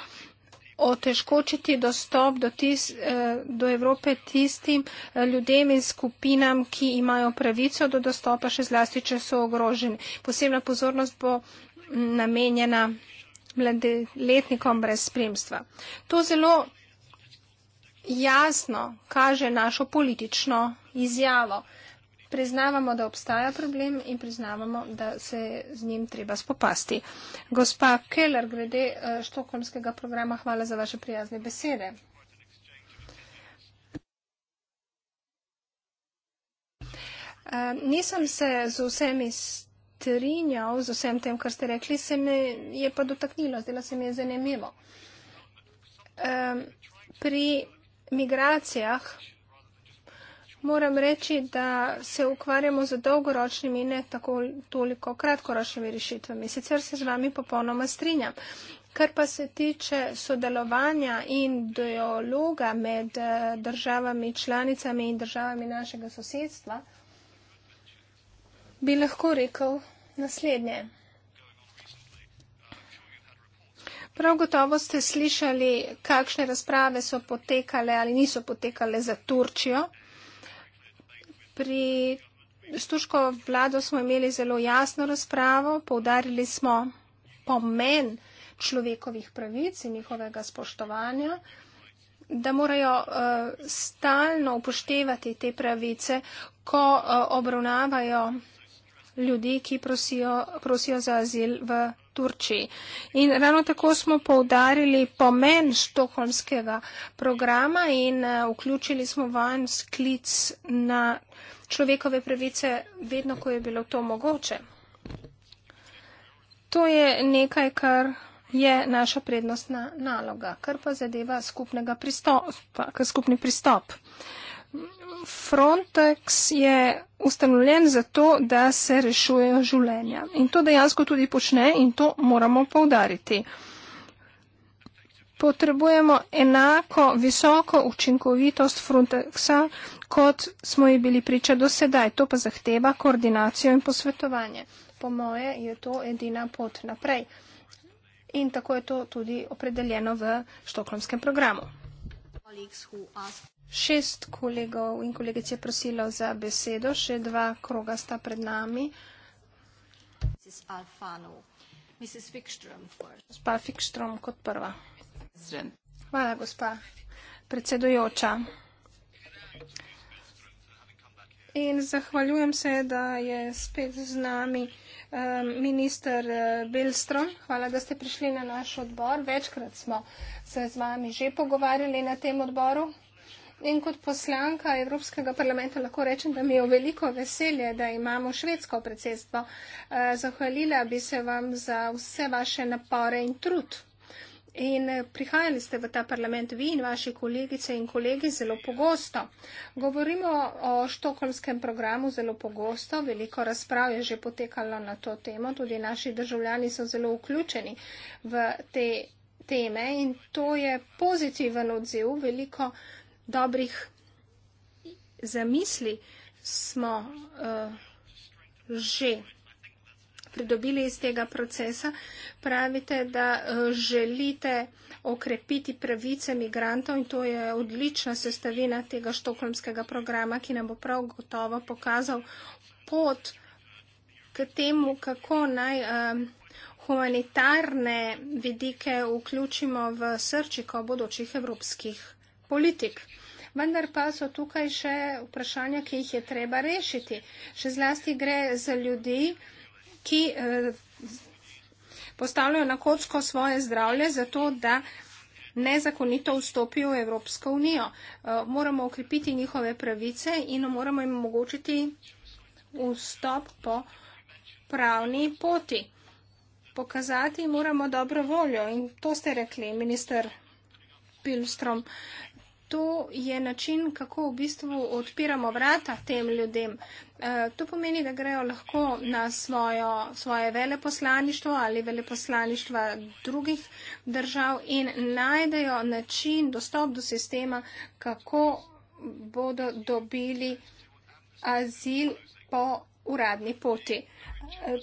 Speaker 1: otežkočiti dostop do, tis, eh, do Evrope tistim eh, ljudem in skupinam, ki imajo pravico do dostopa, še zlasti, če so ogroženi. Posebna pozornost bo namenjena mladoletnikom brez spremstva. To zelo jasno kaže našo politično izjavo priznavamo, da obstaja problem in priznavamo, da se z njim treba spopasti. Gospa Keller, glede eh, štokholmskega programa, hvala za vaše prijazne besede. Eh, nisem se z vsemi strinjal, z vsem tem, kar ste rekli, se mi je pa dotaknilo, zdela se mi je zanimivo. Eh, pri migracijah Moram reči, da se ukvarjamo z dolgoročnimi in ne tako toliko kratkoročnimi rešitvami. Sicer se z vami popolnoma strinjam. Kar pa se tiče sodelovanja in dialoga med eh, državami članicami in državami našega sosedstva, bi lahko rekel naslednje. Prav gotovo ste slišali, kakšne razprave so potekale ali niso potekale za Turčijo. Pri Stuško vlado smo imeli zelo jasno razpravo, povdarili smo pomen človekovih pravic in njihovega spoštovanja, da morajo uh, stalno upoštevati te pravice, ko uh, obravnavajo ljudi, ki prosijo, prosijo za azil v Turčiji. In ravno tako smo poudarili pomen štokholmskega programa in eh, vključili smo vanj sklic na človekove pravice, vedno, ko je bilo to mogoče. To je nekaj, kar je naša prednostna naloga, kar pa zadeva skupnega pristopa, skupni pristop. Frontex je ustanovljen zato, da se rešujejo življenja. In to dejansko tudi počne in to moramo povdariti. Potrebujemo enako visoko učinkovitost Frontexa, kot smo ji bili priča do sedaj. To pa zahteva koordinacijo in posvetovanje. Po moje je to edina pot naprej. In tako je to tudi opredeljeno v štoklomskem programu. Alex, šest kolegov in kolegic je prosilo za besedo, še dva kroga sta pred nami. Gospa Fikštrom kot prva. Hvala, gospa predsedujoča. In zahvaljujem se, da je spet z nami eh, minister eh, Belstrom. Hvala, da ste prišli na naš odbor. Večkrat smo se z vami že pogovarjali na tem odboru. In kot poslanka Evropskega parlamenta lahko rečem, da mi je veliko veselje, da imamo švedsko predsedstvo. Eh, zahvalila bi se vam za vse vaše napore in trud. In eh, prihajali ste v ta parlament vi in vaši kolegice in kolegi zelo pogosto. Govorimo o štokholmskem programu zelo pogosto, veliko razprav je že potekalo na to temo, tudi naši državljani so zelo vključeni v te teme in to je pozitiven odziv, veliko dobrih zamisli smo uh, že pridobili iz tega procesa. Pravite, da eh, želite okrepiti pravice migrantov in to je odlična sestavina tega štokholmskega programa, ki nam bo prav gotovo pokazal pot k temu, kako naj um, humanitarne vidike vključimo v srčiko bodočih evropskih politik. Vendar pa so tukaj še vprašanja, ki jih je treba rešiti. Še zlasti gre za ljudi, ki eh, postavljajo na kocko svoje zdravje zato, da nezakonito vstopijo v Evropsko unijo. Eh, moramo okrepiti njihove pravice in moramo jim omogočiti vstop po pravni poti. Pokazati moramo dobro voljo in to ste rekli, minister Pilstrom to je način, kako v bistvu odpiramo vrata tem ljudem. E, to pomeni, da grejo lahko na svojo, svoje veleposlaništvo ali veleposlaništva drugih držav in najdejo način, dostop do sistema, kako bodo dobili azil po uradni poti. E,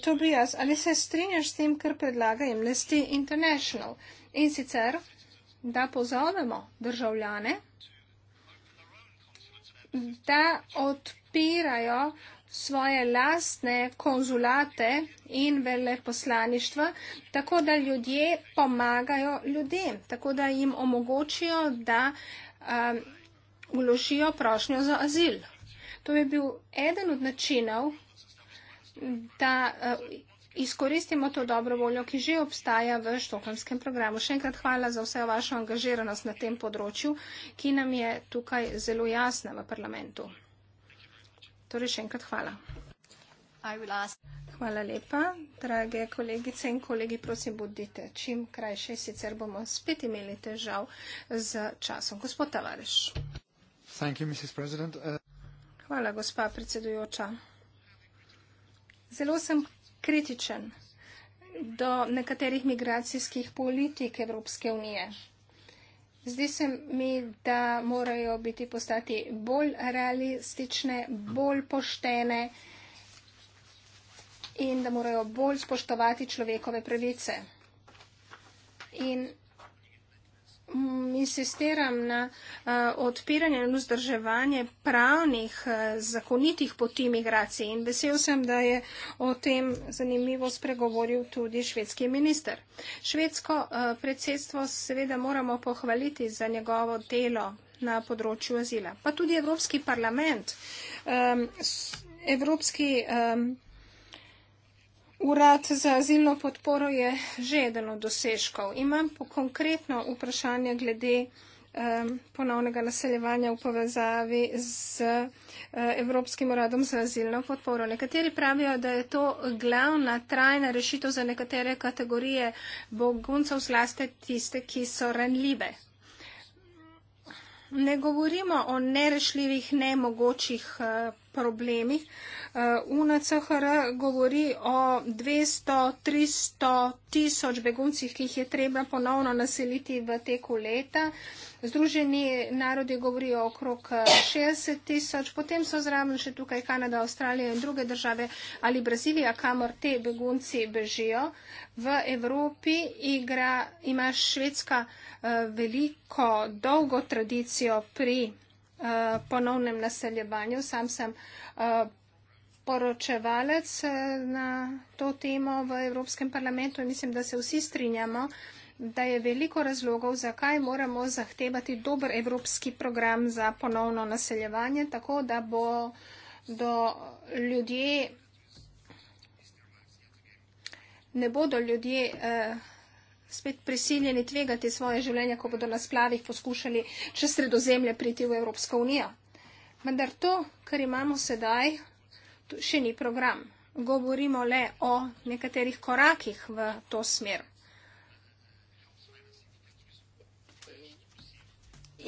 Speaker 1: Tobias, ali se strinjaš s tem, kar predlaga Amnesty International? In sicer da pozovemo državljane, da odpirajo svoje lastne konzulate in veleposlaništva, tako da ljudje pomagajo ljudem, tako da jim omogočijo, da um, vložijo prošnjo za azil. To je bil eden od načinov, da uh, Izkoristimo to dobro voljo, ki že obstaja v štokholmskem programu. Še enkrat hvala za vse vašo angažiranost na tem področju, ki nam je tukaj zelo jasna v parlamentu. Torej še enkrat hvala. Hvala lepa, drage kolegice in kolegi, prosim, bodite čim krajše, sicer bomo spet imeli težav z časom. Gospod Tavares.
Speaker 2: Uh,
Speaker 1: hvala, gospa predsedujoča. Zelo sem kritičen do nekaterih migracijskih politik Evropske unije. Zdi se mi, da morajo biti postati bolj realistične, bolj poštene in da morajo bolj spoštovati človekove pravice. In Mm, insistiram na eh, odpiranje in vzdrževanje pravnih, eh, zakonitih poti migracije in vesel sem, da je o tem zanimivo spregovoril tudi švedski minister. Švedsko eh, predsedstvo seveda moramo pohvaliti za njegovo delo na področju azila. Pa tudi Evropski parlament. Evropski parlament. Urad za azilno podporo je že delo dosežkov. Imam po konkretno vprašanje glede um, ponovnega naseljevanja v povezavi z uh, Evropskim uradom za azilno podporo. Nekateri pravijo, da je to glavna trajna rešitev za nekatere kategorije boguncev, zlasti tiste, ki so ranljive. Ne govorimo o nerešljivih, nemogočih uh, problemih. Uh, Eh, UNCHR govori o 200, 300 tisoč beguncih, ki jih je treba ponovno naseliti v teku leta. Združeni narodi govorijo okrog 60 eh, tisoč, potem so zraven še tukaj Kanada, Avstralija in druge države ali Brazilija, kamor te begunci bežijo. V Evropi igra, ima Švedska eh, veliko, dolgo tradicijo pri ponovnem naseljevanju. Sam sem poročevalec eh, na to temo v Evropskem parlamentu in mislim, da se vsi strinjamo, da je veliko razlogov, zakaj moramo zahtevati dober evropski program za ponovno naseljevanje, tako da bo do ljudje, ne bodo ljudje eh, spet prisiljeni tvegati svoje življenje, ko bodo na splavih poskušali čez sredozemlje priti v Evropsko unijo. Vendar to, kar imamo sedaj, še ni program. Govorimo le o nekaterih korakih v to smer.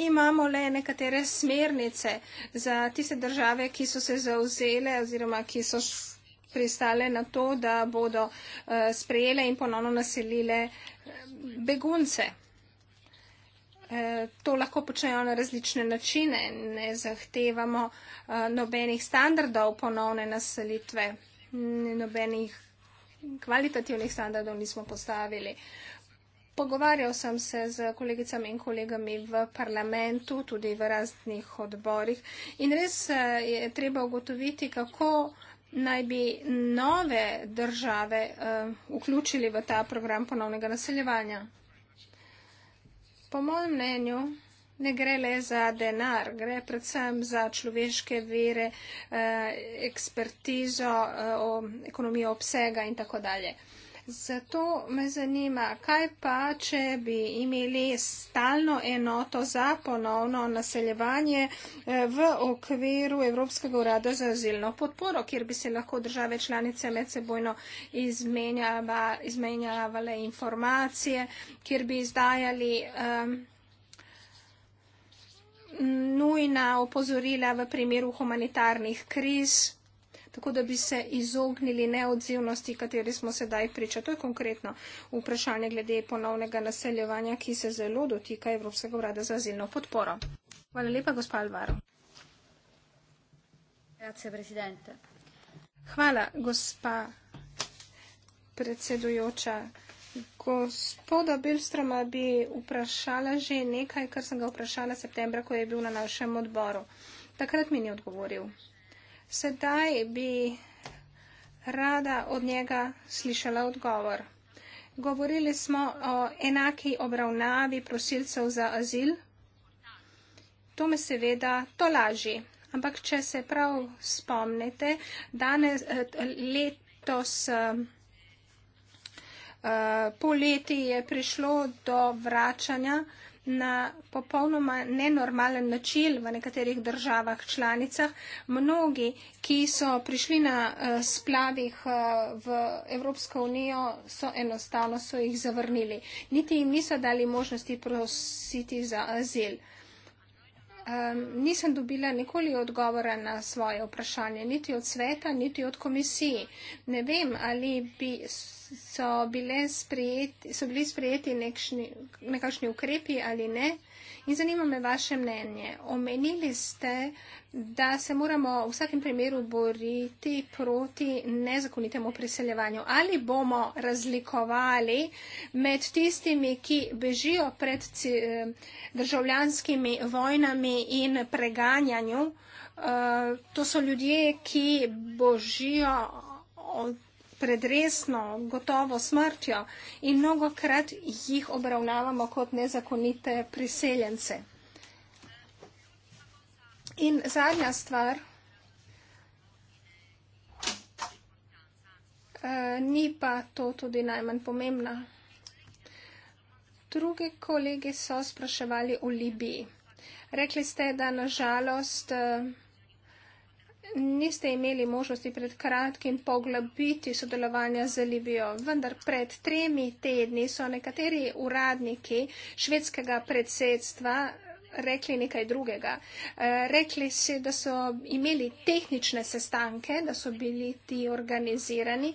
Speaker 1: Imamo le nekatere smernice za tiste države, ki so se zauzele oziroma ki so pristale na to, da bodo eh, sprejele in ponovno naselile eh, begunce. Eh, to lahko počnejo na različne načine. Ne zahtevamo eh, nobenih standardov ponovne naselitve, nobenih kvalitativnih standardov nismo postavili. Pogovarjal sem se z kolegicami in kolegami v parlamentu, tudi v raznih odborih in res eh, je treba ugotoviti, kako naj bi nove države uh, vključili v ta program ponovnega naseljevanja. Po mojem mnenju ne gre le za denar, gre predvsem za človeške vere, eh, ekspertizo, eh, ekonomijo obsega in tako dalje. Zato me zanima, kaj pa, če bi imeli stalno enoto za ponovno naseljevanje eh, v okviru Evropskega urada za azilno podporo, kjer bi se lahko države članice med sebojno izmenjavale informacije, kjer bi izdajali. Um, nujna opozorila v primeru humanitarnih kriz tako da bi se izognili neodzivnosti, kateri smo sedaj priča. To je konkretno vprašanje glede ponovnega naseljevanja, ki se zelo dotika Evropskega urada za azilno podporo. Hvala lepa, gospod Alvaro. Hvala, gospa predsedujoča. Gospoda Bilstroma bi vprašala že nekaj, kar sem ga vprašala septembra, ko je bil na našem odboru. Takrat mi ni odgovoril. Sedaj bi rada od njega slišala odgovor. Govorili smo o enaki obravnavi prosilcev za azil. To me seveda to laži. Ampak če se prav spomnite, danes eh, letos eh, eh, poleti je prišlo do vračanja na popolnoma nenormalen način v nekaterih državah članicah. Mnogi, ki so prišli na eh, splavih eh, v Evropsko unijo, so enostavno so jih zavrnili. Niti jim niso dali možnosti prositi za azil. Um, nisem dobila nikoli odgovora na svoje vprašanje, niti od sveta, niti od komisiji. Ne vem, ali bi so, bile sprejeti, so bili sprejeti nekšni, nekakšni ukrepi ali ne. In zanima me vaše mnenje. Omenili ste, da se moramo v vsakem primeru boriti proti nezakonitemu priseljevanju. Ali bomo razlikovali med tistimi, ki bežijo pred eh, državljanskimi vojnami in preganjanju? Eh, to so ljudje, ki božijo pred resno, gotovo smrtjo in mnogokrat jih obravnavamo kot nezakonite priseljence. In zadnja stvar, eh, ni pa to tudi najmanj pomembna. Drugi kolegi so spraševali o Libiji. Rekli ste, da nažalost. Eh, niste imeli možnosti pred kratkim poglobiti sodelovanja z Libijo, vendar pred tremi tedni so nekateri uradniki švedskega predsedstva rekli nekaj drugega. Eh, rekli si, da so imeli tehnične sestanke, da so bili ti organizirani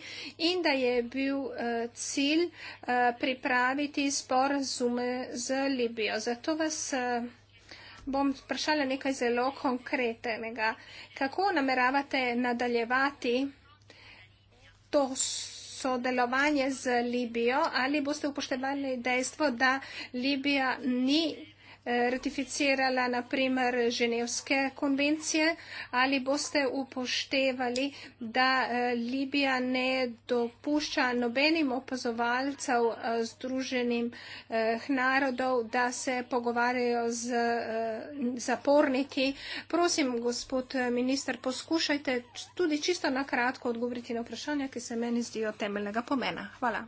Speaker 1: in da je bil eh, cilj eh, pripraviti sporazume z Libijo. Zato vas bom vprašala nekaj zelo konkretenega. Kako nameravate nadaljevati to sodelovanje z Libijo? Ali boste upoštevali dejstvo, da Libija ni Eh, ratificirala naprimer ženevske konvencije ali boste upoštevali, da eh, Libija ne dopušča nobenim opazovalcev eh, Združenim narodov, da se pogovarjajo z zaporniki. Prosim, gospod minister, poskušajte tudi čisto na kratko odgovoriti na vprašanja, ki se meni zdijo temeljnega pomena. Hvala.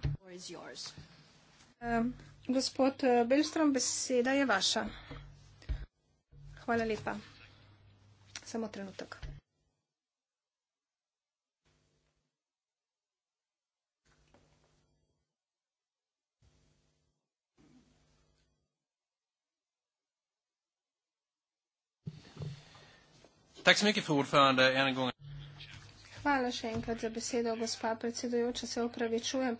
Speaker 1: Um, Gospod eh, Belstrom, beseda je vaša. Hvala lepa. Samo trenutek. Tack så mycket, fru ordförande. Än en gång. Hvala še enkrat za besedo, gospa predsedujoča. Se upravičujem,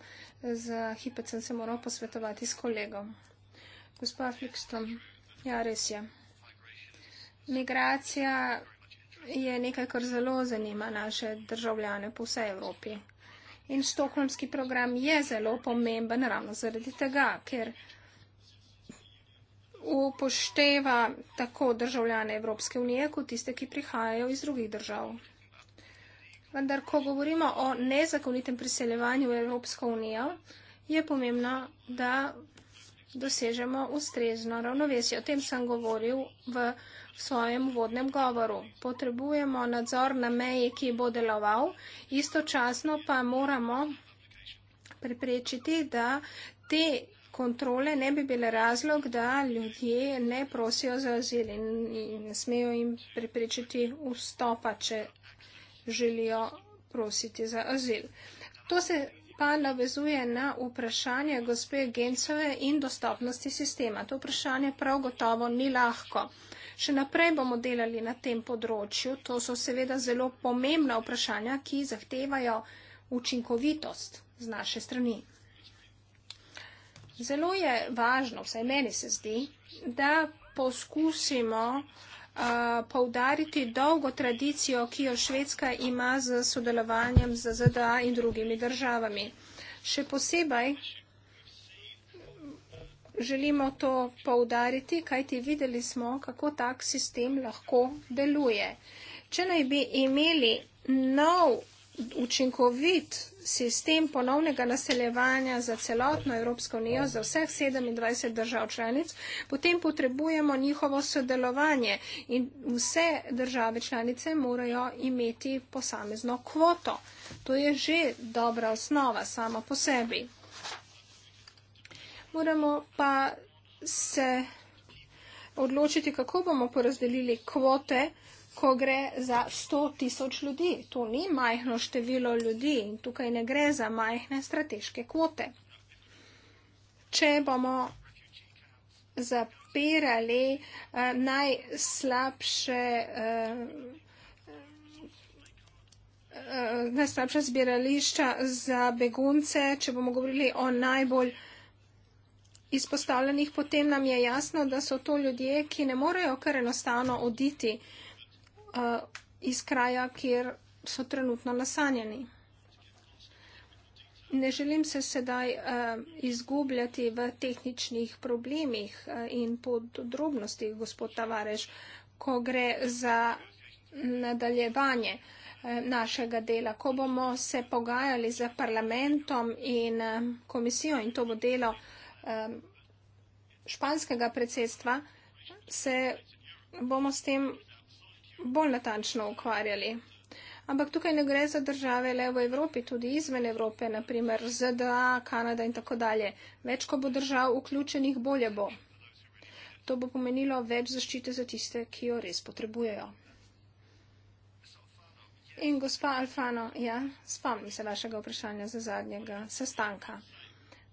Speaker 1: za hipet sem se moral posvetovati s kolegom. Gospa Flikston, ja, res je. Migracija je nekaj, kar zelo zanima naše državljane po vsej Evropi. In štokholmski program je zelo pomemben ravno zaradi tega, ker upošteva tako državljane Evropske unije, kot tiste, ki prihajajo iz drugih držav. Vendar, ko govorimo o nezakonitem priseljevanju v Evropsko unijo, je pomembno, da dosežemo ustrezno ravnovesje. O tem sem govoril v svojem vodnem govoru. Potrebujemo nadzor na meji, ki bo deloval, istočasno pa moramo preprečiti, da te kontrole ne bi bile razlog, da ljudje ne prosijo za azil in ne smejo jim preprečiti vstopa, če želijo prositi za azil. To se pa navezuje na vprašanje gospe Gencove in dostopnosti sistema. To vprašanje prav gotovo ni lahko. Še naprej bomo delali na tem področju. To so seveda zelo pomembna vprašanja, ki zahtevajo učinkovitost z naše strani. Zelo je važno, vsaj meni se zdi, da poskusimo poudariti dolgo tradicijo, ki jo Švedska ima z sodelovanjem z ZDA in drugimi državami. Še posebej želimo to poudariti, kajti videli smo, kako tak sistem lahko deluje. Če naj bi imeli nov učinkovit sistem ponovnega naseljevanja za celotno Evropsko unijo, za vseh 27 držav članic, potem potrebujemo njihovo sodelovanje in vse države članice morajo imeti posamezno kvoto. To je že dobra osnova sama po sebi. Moramo pa se odločiti, kako bomo porazdelili kvote, ko gre za 100 tisoč ljudi. To ni majhno število ljudi in tukaj ne gre za majhne strateške kvote. Če bomo zapirali eh, najslabše. Eh, eh, najslabša zbirališča za begunce, če bomo govorili o najbolj izpostavljenih, potem nam je jasno, da so to ljudje, ki ne morejo kar enostavno oditi. Eh, uh, iz kraja, kjer so trenutno nasanjeni. Ne želim se sedaj uh, izgubljati v tehničnih problemih uh, in podrobnostih, gospod Tavarež, ko gre za nadaljevanje našega dela. Ko bomo se pogajali z parlamentom in komisijo in to bo delo španskega predsedstva, se bomo s tem bolj natančno ukvarjali. Ampak tukaj ne gre za države le v Evropi, tudi izven Evrope, naprimer ZDA, Kanada in tako dalje. Več, ko bo držav vključenih, bolje bo. To bo pomenilo več zaščite za tiste, ki jo res potrebujejo. In gospa Alfano, ja, spomnim se vašega vprašanja za zadnjega sestanka.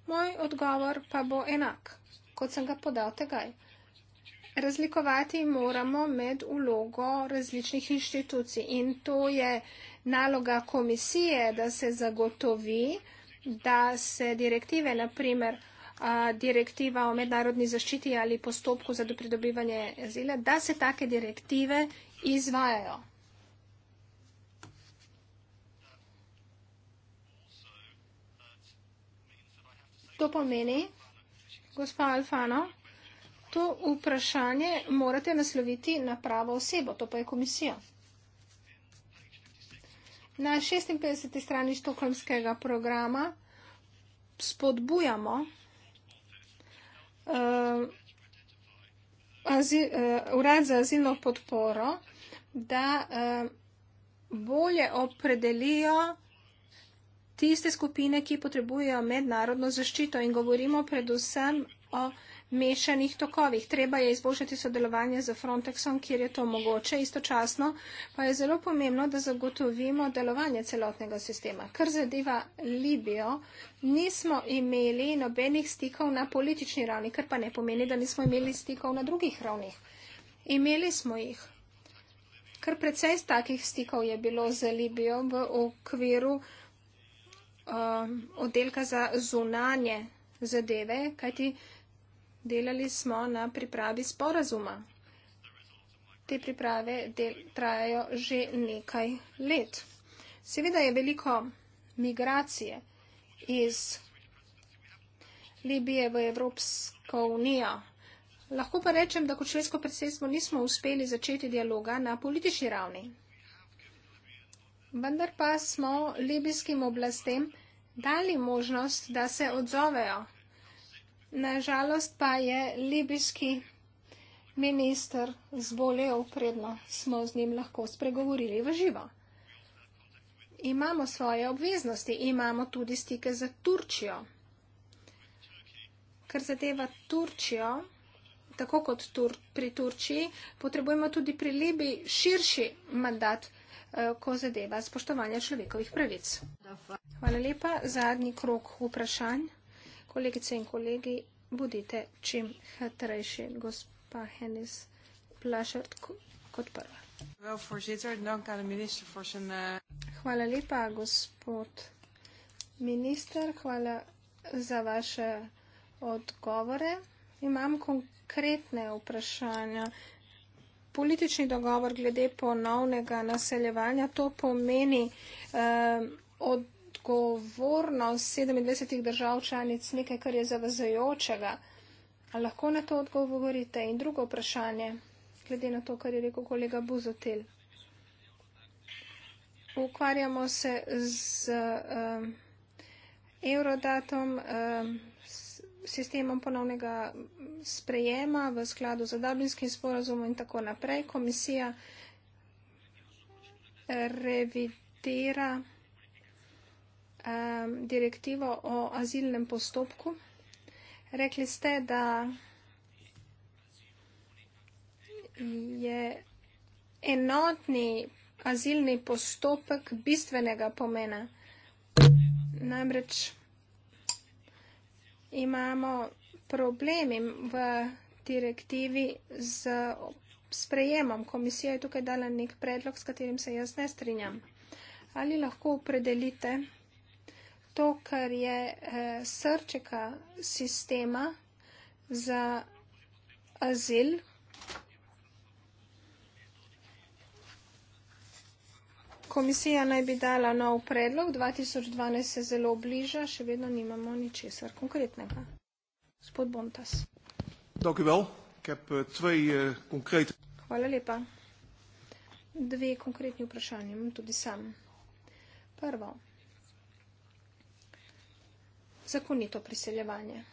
Speaker 1: Moj odgovor pa bo enak, kot sem ga podal tegaj razlikovati moramo med vlogo različnih inštitucij in to je naloga komisije, da se zagotovi, da se direktive, naprimer direktiva o mednarodni zaščiti ali postopku za pridobivanje azila, da se take direktive izvajajo. To pomeni, gospa Alfano, to vprašanje morate nasloviti na pravo osebo, to pa je komisija. Na 56. strani štokholmskega programa spodbujamo uh, azil, uh, urad za azilno podporo, da uh, bolje opredelijo tiste skupine, ki potrebujejo mednarodno zaščito in govorimo predvsem o mešanih tokovih. Treba je izboljšati sodelovanje z Frontexom, kjer je to mogoče. Istočasno pa je zelo pomembno, da zagotovimo delovanje celotnega sistema. Kar zadeva Libijo, nismo imeli nobenih stikov na politični ravni, kar pa ne pomeni, da nismo imeli stikov na drugih ravnih. Imeli smo jih. Kar precej takih stikov je bilo z Libijo v okviru uh, oddelka za zunanje zadeve, kajti uh, delali smo na pripravi sporazuma. Te priprave del, trajajo že nekaj let. Seveda je veliko migracije iz Libije v Evropsko unijo. Lahko pa rečem, da kot švedsko predsedstvo nismo uspeli začeti dialoga na politični ravni. Vendar pa smo libijskim oblastem dali možnost, da se odzovejo Nažalost pa je libijski minister zbolel, predno smo z njim lahko spregovorili v živo. Imamo svoje obveznosti, imamo tudi stike z Turčijo. Ker zadeva Turčijo, tako kot tur, pri Turčiji, potrebujemo tudi pri Libiji širši mandat, eh, ko zadeva spoštovanje človekovih pravic. Hvala lepa. Zadnji krok vprašanj kolegice in kolegi, bodite čim hitrejši, gospa Henis Plašert kot prva. Eh, hvala lepa, gospod minister, hvala za vaše odgovore. Imam konkretne vprašanja. Politični dogovor glede ponovnega naseljevanja, to pomeni eh, od, odgovornost 27 držav članic nekaj, kar je zavezajočega. Ali lahko na to odgovorite? In drugo vprašanje, glede na to, kar je rekel kolega Buzotel. Ukvarjamo se z um, eurodatom, um, sistemom ponovnega sprejema v skladu z Dublinskim sporazumom in tako naprej. Komisija revidira um, direktivo o azilnem postopku. Rekli ste, da je enotni azilni postopek bistvenega pomena. Namreč imamo problemi v direktivi z sprejemom. Komisija je tukaj dala nek predlog, s katerim se jaz ne strinjam. Ali lahko opredelite? to, kar je eh, srčeka sistema za azil. Komisija naj bi dala nov predlog, 2012 se zelo bliža, še vedno nimamo ničesar konkretnega. Gospod Bontas.
Speaker 3: Eh, eh,
Speaker 1: Hvala lepa. Dve konkretni vprašanje imam tudi sam. Prvo zakonito priseljevanje.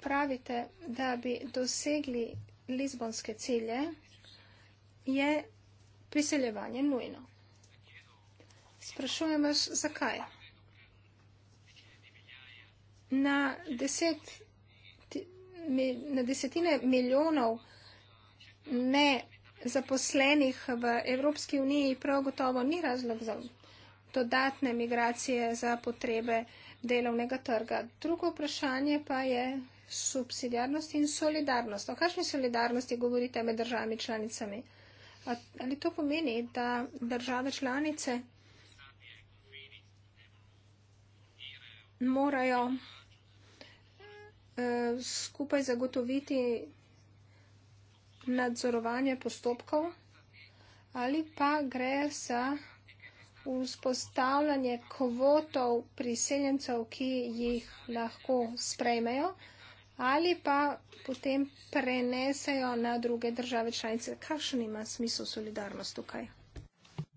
Speaker 1: Pravite, da bi dosegli lizbonske cilje, je priseljevanje nujno. Sprašujem vas, zakaj? Na, deset, na desetine milijonov ne zaposlenih v Evropski uniji prav gotovo ni razlog za dodatne migracije za potrebe uh, delovnega trga. Drugo vprašanje pa je subsidijarnost in solidarnost. O kakšni solidarnosti govorite med državami članicami? Ali to pomeni, da države članice morajo eh, skupaj zagotoviti nadzorovanje postopkov ali pa gre za vzpostavljanje kvotov priseljencev, ki jih lahko sprejmejo ali pa potem prenesejo na druge države članice. Kakšen ima smisel solidarnost tukaj?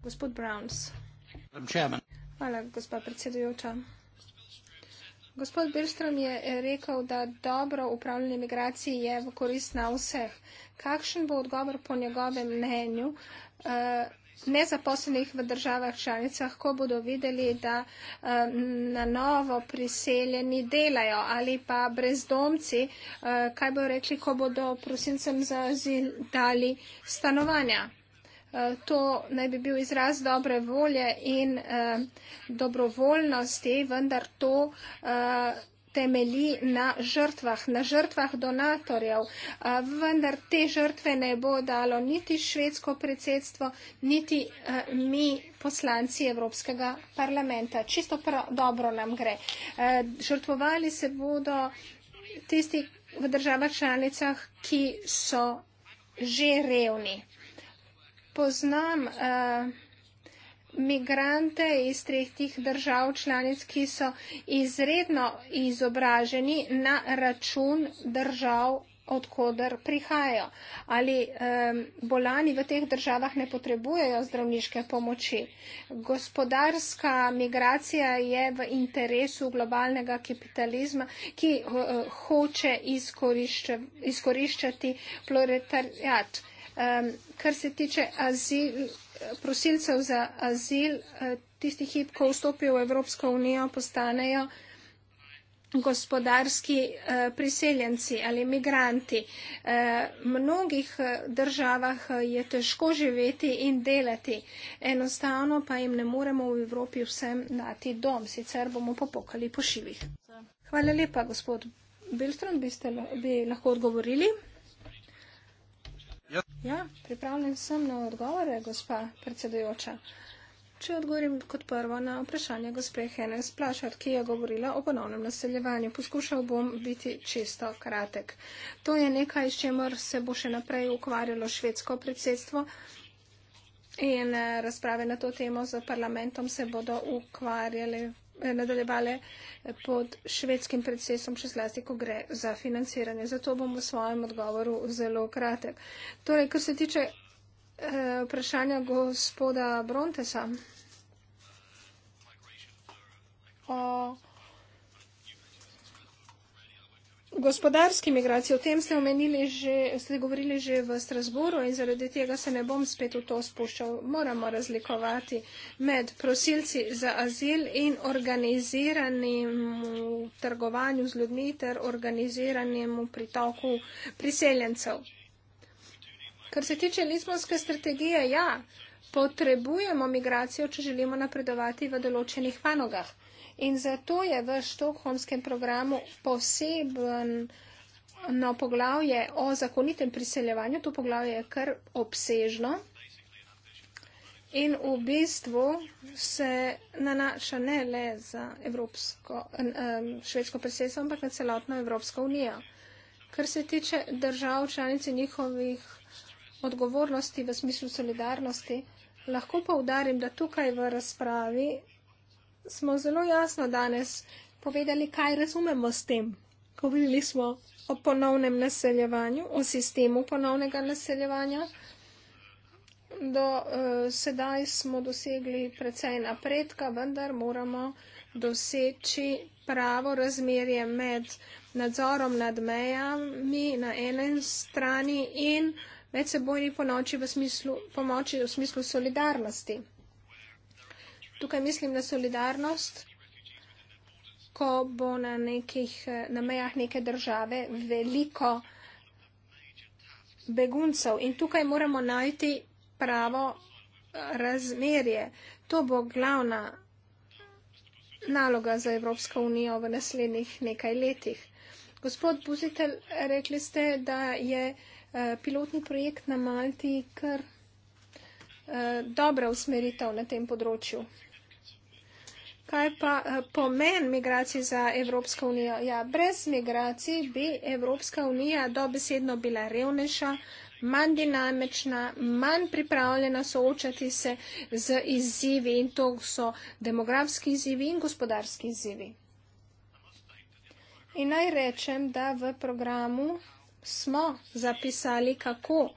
Speaker 1: Gospod Browns. Hvala, gospa predsedujoča. Gospod Birstrom je rekel, da dobro upravljanje migracij je v korist na vseh. Kakšen bo odgovor po njegovem mnenju? Uh, nezaposlenih v državah članicah, ko bodo videli, da eh, na novo priseljeni delajo ali pa brezdomci, eh, kaj bo rekli, ko bodo prosilcem za azil dali stanovanja. Eh, to naj bi bil izraz dobre volje in dobrovoljnosti, vendar to temelji na žrtvah, na žrtvah donatorjev. Vendar te žrtve ne bo dalo niti švedsko predsedstvo, niti mi poslanci Evropskega parlamenta. Čisto dobro nam gre. Žrtvovali se bodo tisti v državah članicah, ki so že revni. Poznam uh, migrante iz tretjih držav članic, ki so izredno izobraženi na račun držav, odkudar prihajajo. Ali um, bolani v teh državah ne potrebujejo zdravniške pomoči? Gospodarska migracija je v interesu globalnega kapitalizma, ki uh, hoče izkorišče, izkoriščati proletariat. Um, kar se tiče azil, prosilcev za azil eh, tistih hip, ko vstopijo v Evropsko unijo, postanejo gospodarski eh, priseljenci ali migranti. V eh, mnogih državah je težko živeti in delati, enostavno pa jim ne moremo v Evropi vsem dati dom, sicer bomo popokali po šivih. Hvala lepa, gospod Biltron, bi lahko odgovorili. Ja, pripravljen sem na odgovore, gospa predsedujoča. Če odgovorim kot prvo na vprašanje gospe Hene Splašat, ki je govorila o ponovnem naseljevanju, poskušal bom biti čisto kratek. To je nekaj, s čemer se bo še naprej ukvarjalo švedsko predsedstvo. In eh, razprave na to temo z parlamentom se bodo ukvarjali nadaljevale pod švedskim predsedstvom, še zlasti, ko gre za financiranje. Zato bom v svojem odgovoru zelo kratek. Torej, kar se tiče eh, vprašanja gospoda Brontesa o gospodarski migraciji, o tem ste, že, ste govorili že v Strasboru in zaradi tega se ne bom spet v to spuščal. Moramo razlikovati med prosilci za azil in organiziranim trgovanju z ljudmi ter organiziranim pritoku priseljencev. Kar se tiče lizbonske strategije, ja, potrebujemo migracijo, če želimo napredovati v določenih panogah. In zato je v štokholmskem programu posebno poglavje o zakonitem priseljevanju. To poglavje je kar obsežno in v bistvu se nanaša ne le za evropsko, švedsko priseljstvo, ampak na celotno Evropsko unijo. Kar se tiče držav članice njihovih odgovornosti v smislu solidarnosti, lahko poudarim, da tukaj v razpravi smo zelo jasno danes povedali, kaj razumemo s tem. Govorili smo o ponovnem naseljevanju, o sistemu ponovnega naseljevanja. Do eh, sedaj smo dosegli precej napredka, vendar moramo doseči pravo razmerje med nadzorom nad mejami na eni strani in medsebojni pomoči v smislu solidarnosti tukaj mislim na solidarnost, ko bo na, nekih, na mejah neke države veliko beguncev in tukaj moramo najti pravo eh, razmerje. To bo glavna naloga za Evropsko unijo v naslednjih nekaj letih. Gospod Buzitelj, rekli ste, da je eh, pilotni projekt na Malti kar eh, dobra usmeritev na tem področju kaj pa eh, pomen migracij za Evropsko unijo. Ja, brez migracij bi Evropska unija dobesedno bila revnejša, manj dinamična, manj pripravljena soočati se z izzivi in to so demografski izzivi in gospodarski izzivi. In naj rečem, da v programu smo zapisali, kako uh,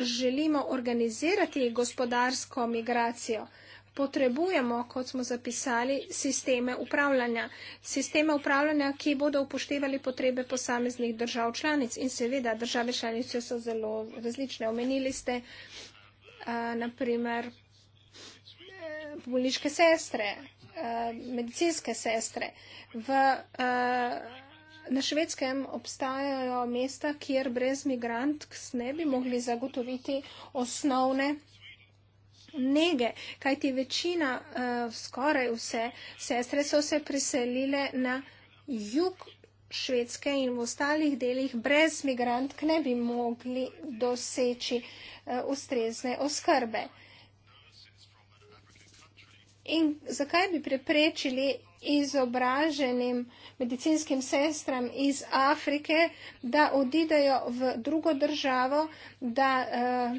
Speaker 1: želimo organizirati gospodarsko migracijo. Uh, potrebujemo, kot smo zapisali, sisteme upravljanja. Sisteme upravljanja, ki bodo upoštevali potrebe posameznih držav članic. In seveda, države članice so zelo različne. Omenili ste, naprimer, e, bolniške sestre, e, medicinske sestre. V, e, na švedskem obstajajo mesta, kjer brez migrantk ne bi mogli zagotoviti osnovne nege, kajti večina, eh, skoraj vse sestre so se preselile na jug Švedske in v ostalih delih brez migrantk ne bi mogli doseči eh, ustrezne oskrbe. In zakaj bi preprečili izobraženim medicinskim sestram iz Afrike, da odidejo v drugo državo, da uh,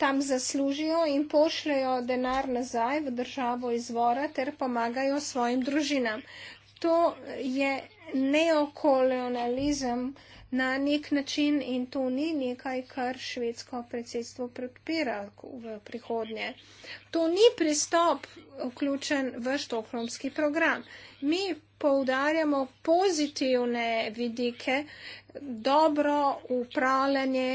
Speaker 1: tam zaslužijo in pošljajo denar nazaj v državo izvora ter pomagajo svojim družinam. To je neokolonializem na nek način in to ni nekaj, kar švedsko predsedstvo predpira v prihodnje. To ni pristop vključen v štokromski program. Mi poudarjamo pozitivne vidike, dobro upravljanje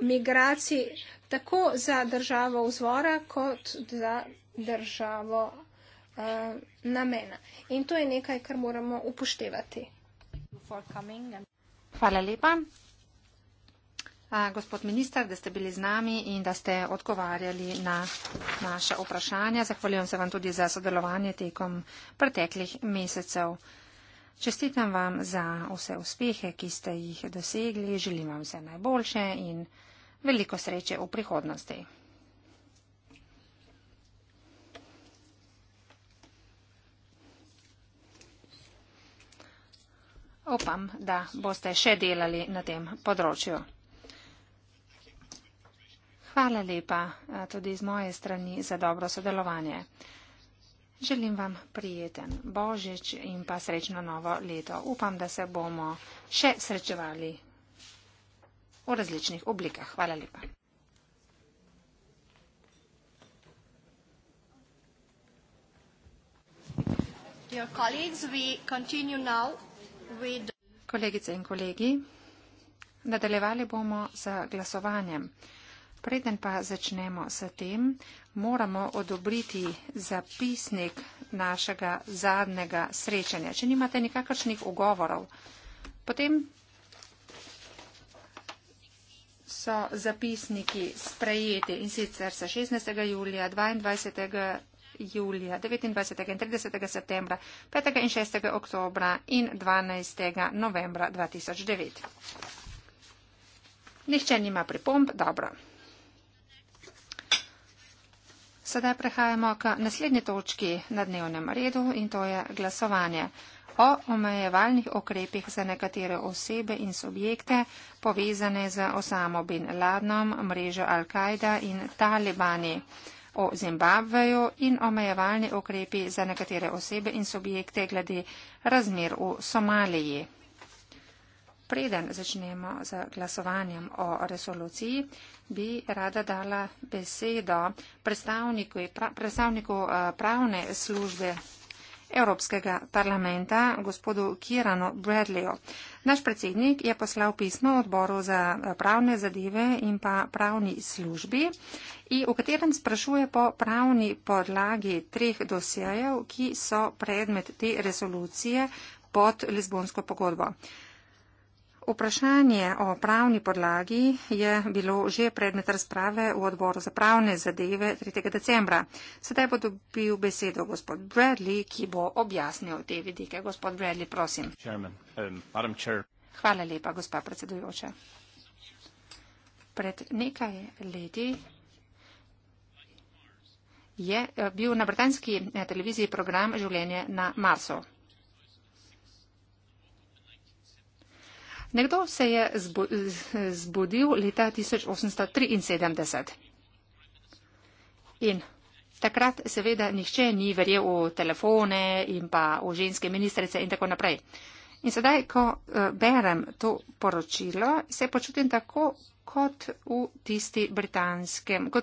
Speaker 1: migracij, tako za državo vzvora kot za državo uh, namena. In to je nekaj, kar moramo upoštevati.
Speaker 2: Hvala lepa. A, gospod minister, da ste bili z nami in da ste odgovarjali na naša vprašanja. Zahvaljujem se vam tudi za sodelovanje tekom preteklih mesecev. Čestitam vam za vse uspehe, ki ste jih dosegli. Želim vam vse najboljše in veliko sreče v prihodnosti. Upam, da boste še delali na tem področju. Hvala lepa tudi z moje strani za dobro sodelovanje. Želim vam prijeten božič in pa srečno novo leto. Upam, da se bomo še srečevali v različnih oblikah. Hvala lepa. Kolegice in kolegi, nadaljevali bomo z glasovanjem. Preden pa začnemo s tem, moramo odobriti zapisnik našega zadnjega srečanja. Če nimate nikakršnih ugovorov, potem so zapisniki sprejeti in sicer se 16. julija, 22. julija, 29. in 30. septembra, 5. in 6. oktobra in 12. novembra 2009. Nihče nima pripomb, dobro. Sedaj prehajamo k naslednji točki na dnevnem redu in to je glasovanje o omejevalnih okrepih za nekatere osebe in subjekte povezane z Osamo bin Ladnom, mrežo Al-Kaida in Talibani o Zimbabveju in omejevalni okrepi za nekatere osebe in subjekte glede razmer v Somaliji. Preden začnemo z glasovanjem o resoluciji, bi rada dala besedo predstavniku, predstavniku eh, pravne službe Evropskega parlamenta gospodu Kirano Bradleyju. Naš predsednik je poslal pismo odboru za eh, pravne zadeve in pa pravni službi, v katerem sprašuje po pravni podlagi treh dosjejev, ki so predmet te resolucije pod Lizbonsko pogodbo. Vprašanje o pravni podlagi je bilo že predmet razprave v odboru za pravne zadeve 3. decembra. Sedaj bo dobil besedo gospod Bradley, ki bo objasnil te vidike. Gospod Bradley, prosim.
Speaker 3: Chairman, um,
Speaker 2: Hvala lepa, gospa predsedujoča. Pred nekaj leti je eh, bil na britanski eh, televiziji program Življenje na Marsu. Nekdo se je zbudil leta 1873. In takrat seveda nihče ni verjel v telefone in pa v ženske ministrice in tako naprej. In sedaj, ko eh, berem to poročilo, se počutim tako kot v, kot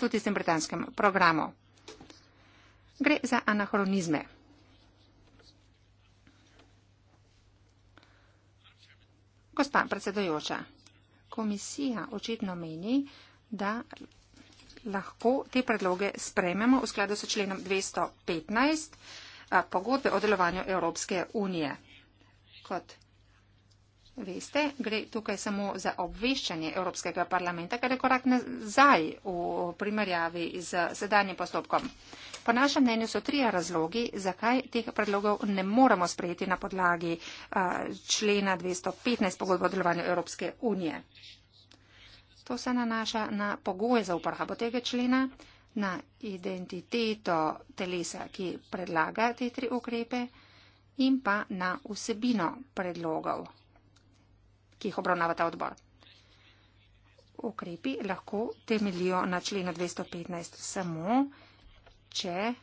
Speaker 2: v tistem britanskem programu. Gre za anahronizme. Gospa predsedojoča, komisija očitno meni, da lahko te predloge sprememo v skladu s členom 215 pogodbe o delovanju Evropske unije. Kot veste, gre tukaj samo za obveščanje Evropskega parlamenta, kar je korak nazaj v primerjavi z sedanjim postopkom. Po našem mnenju so trije razlogi, zakaj teh predlogov ne moremo sprejeti na podlagi člena 215 pogodbo o delovanju Evropske unije. To se nanaša na pogoje za uporabo tega člena, na identiteto telesa, ki predlaga te tri ukrepe in pa na vsebino predlogov, ki jih obravnava ta odbor. Ukrepi lahko temelijo na členu 215 samo če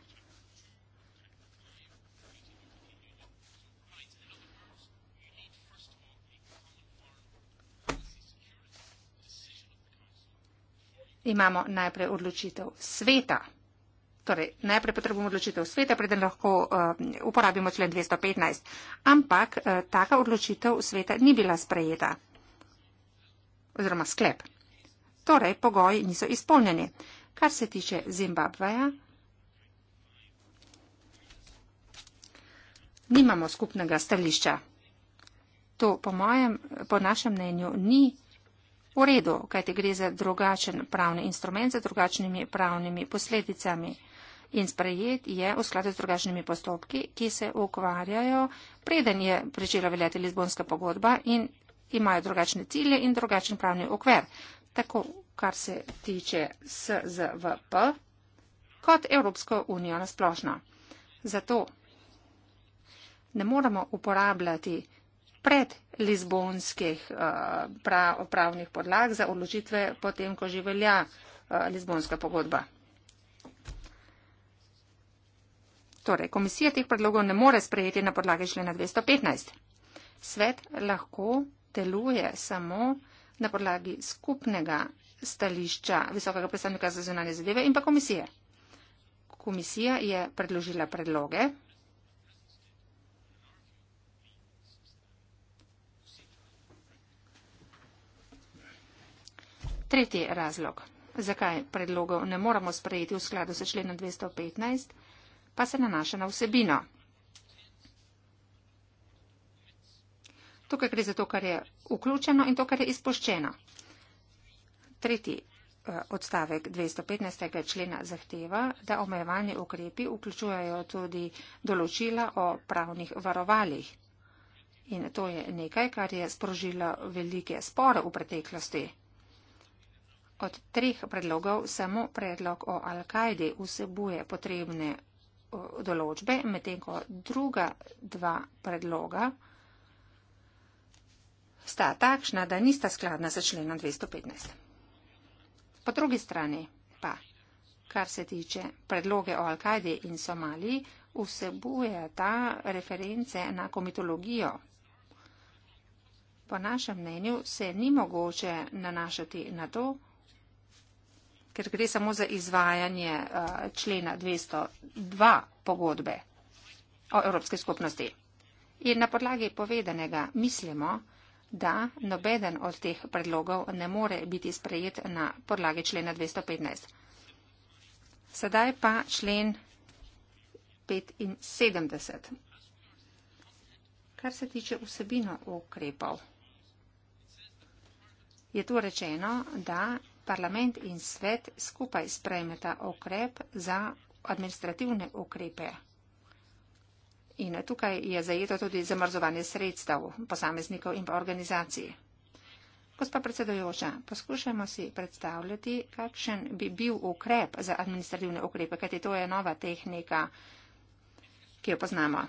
Speaker 2: imamo najprej odločitev sveta. Torej, najprej potrebujemo odločitev sveta, preden lahko uh, uporabimo člen 215. Ampak uh, taka odločitev sveta ni bila sprejeta. Oziroma sklep. Torej, pogoji niso izpolnjeni. Kar se tiče Zimbabveja, nimamo skupnega stališča. To po, mojem, po našem mnenju ni v redu, kajti gre za drugačen pravni instrument, za drugačnimi pravnimi posledicami. In sprejet je v skladu z drugačnimi postopki, ki se ukvarjajo, preden je prečela veljati Lizbonska pogodba in imajo drugačne cilje in drugačen pravni okvir. Tako, kar se tiče SZVP, kot Evropsko unijo nasplošno. Zato ne moremo uporabljati pred lizbonskih eh, pravnih podlag za odložitve potem, ko že velja eh, lizbonska pogodba. Torej, komisija teh predlogov ne more sprejeti na podlagi člena 215. Svet lahko deluje samo na podlagi skupnega stališča visokega predstavnika za zunanje zadeve in pa komisije. Komisija je predložila predloge. Tretji razlog, zakaj predlogov ne moremo sprejeti v skladu s členom 215, pa se nanaša na vsebino. Tukaj gre za to, kar je vključeno in to, kar je izpoščeno. Tretji eh, odstavek 215. člena zahteva, da omejevalni ukrepi vključujejo tudi določila o pravnih varovalih. In to je nekaj, kar je sprožilo velike spore v preteklosti. Od treh predlogov samo predlog o Al-Kaidi vsebuje potrebne določbe, medtem ko druga dva predloga sta takšna, da nista skladna za člena 215. Po drugi strani pa, kar se tiče predloge o Al-Kaidi in Somaliji, vsebuje ta reference na komitologijo. Po našem mnenju se ni mogoče nanašati na to, ker gre samo za izvajanje eh, člena 202 pogodbe o Evropske skupnosti. In na podlagi povedanega mislimo, da nobeden od teh predlogov ne more biti sprejet na podlagi člena 215. Sedaj pa člen 75. Kar se tiče vsebino ukrepov, je tu rečeno, da parlament in svet skupaj sprejmeta okrep za administrativne ukrepe. In tukaj je zajeto tudi zamrzovanje sredstev posameznikov in pa organizacij. Gospa predsedojoča, poskušajmo si predstavljati, kakšen bi bil ukrep za administrativne ukrepe, kajti to je nova tehnika, ki jo poznamo.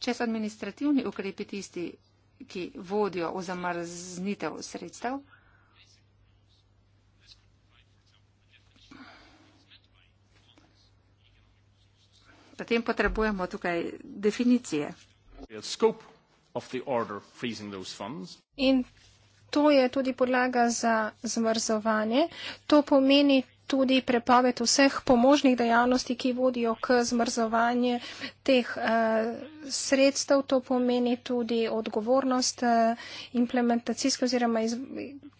Speaker 2: Če so administrativni ukrepi tisti, ki vodijo v zamrznitev sredstev. Potem potrebujemo tukaj definicije.
Speaker 1: In to je tudi podlaga za zmrzovanje. To pomeni tudi prepoved vseh pomožnih dejavnosti, ki vodijo k zmrzovanju teh eh, sredstev. To pomeni tudi odgovornost eh, implementacijske oziroma iz,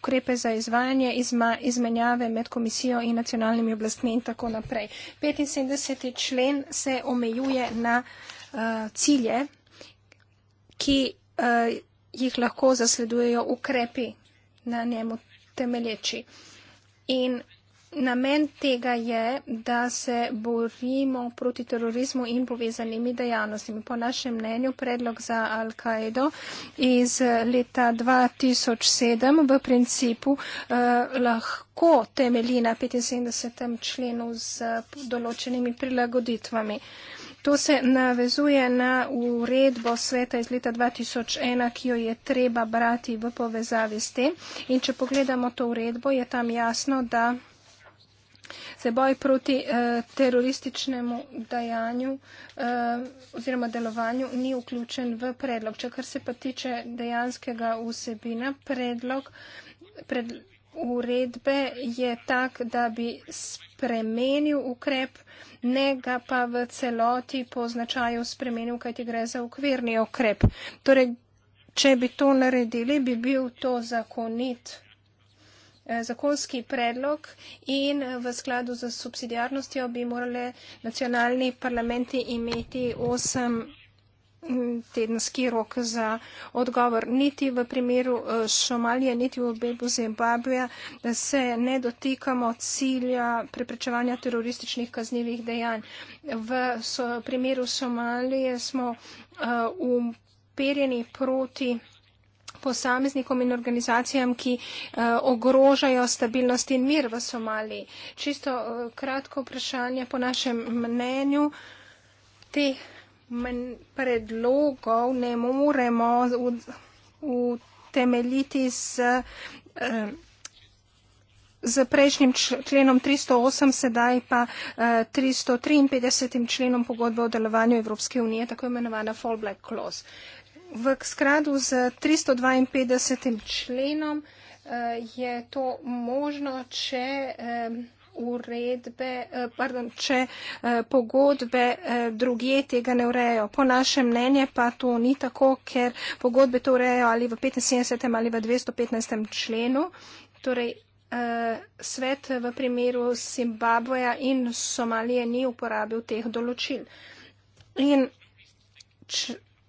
Speaker 1: ukrepe za izvajanje izma, izmenjave med komisijo in nacionalnimi oblastmi in tako naprej. 75. člen se omejuje na eh, cilje, ki eh, jih lahko zasledujejo ukrepi na njemu temelječi. In Namen tega je, da se borimo proti terorizmu in povezanimi dejavnostmi. Po našem mnenju predlog za Al-Kaido iz leta 2007 v principu eh, lahko temelji na 75. členu z določenimi prilagoditvami. To se navezuje na uredbo sveta iz leta 2001, ki jo je treba brati v povezavi s tem. In če pogledamo to uredbo, je tam jasno, da se boj proti eh, terorističnemu dajanju eh, oziroma delovanju ni vključen v predlog. Če kar se pa tiče dejanskega vsebina, predlog pred, uredbe je tak, da bi spremenil ukrep, ne ga pa v celoti po značaju spremenil, kajti gre za ukvirni ukrep. Torej, če bi to naredili, bi bil to zakonit. Eh, zakonski predlog in v skladu z subsidijarnostjo bi morali nacionalni parlamenti imeti osem mm, tedenski rok za odgovor. Niti v primeru Šomalije, eh, niti v obebu Zimbabveja se ne dotikamo cilja preprečevanja terorističnih kaznjivih dejanj. V primeru Šomalije smo uh, uperjeni proti uh, posameznikom in organizacijam, ki eh, ogrožajo stabilnost in mir v Somaliji. Čisto eh, kratko vprašanje po našem mnenju. Te predlogov ne moremo utemeljiti z, eh, z prejšnjim členom 308, sedaj pa 353 členom pogodbe o delovanju Evropske unije, tako imenovana Fallback Clause v skladu z 352. členom eh, je to možno, če eh, uredbe, eh, pardon, če pogodbe druge tega ne urejo. Po našem mnenje pa to ni tako, ker pogodbe to urejo ali v 75. ali v 215. členu. Torej, svet v primeru Zimbabveja in Somalije ni uporabil teh določil. In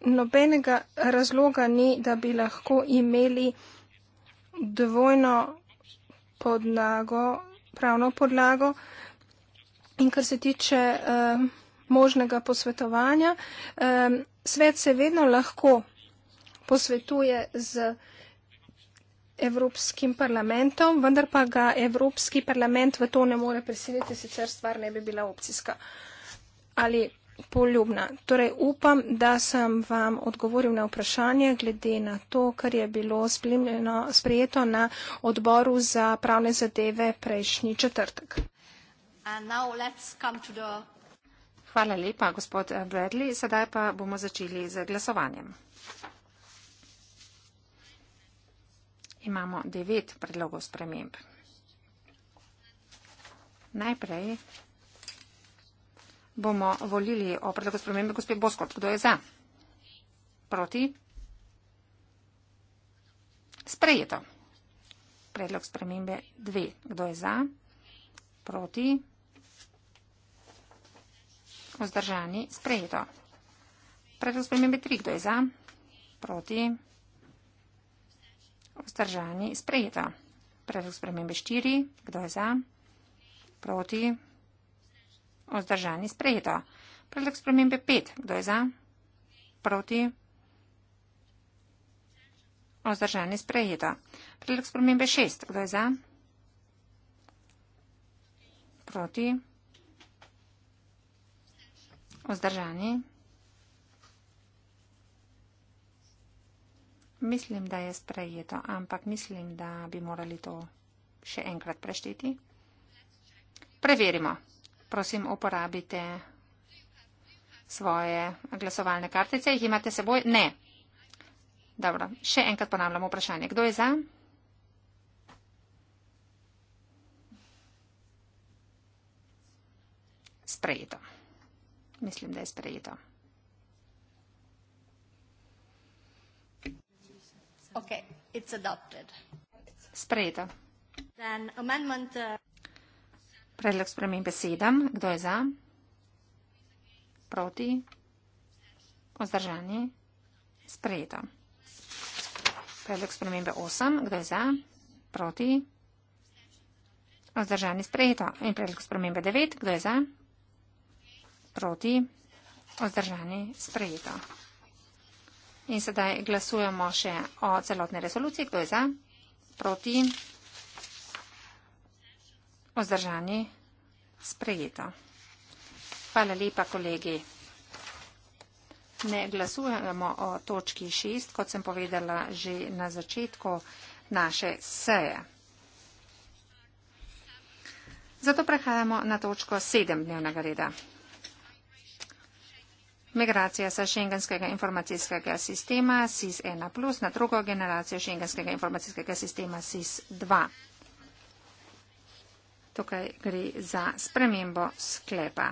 Speaker 1: nobenega razloga ni, da bi lahko imeli dvojno podlago, pravno podlago. In kar se tiče uh, možnega posvetovanja, um, svet se vedno lahko posvetuje z Evropskim parlamentom, vendar pa ga Evropski parlament v to ne more presiliti, sicer stvar ne bi bila opcijska. Ali poljubna. Torej upam, da sem vam odgovoril na vprašanje glede na to, kar je bilo sprejeto na odboru za pravne zadeve prejšnji četrtek. The...
Speaker 2: Hvala lepa, gospod Bradley. Sedaj pa bomo začeli z glasovanjem. Imamo devet predlogov sprememb. Najprej bomo volili o predlogu spremembe. Gospod Boskot, kdo je za? Proti? Sprejeto. Predlog spremembe dve. Kdo je za? Proti? Vzdržani? Sprejeto. Predlog spremembe tri. Kdo je za? Proti? Vzdržani? Sprejeto. Predlog spremembe štiri. Kdo je za? Proti? Vzdržani sprejeto. Predlog spremembe 5. Kdo je za? Proti? Vzdržani sprejeto. Predlog spremembe 6. Kdo je za? Proti? Vzdržani? Mislim, da je sprejeto, ampak mislim, da bi morali to še enkrat prešteti. Preverimo prosim uporabite svoje glasovalne kartice. Jih imate seboj? Ne. Dobro, še enkrat ponavljam vprašanje. Kdo je za? Sprejeto. Mislim, da je sprejeto.
Speaker 1: Okay, it's adopted. Sprejeto. Then amendment, uh...
Speaker 2: Predlog spremembe sedem. Kdo je za? Proti? Ozdržani? Sprejeto. Predlog spremembe osem. Kdo je za? Proti? Ozdržani? Sprejeto. In predlog spremembe devet. Kdo je za? Proti? Ozdržani? Sprejeto. In sedaj glasujemo še o celotni resoluciji. Kdo je za? Proti? Ozdržani? Sprejeto. Vzdržani? Sprejeto. Hvala lepa, kolegi. Ne glasujemo o točki šest, kot sem povedala že na začetku naše seje. Zato prehajamo na točko sedem dnevnega reda. Migracija sa šengenskega informacijskega sistema SIS-1+, na drugo generacijo šengenskega informacijskega sistema SIS-2. Tukaj gre za spremembo sklepa.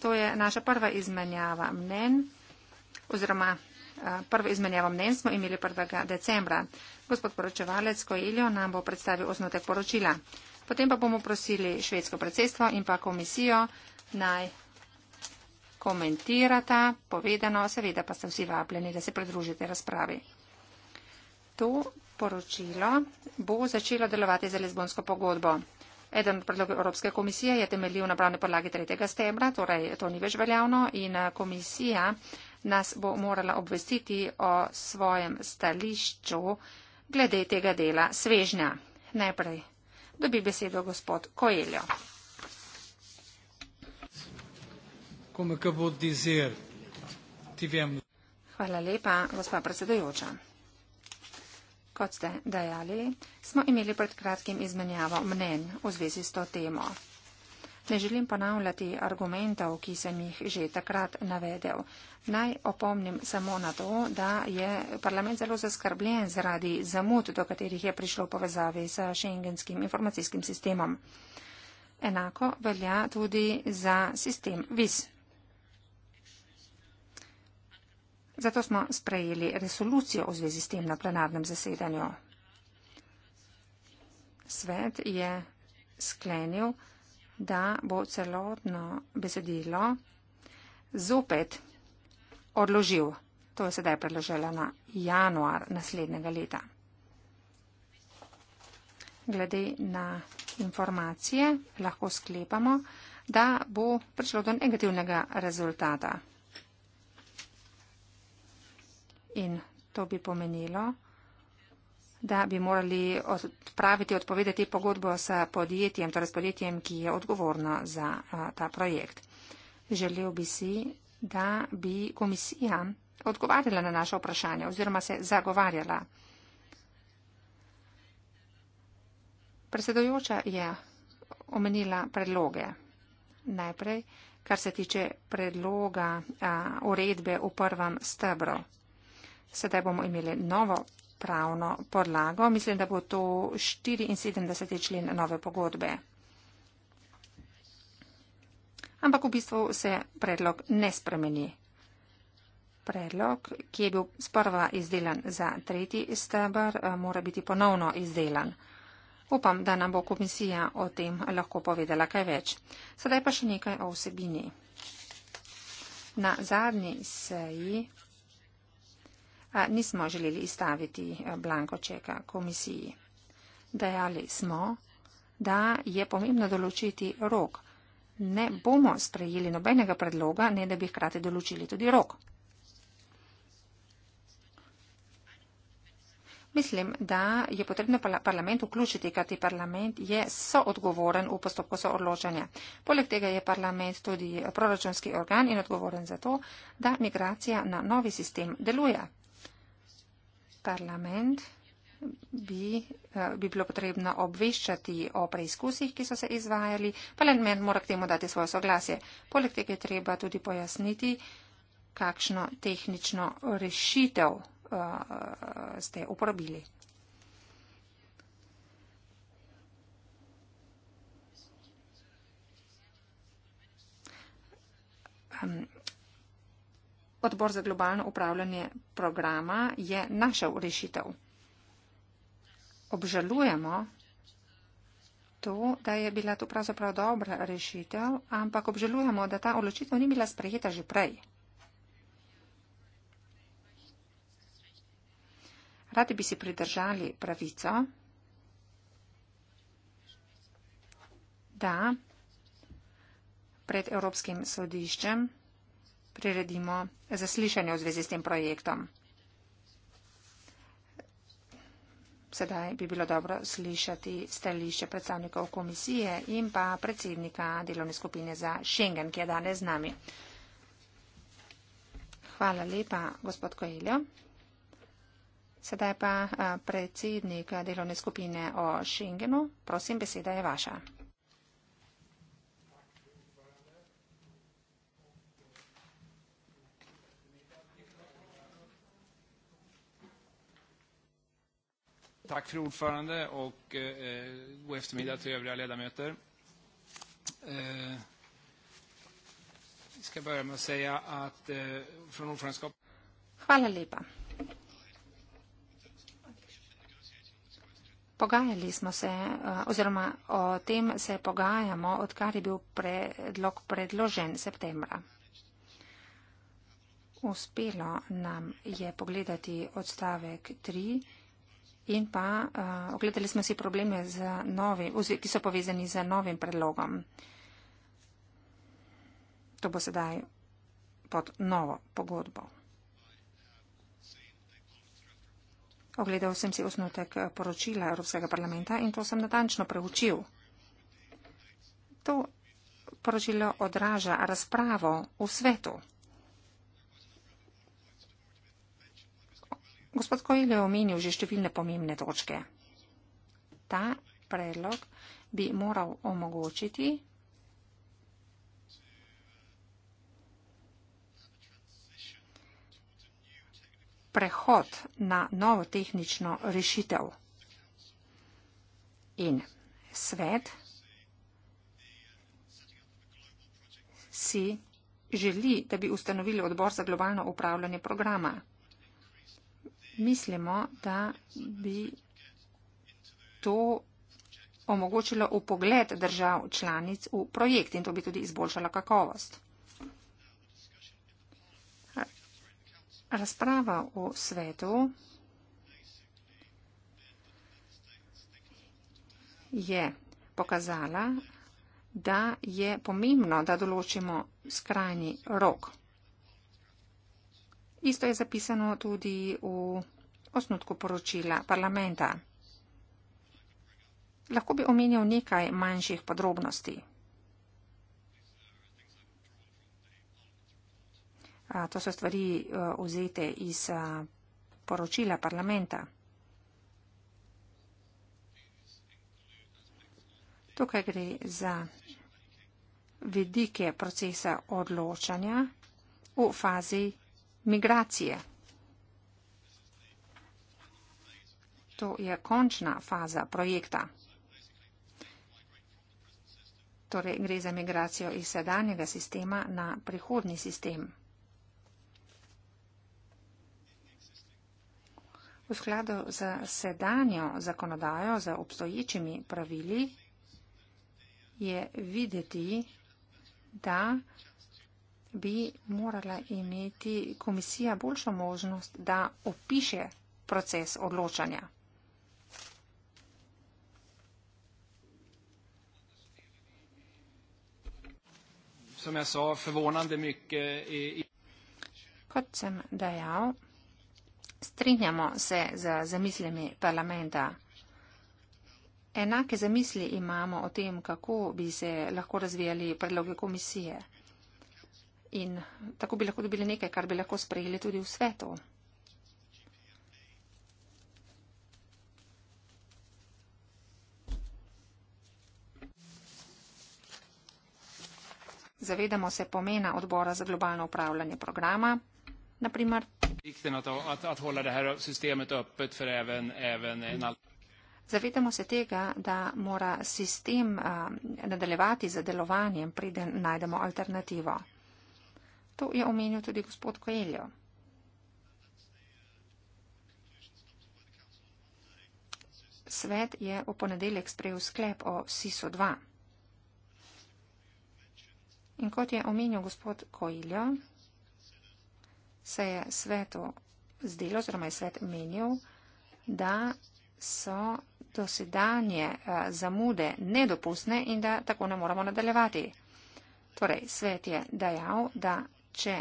Speaker 2: To je naša prva izmenjava mnen, oziroma eh, prvo izmenjavo mnen smo imeli 1. decembra. Gospod poročevalec Koeljo nam bo predstavil osnotek poročila. Potem pa bomo prosili švedsko predsedstvo in pa komisijo naj komentirata povedano, seveda pa ste vsi vabljeni, da se pridružite razpravi. To poročilo bo začelo delovati za lezbonsko pogodbo. Eden predlog Evropske komisije je temeljil na pravni podlagi 3. stebra, torej to ni več veljavno in eh, komisija nas bo morala obvestiti o svojem stališču glede tega dela svežnja. Najprej dobi besedo gospod Koeljo. Hvala lepa, gospa predsedujoča. Kot ste dejali, smo imeli pred kratkim izmenjavo mnen v zvezi s to temo. Ne želim ponavljati argumentov, ki sem jih že takrat navedel. Naj opomnim samo na to, da je parlament zelo zaskrbljen zaradi zamud, do katerih je prišlo povezave s šengenskim informacijskim sistemom. Enako velja tudi za sistem VIS, Zato smo sprejeli resolucijo v zvezi s tem na plenarnem zasedanju. Svet je sklenil, da bo celotno besedilo zopet odložil. To je sedaj predložila na januar naslednjega leta. Glede na informacije lahko sklepamo, da bo prišlo do negativnega rezultata. In to bi pomenilo, da bi morali odpraviti odpovedati pogodbo s podjetjem, torej s podjetjem, ki je odgovorno za ta projekt. Želel bi si, da bi komisija odgovarjala na naše vprašanje oziroma se zagovarjala. Predsedojoča je omenila predloge. Najprej, kar se tiče predloga a, uredbe v prvem stebru sedaj bomo imeli novo pravno podlago. Mislim, da bo to 74. člen nove pogodbe. Ampak v bistvu se predlog ne spremeni. Predlog, ki je bil sprva izdelan za tretji stebr, eh, mora biti ponovno izdelan. Upam, da nam bo komisija o tem lahko povedala kaj več. Sedaj pa še nekaj o vsebini. Na zadnji seji nismo želeli izstaviti eh, blanko čeka komisiji. Dejali smo, da je pomembno določiti rok. Ne bomo sprejeli nobenega predloga, ne da bi hkrati določili tudi rok. Mislim, da je potrebno parlament vključiti, kajti parlament je soodgovoren v postopku soodločanja. Poleg tega je parlament tudi proračunski organ in odgovoren za to, da migracija na novi sistem deluje parlament bi, eh, bi bilo potrebno obveščati o preizkusih, ki so se izvajali. Parlament mora k temu dati svoje soglasje. Poleg tega je treba tudi pojasniti, kakšno tehnično rešitev uh, ste uporabili. Um, Odbor za globalno upravljanje programa je našel rešitev. Obžalujemo to, da je bila to pravzaprav dobra rešitev, ampak obžalujemo, da ta odločitev ni bila sprejeta že prej. Radi bi si pridržali pravico, da pred Evropskim sodiščem priredimo zaslišanje v zvezi s tem projektom. Sedaj bi bilo dobro slišati stališče predstavnikov komisije in pa predsednika delovne skupine za Schengen, ki je danes z nami. Hvala lepa, gospod Koeljo. Sedaj pa predsednik delovne skupine o Schengenu. Prosim, beseda je vaša.
Speaker 1: Tack för ordförande och eh, eh, god eftermiddag till övriga ledamöter. Eh, vi eh, ska börja med att säga att eh, från ordförandeskap...
Speaker 2: Hvala Pogajali smo se, eh, oziroma o tem se pogajamo, odkar je bil predlog predložen septembra. Uspelo nam je pogledati odstavek 3 In pa uh, ogledali smo si probleme, novi, ki so povezani z novim predlogom. To bo sedaj pod novo pogodbo. Ogledal sem si osnutek eh, poročila Evropskega parlamenta in to sem natančno preučil. To poročilo odraža razpravo v svetu. Gospod Kojl je omenil že številne pomembne točke. Ta predlog bi moral omogočiti, prehod na novo tehnično rešitev. In svet si želi, da bi ustanovili odbor za globalno upravljanje programa mislimo, da bi to omogočilo upogled držav članic v projekt in to bi tudi izboljšalo kakovost. Razprava v svetu je pokazala, da je pomembno, da določimo skrajni rok. Isto je zapisano tudi v osnutku poročila parlamenta. Lahko bi omenil nekaj manjših podrobnosti. To so stvari e, vzete iz poročila parlamenta. Tukaj gre za vidike procesa odločanja v fazi migracije. To je končna faza projekta. Torej gre za migracijo iz sedanjega sistema na prihodni sistem. V skladu z sedanjo zakonodajo za obstoječimi pravili je videti, da bi morala imeti komisija boljšo možnost, da opiše proces odločanja. Kot sem dejal, strinjamo se z zamislimi parlamenta. Enake zamisli imamo o tem, kako bi se lahko razvijali predloge komisije in tako bi lahko dobili nekaj, kar bi lahko sprejeli tudi v svetu. Zavedamo se pomena odbora za globalno upravljanje programa, naprimer. Zavedamo se tega, da mora sistem uh, nadaljevati z delovanjem, preden najdemo alternativo. To je omenil tudi gospod Koeljo. Svet je v ponedeljek sprejel sklep o SISO 2. In kot je omenil gospod Koiljo, se je svetu zdelo, oziroma je svet menil, da so dosedanje eh, zamude nedopustne in da tako ne moramo nadaljevati. Torej, svet je dejal, da če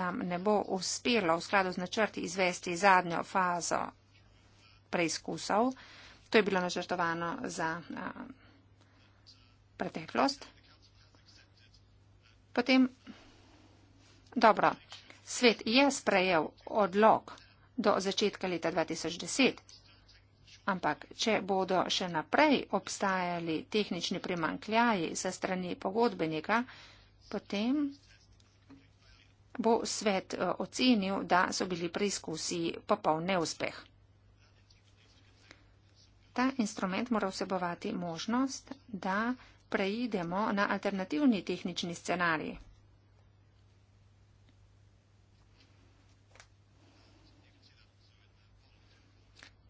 Speaker 2: nam ne bo uspelo v skladu z načrti izvesti zadnjo fazo preizkusov, to je bilo načrtovano za a, preteklost, potem dobro, svet je sprejel odlog do začetka leta 2010, ampak če bodo še naprej obstajali tehnični primankljaji sa strani pogodbenika, potem bo svet eh, ocenil, da so bili preizkusi popoln neuspeh. Ta instrument mora vsebovati možnost, da preidemo na alternativni tehnični scenarij.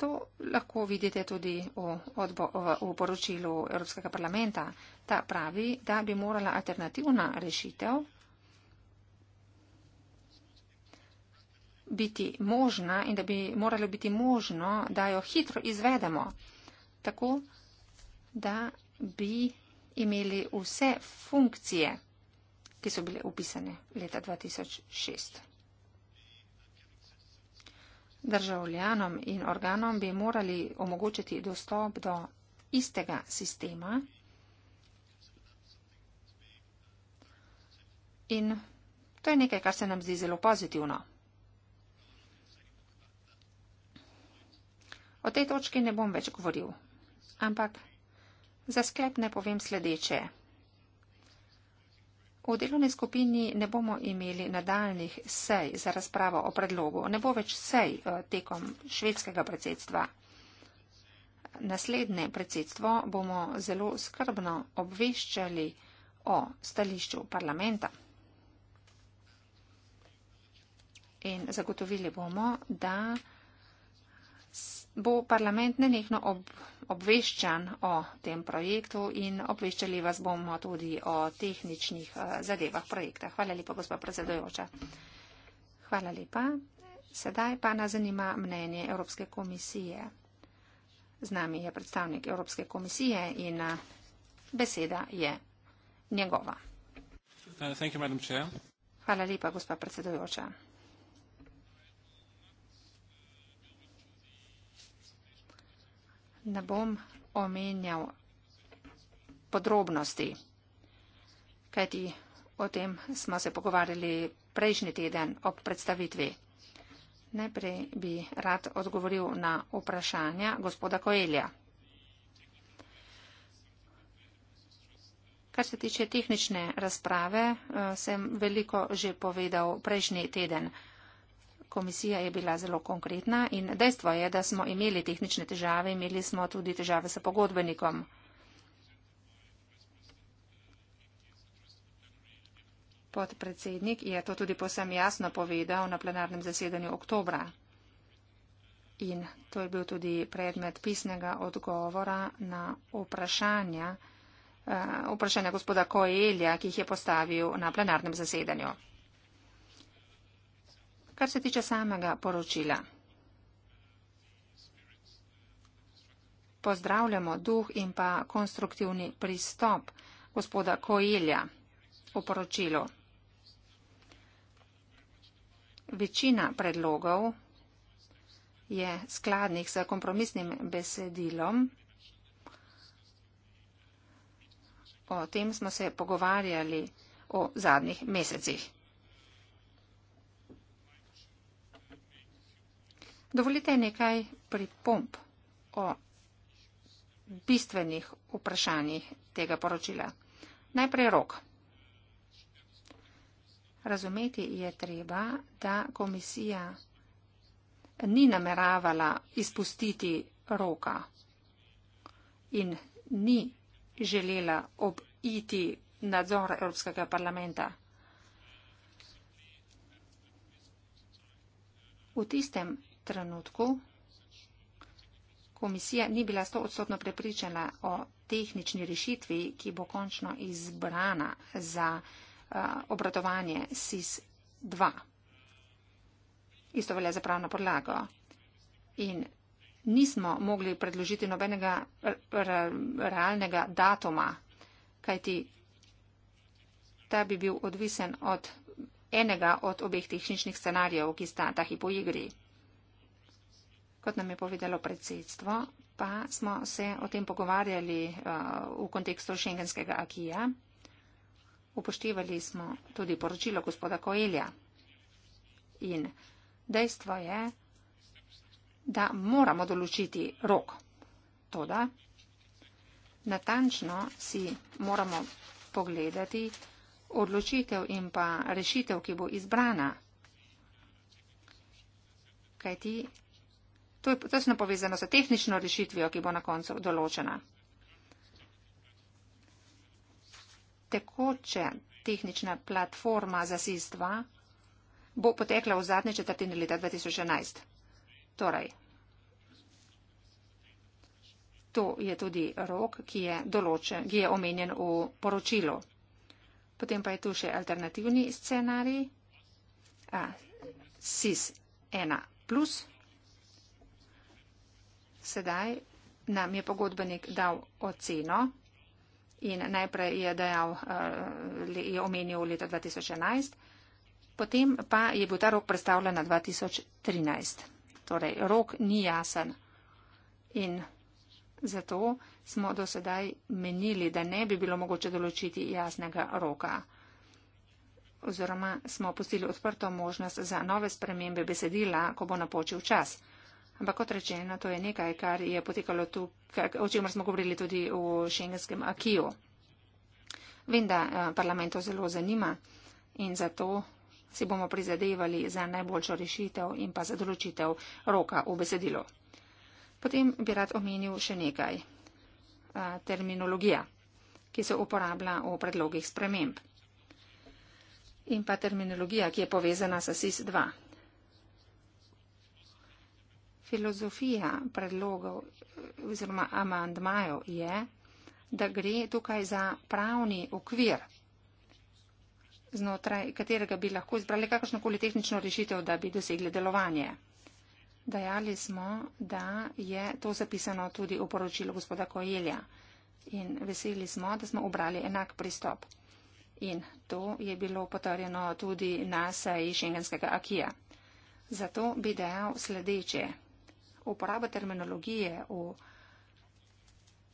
Speaker 2: To lahko vidite tudi v, odbo, v poročilu Evropskega parlamenta. Ta pravi, da bi morala alternativna rešitev biti možna in da bi moralo biti možno, da jo hitro izvedemo, tako da bi imeli vse funkcije, ki so bile upisane leta 2006. Državljanom in organom bi morali omogočiti dostop do istega sistema in to je nekaj, kar se nam zdi zelo pozitivno. O tej točki ne bom več govoril. Ampak za sklep ne povem sledeče. V delovni skupini ne bomo imeli nadaljnih sej za razpravo o predlogu. Ne bo več sej eh, tekom švedskega predsedstva. Naslednje predsedstvo bomo zelo skrbno obveščali o stališču parlamenta. In zagotovili bomo, da bo parlament nenehno ob, obveščan o tem projektu in obveščali vas bomo tudi o tehničnih uh, zadevah projekta. Hvala lepa, gospod predsedojoča. Hvala lepa. Sedaj pa nas zanima mnenje Evropske komisije. Z nami je predstavnik Evropske komisije in eh, beseda je njegova.
Speaker 1: Uh,
Speaker 2: Hvala lepa, gospod predsedojoča. ne bom omenjal podrobnosti, kajti o tem smo se pogovarjali prejšnji teden ob predstavitvi. Najprej bi rad odgovoril na vprašanja gospoda Koelja. Kar se tiče tehnične razprave, eh, sem veliko že povedal prejšnji teden komisija je bila zelo konkretna in dejstvo je, da smo imeli tehnične težave, imeli smo tudi težave s pogodbenikom. Podpredsednik je to tudi posem jasno povedal na plenarnem zasedanju oktobra. In to je bil tudi predmet pisnega odgovora na vprašanja, eh, vprašanja gospoda Koelja, ki jih je postavil na plenarnem zasedanju kar se tiče samega poročila. Pozdravljamo duh in pa konstruktivni pristop gospoda Koilja v poročilu. Večina predlogov je skladnih s kompromisnim besedilom. O tem smo se pogovarjali v zadnjih mesecih. Dovolite nekaj pripomp o bistvenih vprašanjih tega poročila. Najprej rok. Razumeti je treba, da komisija ni nameravala izpustiti roka in ni želela obiti nadzor Evropskega parlamenta. V tistem trenutku komisija ni bila sto odstotno prepričana o tehnični rešitvi, ki bo končno izbrana za eh, obratovanje SIS-2. Isto velja za pravno podlago. In nismo mogli predložiti nobenega realnega datuma, kajti ta bi bil odvisen od enega od obeh tehničnih scenarijev, ki sta tahi po igri. Kot nam je povedalo predsedstvo, pa smo se o tem pogovarjali eh, v kontekstu šengenskega akija. Upoštevali smo tudi poročilo gospoda Koelja. In dejstvo je, da moramo določiti rok. Toda, natančno si moramo pogledati odločitev in pa rešitev, ki bo izbrana. Kajti To je tesno povezano s tehnično rešitvijo, ki bo na koncu določena. Tekoče tehnična platforma za SIS-2 bo potekla v zadnji četrtini leta 2011. Torej, to je tudi rok, ki je, določen, ki je omenjen v poročilu. Potem pa je tu še alternativni scenarij, SIS-1 plus sedaj nam je pogodbenik dal oceno in najprej je, dejal, eh, je omenil leta 2011, potem pa je bil ta rok predstavljen na 2013. Torej, rok ni jasen in zato smo do sedaj menili, da ne bi bilo mogoče določiti jasnega roka oziroma smo pustili odprto možnost za nove spremembe besedila, ko bo napočil čas. Ampak kot rečeno, to je nekaj, kar je potekalo tu, o čemer smo govorili tudi v šengenskem akiju. Vem, da eh, parlament to zelo zanima in zato si bomo prizadevali za najboljšo rešitev in pa za določitev roka v besedilo. Potem bi rad omenil še nekaj. Eh, terminologija, ki se uporablja v predlogih sprememb. In pa terminologija, ki je povezana s SIS-2. Filozofija predlogov oziroma amandmajev je, da gre tukaj za pravni okvir, znotraj katerega bi lahko izbrali kakršnokoli tehnično rešitev, da bi dosegli delovanje. Dajali smo, da je to zapisano tudi v poročilu gospoda Koelja in veseli smo, da smo obrali enak pristop. In to je bilo potrjeno tudi na seji šengenskega akija. Zato bi dejal sledeče uporaba terminologije v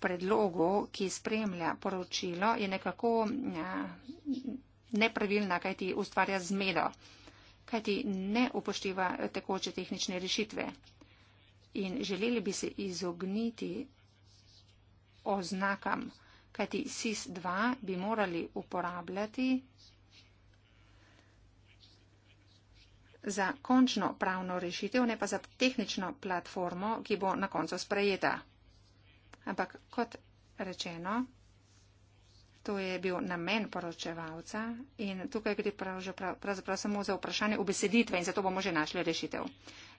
Speaker 2: predlogu, ki spremlja poročilo, je nekako ja, nepravilna, kaj ti ustvarja zmedo, kaj ti ne upošteva tekoče tehnične rešitve. In želeli bi se izogniti oznakam, kaj ti SIS-2 bi morali uporabljati za končno pravno rešitev, ne pa za tehnično platformo, ki bo na koncu sprejeta. Ampak kot rečeno, to je bil namen poročevalca in tukaj gre pravzaprav samo za vprašanje obeseditve in zato bomo že našli rešitev.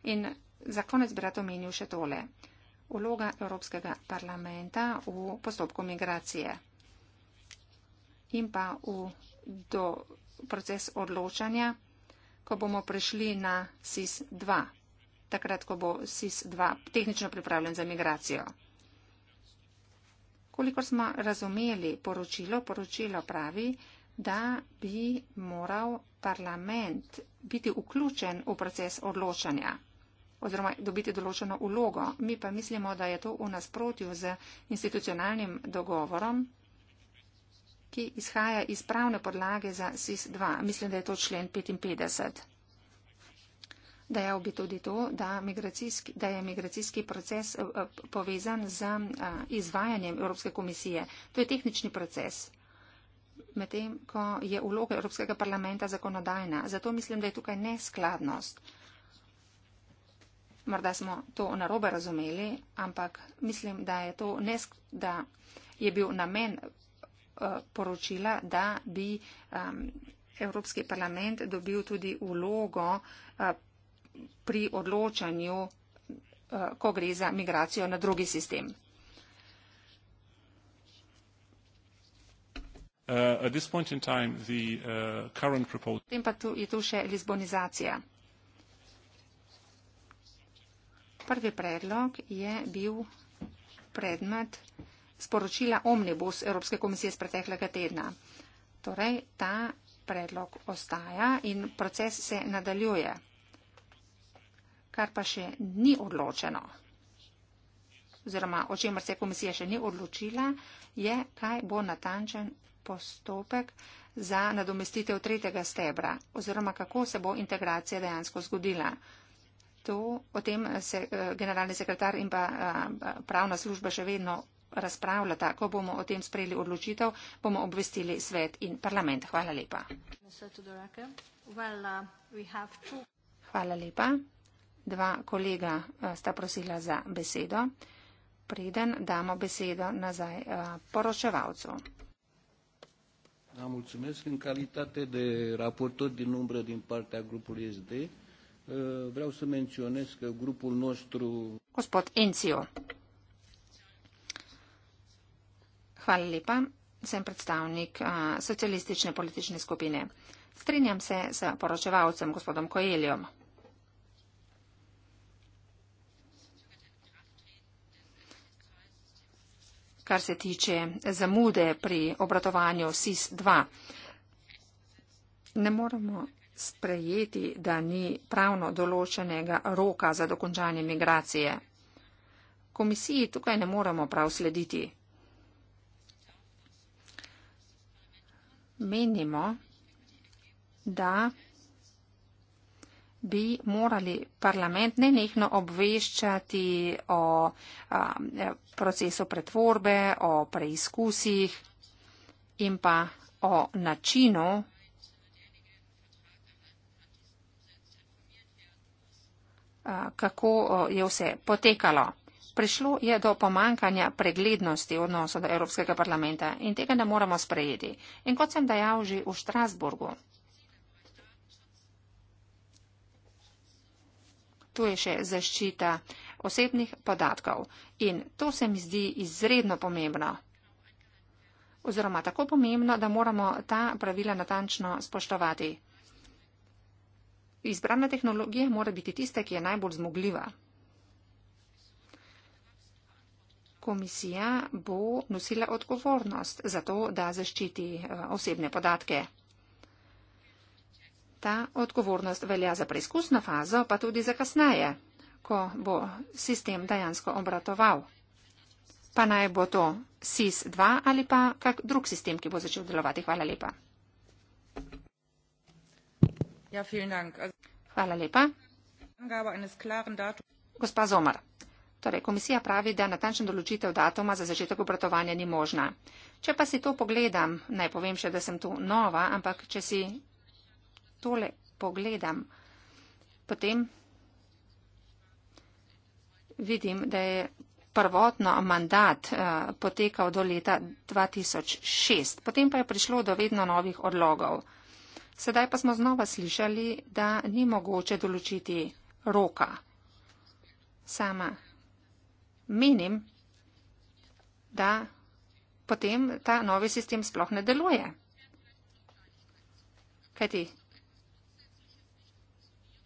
Speaker 2: In za konec bi rad omenil še tole. Uloga Evropskega parlamenta v postopku migracije in pa v do, proces odločanja ko bomo prešli na SIS-2, takrat, ko bo SIS-2 tehnično pripravljen za migracijo. Kolikor smo razumeli poročilo, poročilo pravi, da bi moral parlament biti vključen v proces odločanja oziroma dobiti določeno ulogo. Mi pa mislimo, da je to v nasprotju z institucionalnim dogovorom, ki izhaja iz pravne podlage za SIS-2. Mislim, da je to člen 55. Dejal bi tudi to, da, da je migracijski proces eh, eh, povezan z eh, izvajanjem Evropske komisije. To je tehnični proces, medtem ko je vloga Evropskega parlamenta zakonodajna. Zato mislim, da je tukaj neskladnost. Morda smo to narobe razumeli, ampak mislim, da je, to nesk, da je bil namen Eh, poročila, da bi um, Evropski parlament dobil tudi vlogo uh, pri odločanju, uh, ko gre za migracijo na drugi sistem.
Speaker 3: Uh, time, the, uh, proposal...
Speaker 2: Potem pa tu, je tu še lizbonizacija. Prvi predlog je bil predmet sporočila omnibus Evropske komisije z preteklega tedna. Torej, ta predlog ostaja in proces se nadaljuje, kar pa še ni odločeno oziroma o čemer se komisija še ni odločila, je, kaj bo natančen postopek za nadomestitev tretjega stebra oziroma kako se bo integracija dejansko zgodila. To, o tem se eh, generalni sekretar in pa eh, pravna služba še vedno razpravljata, ko bomo o tem sprejeli odločitev, bomo obvestili svet in parlament. Hvala lepa.
Speaker 1: Uh,
Speaker 2: Hvala lepa. Dva kolega uh, sta prosila za besedo. Preden damo besedo nazaj uh, poročevalcu.
Speaker 1: Da, mulțumesc în calitate de raportor din umbră din partea grupului SD. Vreau să menționez că grupul nostru. Gospod Enzio,
Speaker 2: Hvala lepa. Sem predstavnik a, socialistične politične skupine. Strinjam se s poročevalcem gospodom Koeljom. Kar se tiče zamude pri obratovanju SIS-2, ne moremo sprejeti, da ni pravno določenega roka za dokončanje migracije. Komisiji tukaj ne moremo prav slediti. menimo, da bi morali parlament nenehno obveščati o a, procesu pretvorbe, o preizkusih in pa o načinu, a, kako je vse potekalo prišlo je do pomankanja preglednosti odnosa do Evropskega parlamenta in tega ne moramo sprejeti. In kot sem dejal že v Štrasburgu, tu je še zaščita osebnih podatkov in to se mi zdi izredno pomembno oziroma tako pomembno, da moramo ta pravila natančno spoštovati. Izbrana tehnologija mora biti tista, ki je najbolj zmogljiva. komisija bo nosila odgovornost za to, da zaščiti eh, osebne podatke. Ta odgovornost velja za preizkusno fazo, pa tudi za kasneje, ko bo sistem dejansko obratoval. Pa naj bo to SIS-2 ali pa kak drug sistem, ki bo začel delovati. Hvala lepa. Ja, Hvala lepa. Gospa Zomar, Torej, komisija pravi, da natančna določitev datuma za začetek obratovanja ni možna. Če pa si to pogledam, naj povem še, da sem tu nova, ampak če si tole pogledam, potem vidim, da je prvotno mandat eh, potekal do leta 2006, potem pa je prišlo do vedno novih odlogov. Sedaj pa smo znova slišali, da ni mogoče določiti roka. Sama menim, da potem ta novi sistem sploh ne deluje. Kajti,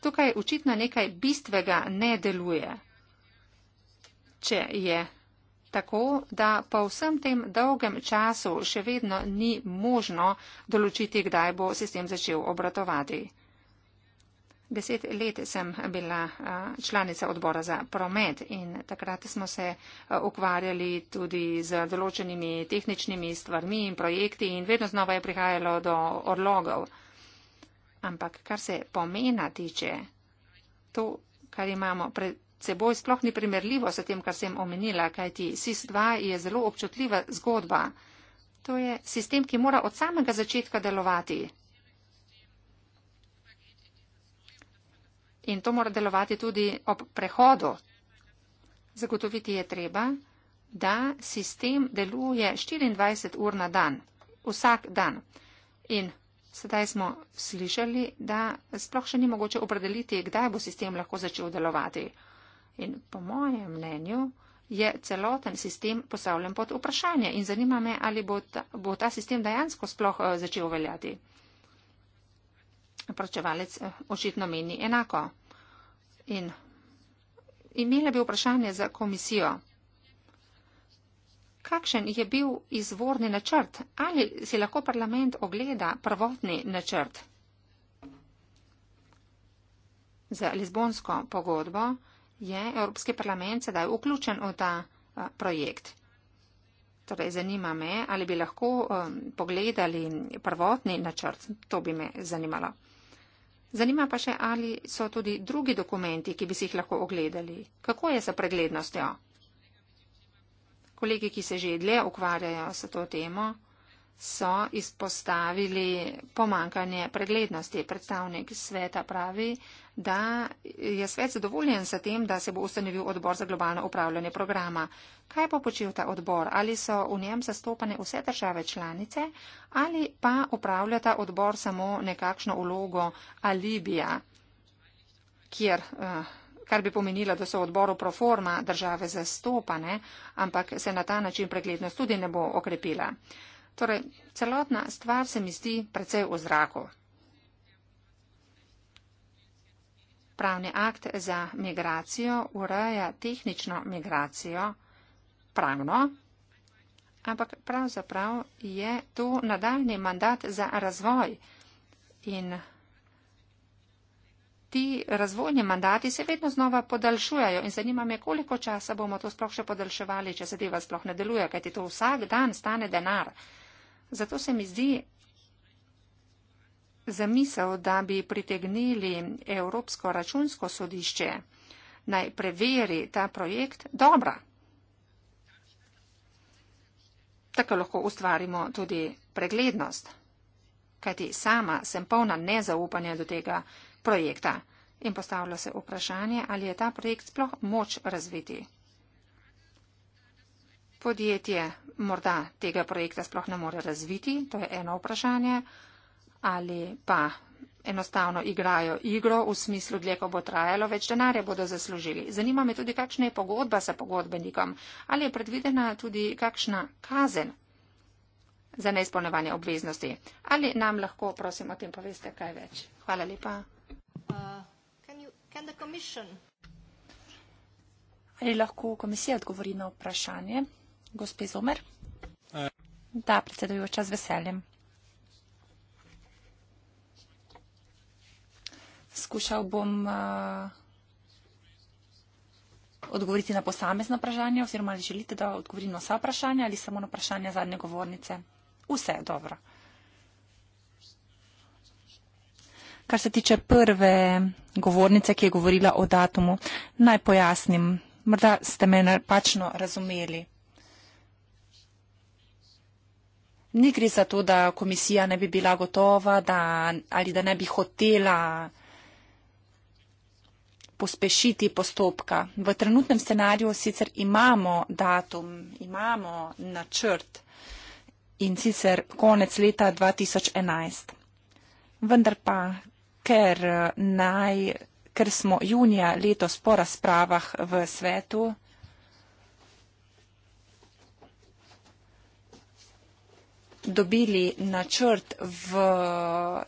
Speaker 2: tukaj očitno nekaj bistvega ne deluje, če je tako, da po vsem tem dolgem času še vedno ni možno določiti, kdaj bo sistem začel obratovati. Deset let sem bila članica odbora za promet in takrat smo se ukvarjali tudi z določenimi tehničnimi stvarmi in projekti in vedno znova je prihajalo do orlogov. Ampak kar se pomena tiče, to, kar imamo pred seboj, sploh ni primerljivo s tem, kar sem omenila, kajti SIS-2 je zelo občutljiva zgodba. To je sistem, ki mora od samega začetka delovati. in to mora delovati tudi ob prehodu. Zagotoviti je treba, da sistem deluje 24 ur na dan, vsak dan. In sedaj smo slišali, da sploh še ni mogoče opredeliti, kdaj bo sistem lahko začel delovati. In po mojem mnenju je celoten sistem postavljen pod vprašanje in zanima me, ali bo ta, bo ta sistem dejansko sploh eh, začel veljati. Pročevalec eh, očitno meni enako. In imela bi vprašanje za komisijo. Kakšen je bil izvorni načrt? Ali si lahko parlament ogleda prvotni načrt za Lizbonsko pogodbo? Je Evropski parlament sedaj vključen v ta projekt? Torej, zanima me, ali bi lahko um, pogledali prvotni načrt. To bi me zanimalo. Zanima pa še, ali so tudi drugi dokumenti, ki bi si jih lahko ogledali. Kako je sa preglednostjo? Kolegi, ki se že dlje ukvarjajo s to temo, so izpostavili pomankanje preglednosti. Predstavnik sveta pravi, da je svet zadovoljen s tem, da se bo ustanovil odbor za globalno upravljanje programa. Kaj bo počel ta odbor? Ali so v njem zastopane vse države članice ali pa upravlja ta odbor samo nekakšno vlogo Alibija, kjer, eh, kar bi pomenilo, da so v odboru pro forma države zastopane, ampak se na ta način preglednost tudi ne bo okrepila. Torej, celotna stvar se mi zdi precej v zraku. Pravni akt za migracijo ureja tehnično migracijo pravno, ampak pravzaprav je to nadaljni mandat za razvoj in ti razvojni mandati se vedno znova podaljšujejo in zanima me, koliko časa bomo to sploh še podaljševali, če zadeva sploh ne deluje, kajti to vsak dan stane denar. Zato se mi zdi zamisel, da bi pritegnili Evropsko računsko sodišče, naj preveri ta projekt, dobra. Tako lahko ustvarimo tudi preglednost, kajti sama sem polna nezaupanja do tega projekta in postavlja se vprašanje, ali je ta projekt sploh moč razviti. Podjetje morda tega projekta sploh ne more razviti, to je eno vprašanje ali pa enostavno igrajo igro v smislu, dlje ko bo trajalo, več denarja bodo zaslužili. Zanima me tudi, kakšna je pogodba sa pogodbenikom ali je predvidena tudi kakšna kazen za neizpolnevanje obveznosti. Ali nam lahko, prosim, o tem poveste kaj več.
Speaker 3: Hvala lepa.
Speaker 1: Uh, can you, can
Speaker 3: ali lahko komisija odgovori na vprašanje? Gospe Zomer? Uh. Da, predsedujoča, z veseljem. skušal bom eh, odgovoriti na posamezno vprašanje, oziroma ali želite, da odgovorim na vsa vprašanja ali samo na vprašanje zadnje govornice. Vse je dobro. Kar se tiče prve govornice, ki je govorila o datumu, naj pojasnim, morda ste me napačno razumeli. Ni gre za to, da komisija ne bi bila gotova da, ali da ne bi hotela pospešiti postopka. V trenutnem scenariju sicer imamo datum, imamo načrt in sicer konec leta 2011. Vendar pa, ker, naj, ker smo junija letos po razpravah v svetu, dobili načrt v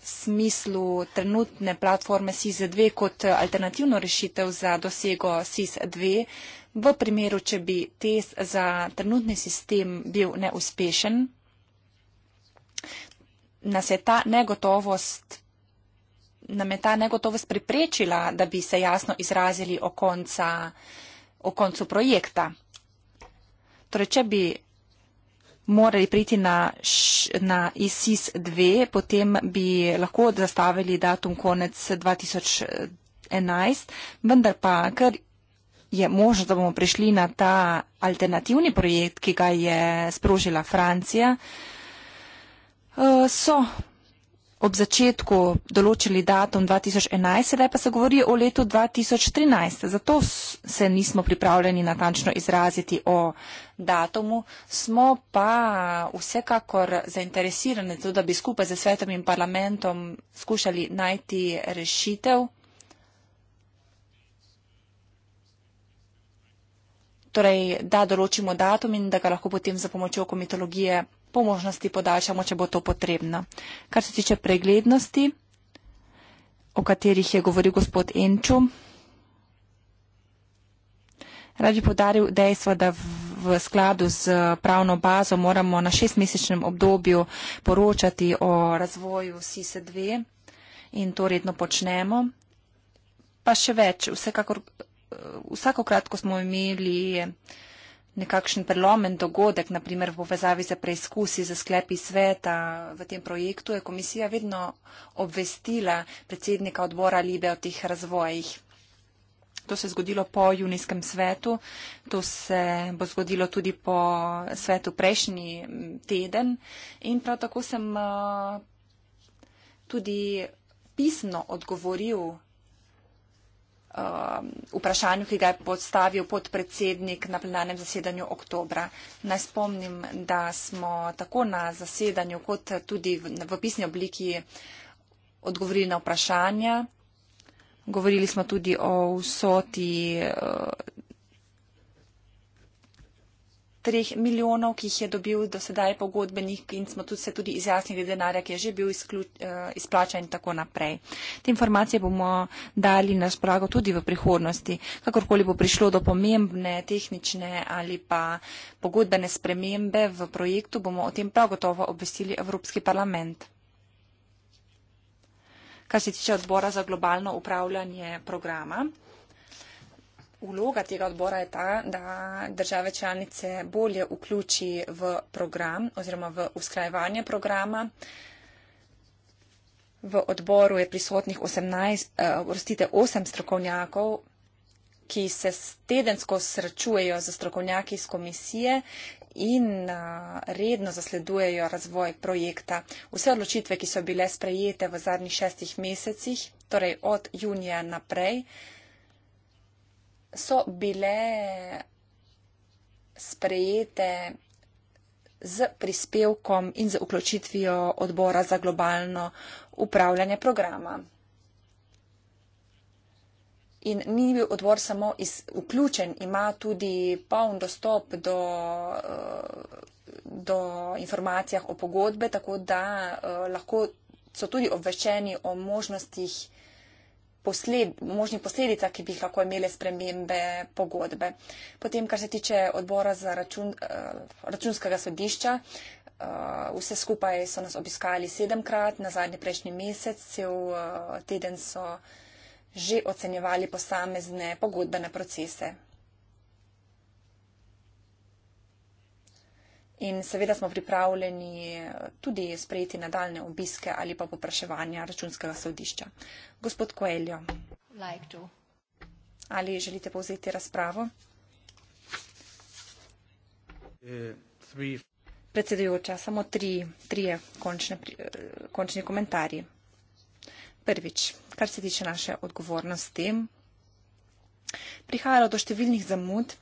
Speaker 3: smislu trenutne platforme SIS-2 kot alternativno rešitev za dosego SIS-2, v primeru, če bi test za trenutni sistem bil neuspešen, nas je ta negotovost nam je ta negotovost priprečila, da bi se jasno izrazili o, konca, o koncu projekta. Torej, če bi morali priti na, na ISIS 2, potem bi lahko zastavili datum konec 2011, vendar pa kar je možno, da bomo prišli na ta alternativni projekt, ki ga je sprožila Francija, eh, so ob začetku določili datum 2011, sedaj pa se govori o letu 2013. Zato se nismo pripravljeni natančno izraziti o datumu, smo pa vsekakor zainteresirani, tudi, da bi skupaj z svetom in parlamentom skušali najti rešitev. Torej, da določimo datum in da ga lahko potem za pomočjo komitologije po možnosti podaljšamo, če bo to potrebno. Kar se tiče preglednosti, o katerih je govoril gospod Enču, rad bi podaril dejstvo, da v skladu z pravno bazo moramo na šestmesečnem obdobju poročati o razvoju SISE 2 in to redno počnemo. Pa še več, vsekakor, eh, vsakokrat, ko smo imeli. Uh, nekakšen prelomen dogodek, naprimer v povezavi za preizkusi, za sklepi sveta v tem projektu, je komisija vedno obvestila predsednika odbora Libe o teh razvojih. To se je zgodilo po junijskem svetu, to se bo zgodilo tudi po svetu prejšnji teden in prav tako sem tudi pisno odgovoril Um, vprašanju, ki ga je podstavil podpredsednik na plenarnem zasedanju oktobra. Naj spomnim, da smo tako na zasedanju kot tudi v pisni obliki odgovorili na vprašanja. Govorili smo tudi o vsoti treh milijonov, ki jih je dobil do sedaj pogodbenik in smo tudi se tudi izjasnili denarja, ki je že bil izkluč, eh, izplačen in tako naprej. Te informacije bomo dali na sprago tudi v prihodnosti, kakorkoli bo prišlo do pomembne tehnične ali pa pogodbene spremembe v projektu, bomo o tem prav gotovo obvestili Evropski parlament. Kar se tiče odbora za globalno upravljanje programa vloga tega odbora je ta, da države članice bolje vključi v program oziroma v usklajevanje programa. V odboru je prisotnih 18, eh, vrstite, 8 strokovnjakov, ki se tedensko srečujejo z strokovnjaki iz komisije in eh, redno zasledujejo razvoj projekta. Vse odločitve, ki so bile sprejete v zadnjih šestih mesecih, torej od junija naprej, eh, so bile sprejete z prispevkom in z vključitvijo odbora za globalno upravljanje programa. In ni bil odbor samo iz, vključen, ima tudi poln dostop do, do informacijah o pogodbe, tako da eh, lahko so tudi obveščeni o možnostih posled, možni posledica, ki bi jih lahko imele spremembe pogodbe. Potem, kar se tiče odbora za račun, eh, računskega sodišča, eh, vse skupaj so nas obiskali sedemkrat, na zadnji prejšnji mesec, cel eh, teden so že ocenjevali posamezne pogodbene procese. In seveda smo pripravljeni eh, tudi sprejeti nadaljne obiske ali pa popraševanja računskega sodišča. Gospod Koeljo, like ali želite povzeti razpravo?
Speaker 1: Uh,
Speaker 3: Predsedujoča, samo tri, tri končne, eh, končni komentarji. Prvič, kar se tiče naše odgovornosti. Prihajalo do številnih zamud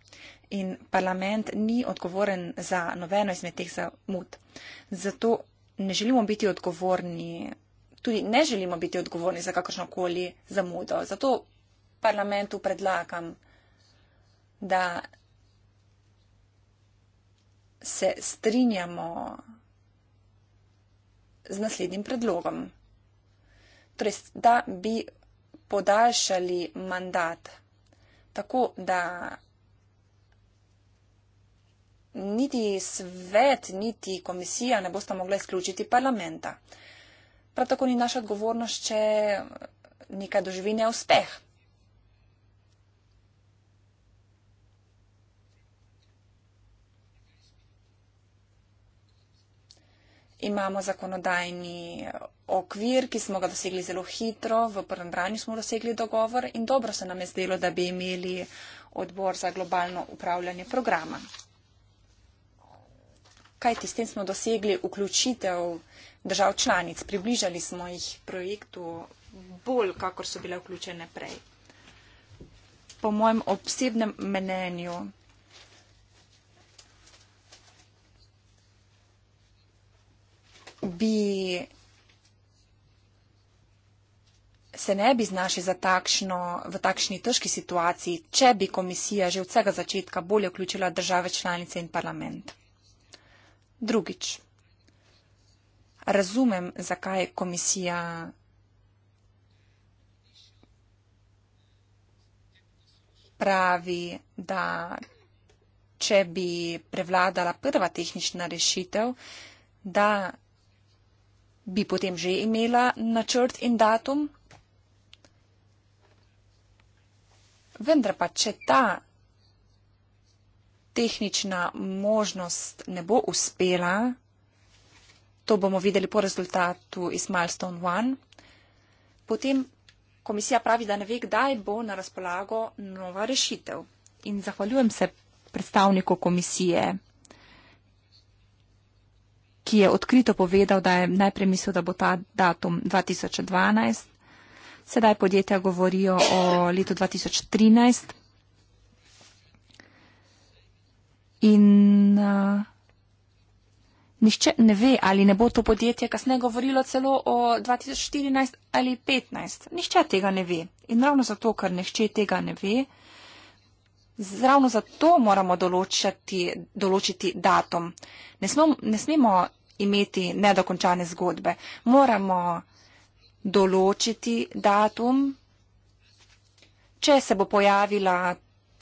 Speaker 3: in parlament ni odgovoren za nobeno izmed teh zamud. Zato ne želimo biti odgovorni, tudi ne želimo biti odgovorni za kakršnokoli zamudo. Zato parlamentu predlagam, da se strinjamo z naslednjim predlogom. Torej, da bi podaljšali mandat tako, da niti svet, niti komisija ne bosta mogla izključiti parlamenta. Prav tako ni naša odgovornost, če nekaj doživi neuspeh. Imamo zakonodajni okvir, ki smo ga dosegli zelo hitro, v prvem branju smo dosegli dogovor in dobro se nam je zdelo, da bi imeli odbor za globalno upravljanje programa kajti s tem smo dosegli vključitev držav članic, približali smo jih projektu bolj, kakor so bile vključene prej. Po mojem obsebnem mnenju. bi se ne bi znašli takšno, v takšni težki situaciji, če bi komisija že od vsega začetka bolje vključila države članice in parlament. Drugič, razumem, zakaj je komisija pravi, da če bi prevladala prva tehnična rešitev, da bi potem že imela načrt in datum. Vendar pa, če ta tehnična možnost ne bo uspela, to bomo videli po rezultatu iz Milestone 1, potem komisija pravi, da ne ve, kdaj bo na razpolago nova rešitev. In zahvaljujem se predstavniku komisije, ki je odkrito povedal, da je najprej mislil, da bo ta datum 2012. Sedaj podjetja govorijo o letu 2013. In uh, nišče ne ve, ali ne bo to podjetje kasneje govorilo celo o 2014 ali 2015. Nišče tega ne ve. In ravno zato, ker nišče tega ne ve, ravno zato moramo določati, določiti datum. Ne, smo, ne smemo imeti nedokončane zgodbe. Moramo določiti datum, če se bo pojavila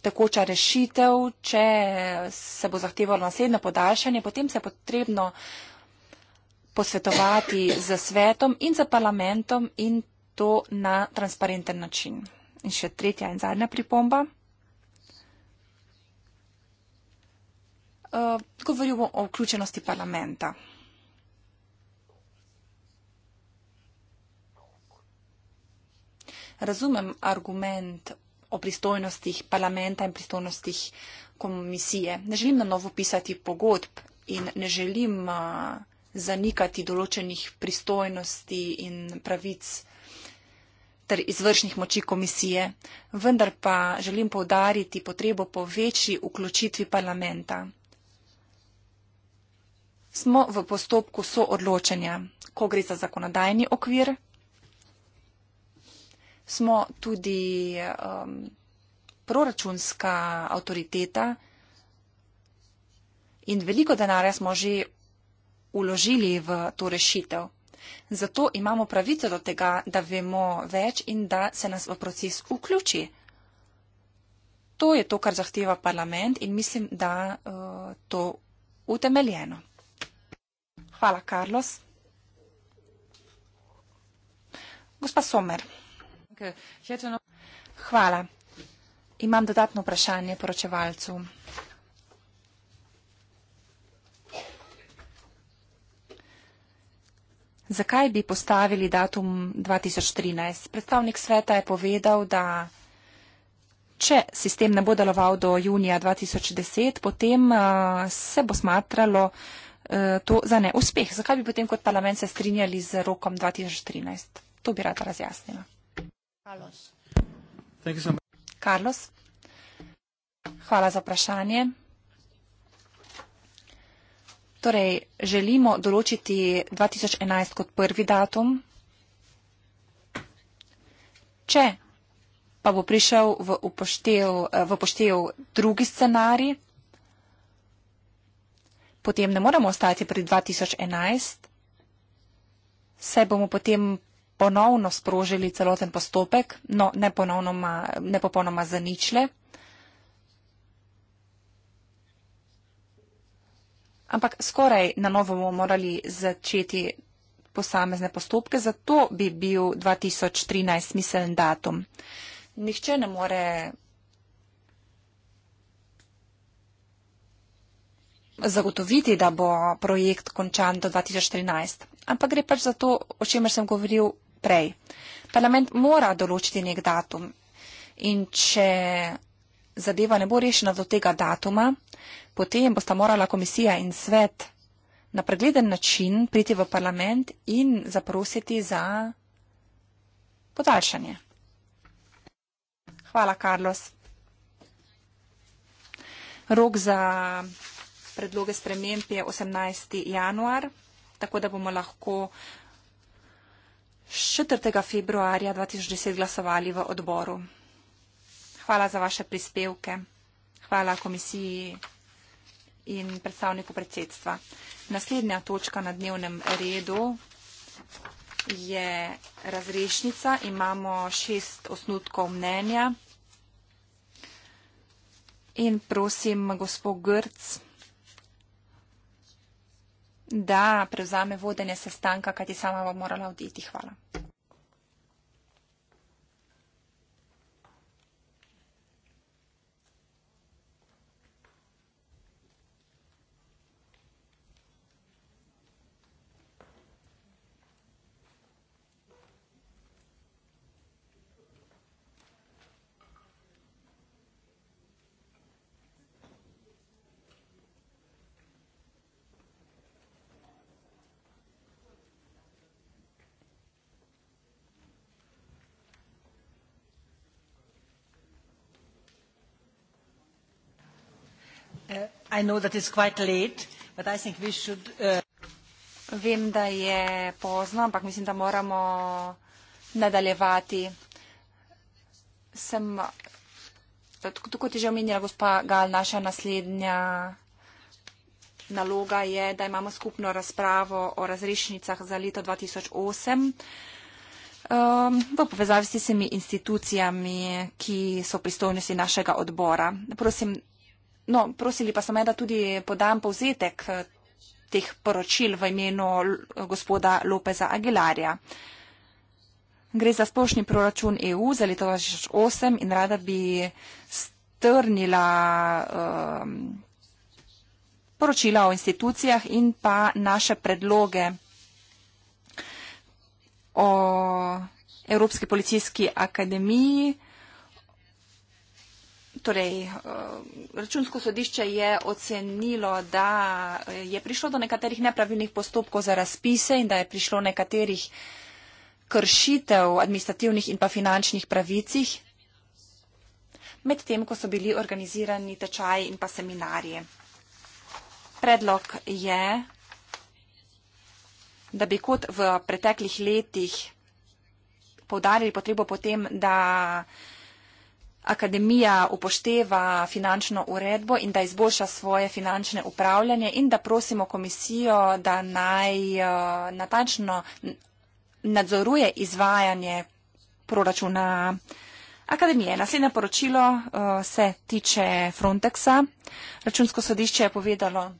Speaker 3: tekoča rešitev, če se bo zahtevalo naslednje podaljšanje, potem se je potrebno posvetovati z svetom in z parlamentom in to na transparenten način. In še tretja in zadnja pripomba. Uh, govoril bom o vključenosti parlamenta. Razumem argument o pristojnostih parlamenta in pristojnostih komisije. Ne želim na novo pisati pogodb in ne želim uh, zanikati določenih pristojnosti in pravic ter izvršnih moči komisije, vendar pa želim povdariti potrebo po večji vključitvi parlamenta. Smo v postopku soodločanja, ko gre za zakonodajni okvir, smo tudi um, proračunska avtoriteta in veliko denarja smo že uložili v to rešitev. Zato imamo pravico do tega, da vemo več in da se nas v proces vključi. To je to, kar zahteva parlament in mislim, da uh, to utemeljeno. Hvala, Carlos. Gospa Somer. No- Hvala. Imam dodatno vprašanje poročevalcu. Zakaj bi postavili datum 2013? Predstavnik sveta je povedal, da če sistem ne bo deloval do junija 2010, potem uh, se bo smatralo uh, to za neuspeh. Zakaj bi potem kot parlament se strinjali z rokom 2013? To bi rada razjasnila. Carlos. Thank you so much. Carlos, hvala za vprašanje. Torej, želimo določiti 2011 kot prvi datum. Če pa bo prišel v, upoštev, v upoštev drugi scenarij, potem ne moremo ostati pri 2011, saj bomo potem ponovno sprožili celoten postopek, no ne, ponovnoma, ne popolnoma zaničle. Ampak skoraj na novo bomo morali začeti posamezne postopke, zato bi bil 2013 smiseln datum. Nihče ne more zagotoviti, da bo projekt končan do 2013. Ampak gre pač za to, o čemer sem govoril prej. Parlament mora določiti nek datum in če zadeva ne bo rešena do tega datuma, potem bosta morala komisija in svet na pregleden način priti v parlament in zaprositi za podaljšanje. Hvala, Carlos. Rok za predloge sprememb je 18. januar, tako da bomo lahko 4. februarja 2010 glasovali v odboru. Hvala za vaše prispevke. Hvala komisiji in predstavniku predsedstva. Naslednja točka na dnevnem redu je razrešnica. Imamo šest osnutkov mnenja. In prosim, gospod Grc da prevzame vodenje sestanka, kajti sama bo morala oditi. Hvala. Uh, uh, Vem, da je pozno, ampak mislim, da moramo nadaljevati. Sem, tako kot je že omenila gospa Gal, naša naslednja naloga je, da imamo skupno razpravo o razrešnicah za leto 2008. Um, v povezavi s temi institucijami, ki so pristojnosti našega odbora. Prosim, No, prosili pa so me, da tudi podam povzetek eh, teh poročil v imenu gospoda Lopeza Aguilarja. Gre za splošni proračun EU za leto 2008 in rada bi strnila um, poročila o institucijah in pa naše predloge o Evropski policijski akademiji. Torej, eh, računsko sodišče je ocenilo, da eh, je prišlo do nekaterih nepravilnih postopkov za razpise in da je prišlo nekaterih kršitev administrativnih in pa finančnih pravicih, medtem ko so bili organizirani tečaji in pa seminarije. Predlog je, da bi kot v preteklih letih povdarili potrebo potem, da akademija upošteva finančno uredbo in da izboljša svoje finančne upravljanje in da prosimo komisijo, da naj eh, natančno nadzoruje izvajanje proračuna akademije. Naslednje poročilo eh, se tiče Frontexa. Računsko sodišče je povedalo,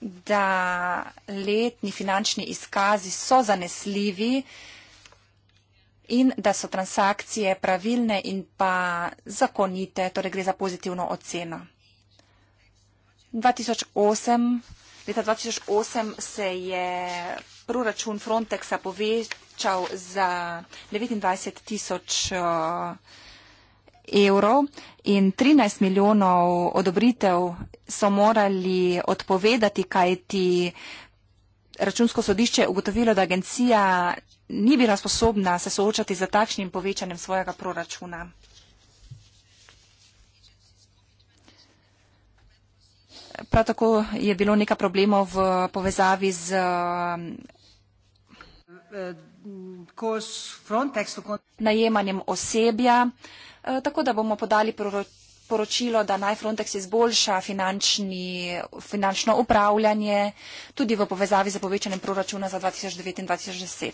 Speaker 3: da letni finančni izkazi so zanesljivi in da so transakcije pravilne in pa zakonite, torej gre za pozitivno oceno. 2008, leta 2008 se je proračun Frontexa povečal za 29 tisoč evrov in 13 milijonov odobritev so morali odpovedati, kaj ti računsko sodišče ugotovilo, da agencija ni bila sposobna se soočati za takšnim povečanjem svojega proračuna. Prav tako je bilo nekaj problemov v povezavi z um, eh, eh, najemanjem osebja, Eh, tako da bomo podali poročilo, da naj Frontex izboljša finančni, finančno upravljanje tudi v povezavi za povečanjem proračuna za 2009 in 2010.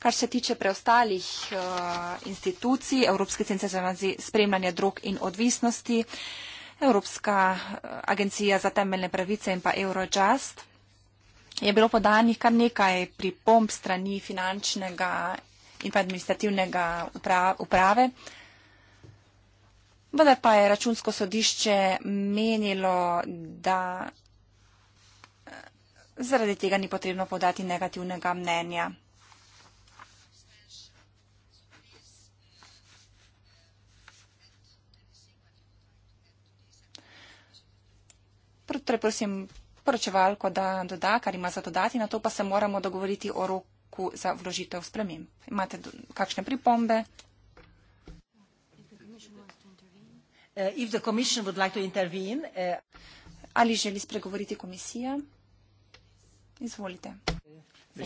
Speaker 3: Kar se tiče preostalih uh, institucij, Evropske centre za spremljanje drog in odvisnosti, Evropska eh, agencija za temeljne pravice in pa Eurojust, je bilo podanih kar nekaj pripomb strani finančnega in pa administrativnega uprave. Vendar pa je računsko sodišče menilo, da eh, zaradi tega ni potrebno podati negativnega mnenja. Torej prosim poročevalko, da doda, kar ima za dodati, na to pa se moramo dogovoriti o roku roku za vložitev sprememb. Imate kakšne pripombe? Uh, if the commission would like to intervene, uh, ali želi spregovoriti komisija? Izvolite. Euh,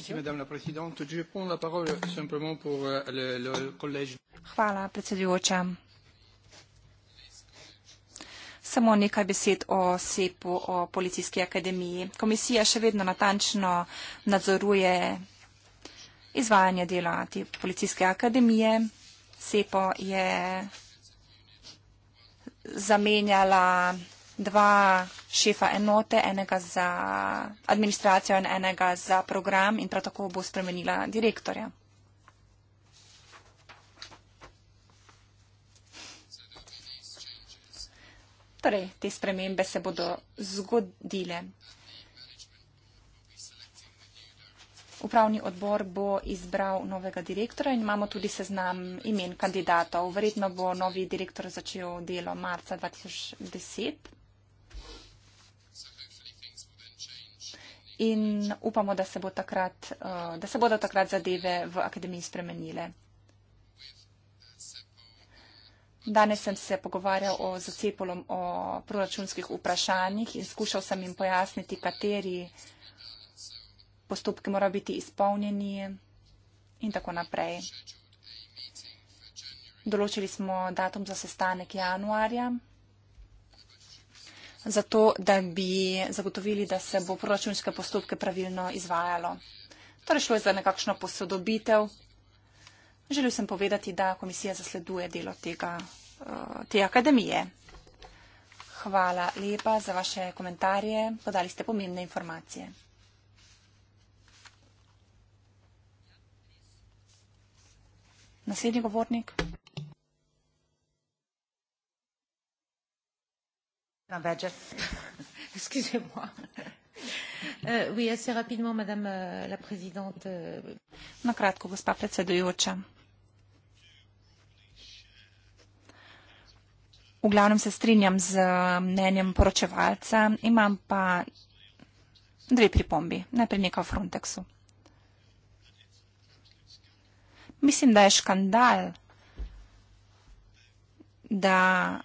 Speaker 3: Hvala, predsedujoča. Samo nekaj besed o SEP-u, o Policijski akademiji. Komisija še vedno natančno nadzoruje izvajanje dela te policijske akademije. SEPO je zamenjala dva šefa enote, enega za administracijo in enega za program in prav tako bo spremenila direktorja. Torej, te spremembe se bodo zgodile. Upravni odbor bo izbral novega direktora in imamo tudi seznam imen kandidatov. Verjetno bo novi direktor začel delo marca 2010. In upamo, da se, bo takrat, eh, da se bodo takrat zadeve v akademiji spremenile. Danes sem se pogovarjal o, z Cepolom o proračunskih vprašanjih in skušal sem jim pojasniti, kateri postopki morajo biti izpolnjeni in tako naprej. Določili smo datum za sestanek januarja, zato da bi zagotovili, da se bo proračunske postopke pravilno izvajalo. Torej šlo je za nekakšno posodobitev. Želel sem povedati, da komisija zasleduje delo tega, eh, te akademije. Hvala lepa za vaše komentarje, podali ste pomembne informacije. Naslednji govornik. Euh, euh, euh. Na kratko, gospa predsedujoča. V glavnem se strinjam z uh, mnenjem poročevalca, imam pa dve pripombi, najprej nekaj o Frontexu. Mislim, da je škandal, da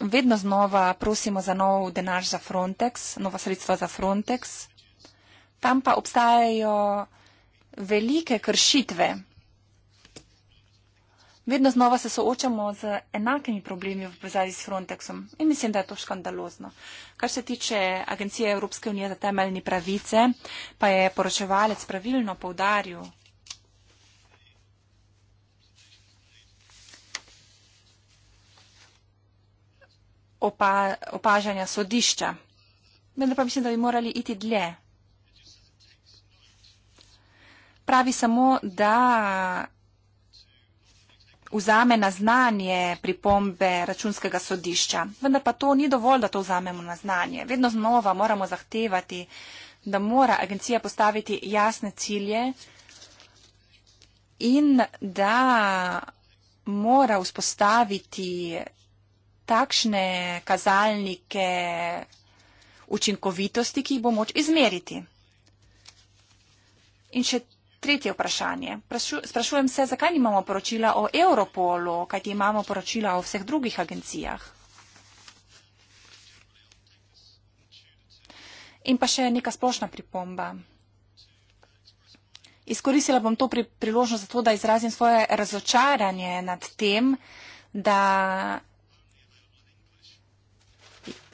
Speaker 3: vedno znova prosimo za nov denar za Frontex, nova sredstva za Frontex. Tam pa obstajajo velike kršitve. Vedno znova se soočamo z enakimi problemi v povezavi s Frontexom in mislim, da je to škandalozno. Kar se tiče Agencije Evropske unije za temeljni pravice, pa je poročevalec pravilno povdaril, Opa, opažanja sodišča. Vendar pa mislim, da bi morali iti dlje. Pravi samo, da vzame na znanje pripombe računskega sodišča. Vendar pa to ni dovolj, da to vzamemo na znanje. Vedno znova moramo zahtevati, da mora agencija postaviti jasne cilje in da mora vzpostaviti takšne kazalnike učinkovitosti, ki jih bo moč izmeriti. In še Tretje vprašanje. Sprašujem se, zakaj imamo poročila o Europolu, kajti imamo poročila o vseh drugih agencijah. In pa še neka splošna pripomba. Izkoristila bom to pri, priložnost za to, da izrazim svoje razočaranje nad tem, da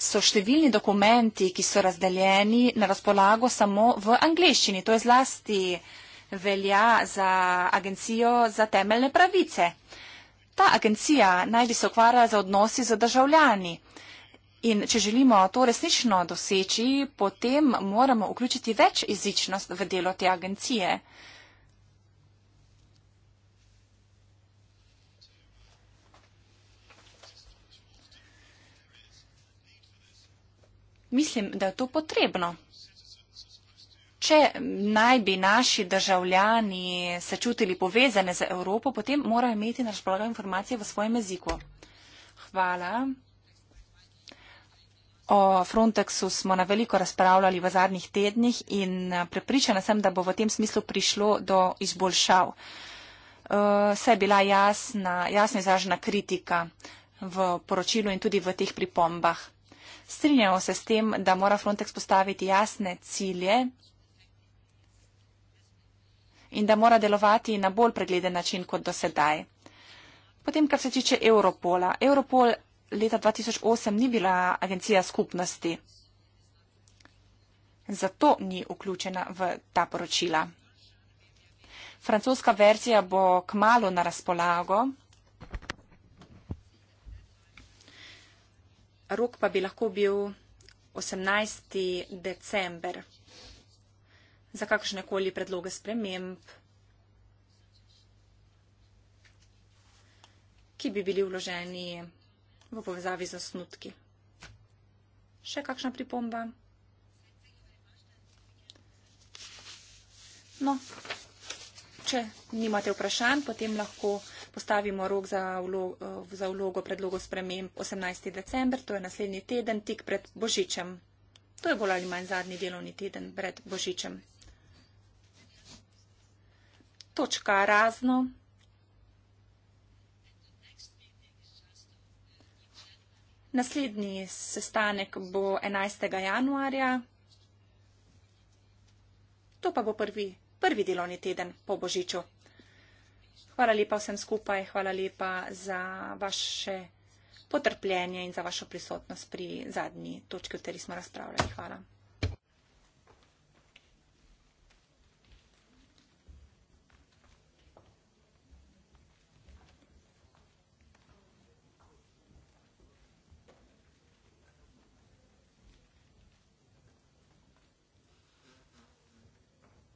Speaker 3: so številni dokumenti, ki so razdeljeni na razpolago samo v angliščini. To je zlasti uh, velja za agencijo za temeljne pravice. Ta agencija naj bi se ukvarjala z odnosi z državljani. In če želimo to resnično doseči, potem moramo vključiti več jezičnost v delo te agencije. Mislim, da je to potrebno. Če naj bi naši državljani se čutili povezane z Evropo, potem morajo imeti na razpolago informacije v svojem jeziku. Hvala. O Frontexu smo na veliko razpravljali v zadnjih tednih in eh, prepričana sem, da bo v tem smislu prišlo do izboljšav. Vse eh, je bila jasna, jasno izražena kritika v poročilu in tudi v teh pripombah. Strinjamo se s tem, da mora Frontex postaviti jasne cilje in da mora delovati na bolj pregleden način kot do sedaj. Potem, kar se tiče Europola. Europol leta 2008 ni bila agencija skupnosti. Zato ni vključena v ta poročila. Francoska verzija bo kmalo na razpolago. Rok pa bi lahko bil 18. december za kakšne koli predloge sprememb, ki bi bili vloženi v povezavi z osnutki. Še kakšna pripomba? No, če nimate vprašanj, potem lahko postavimo rok za, vlog, za vlogo predlogo sprememb 18. december, to je naslednji teden, tik pred Božičem. To je bolj ali manj zadnji delovni teden pred Božičem točka razno. Naslednji sestanek bo 11. januarja. To pa bo prvi, prvi delovni teden po Božiču. Hvala lepa vsem skupaj, hvala lepa za vaše potrpljenje in za vašo prisotnost pri zadnji točki, o kateri smo razpravljali. Hvala.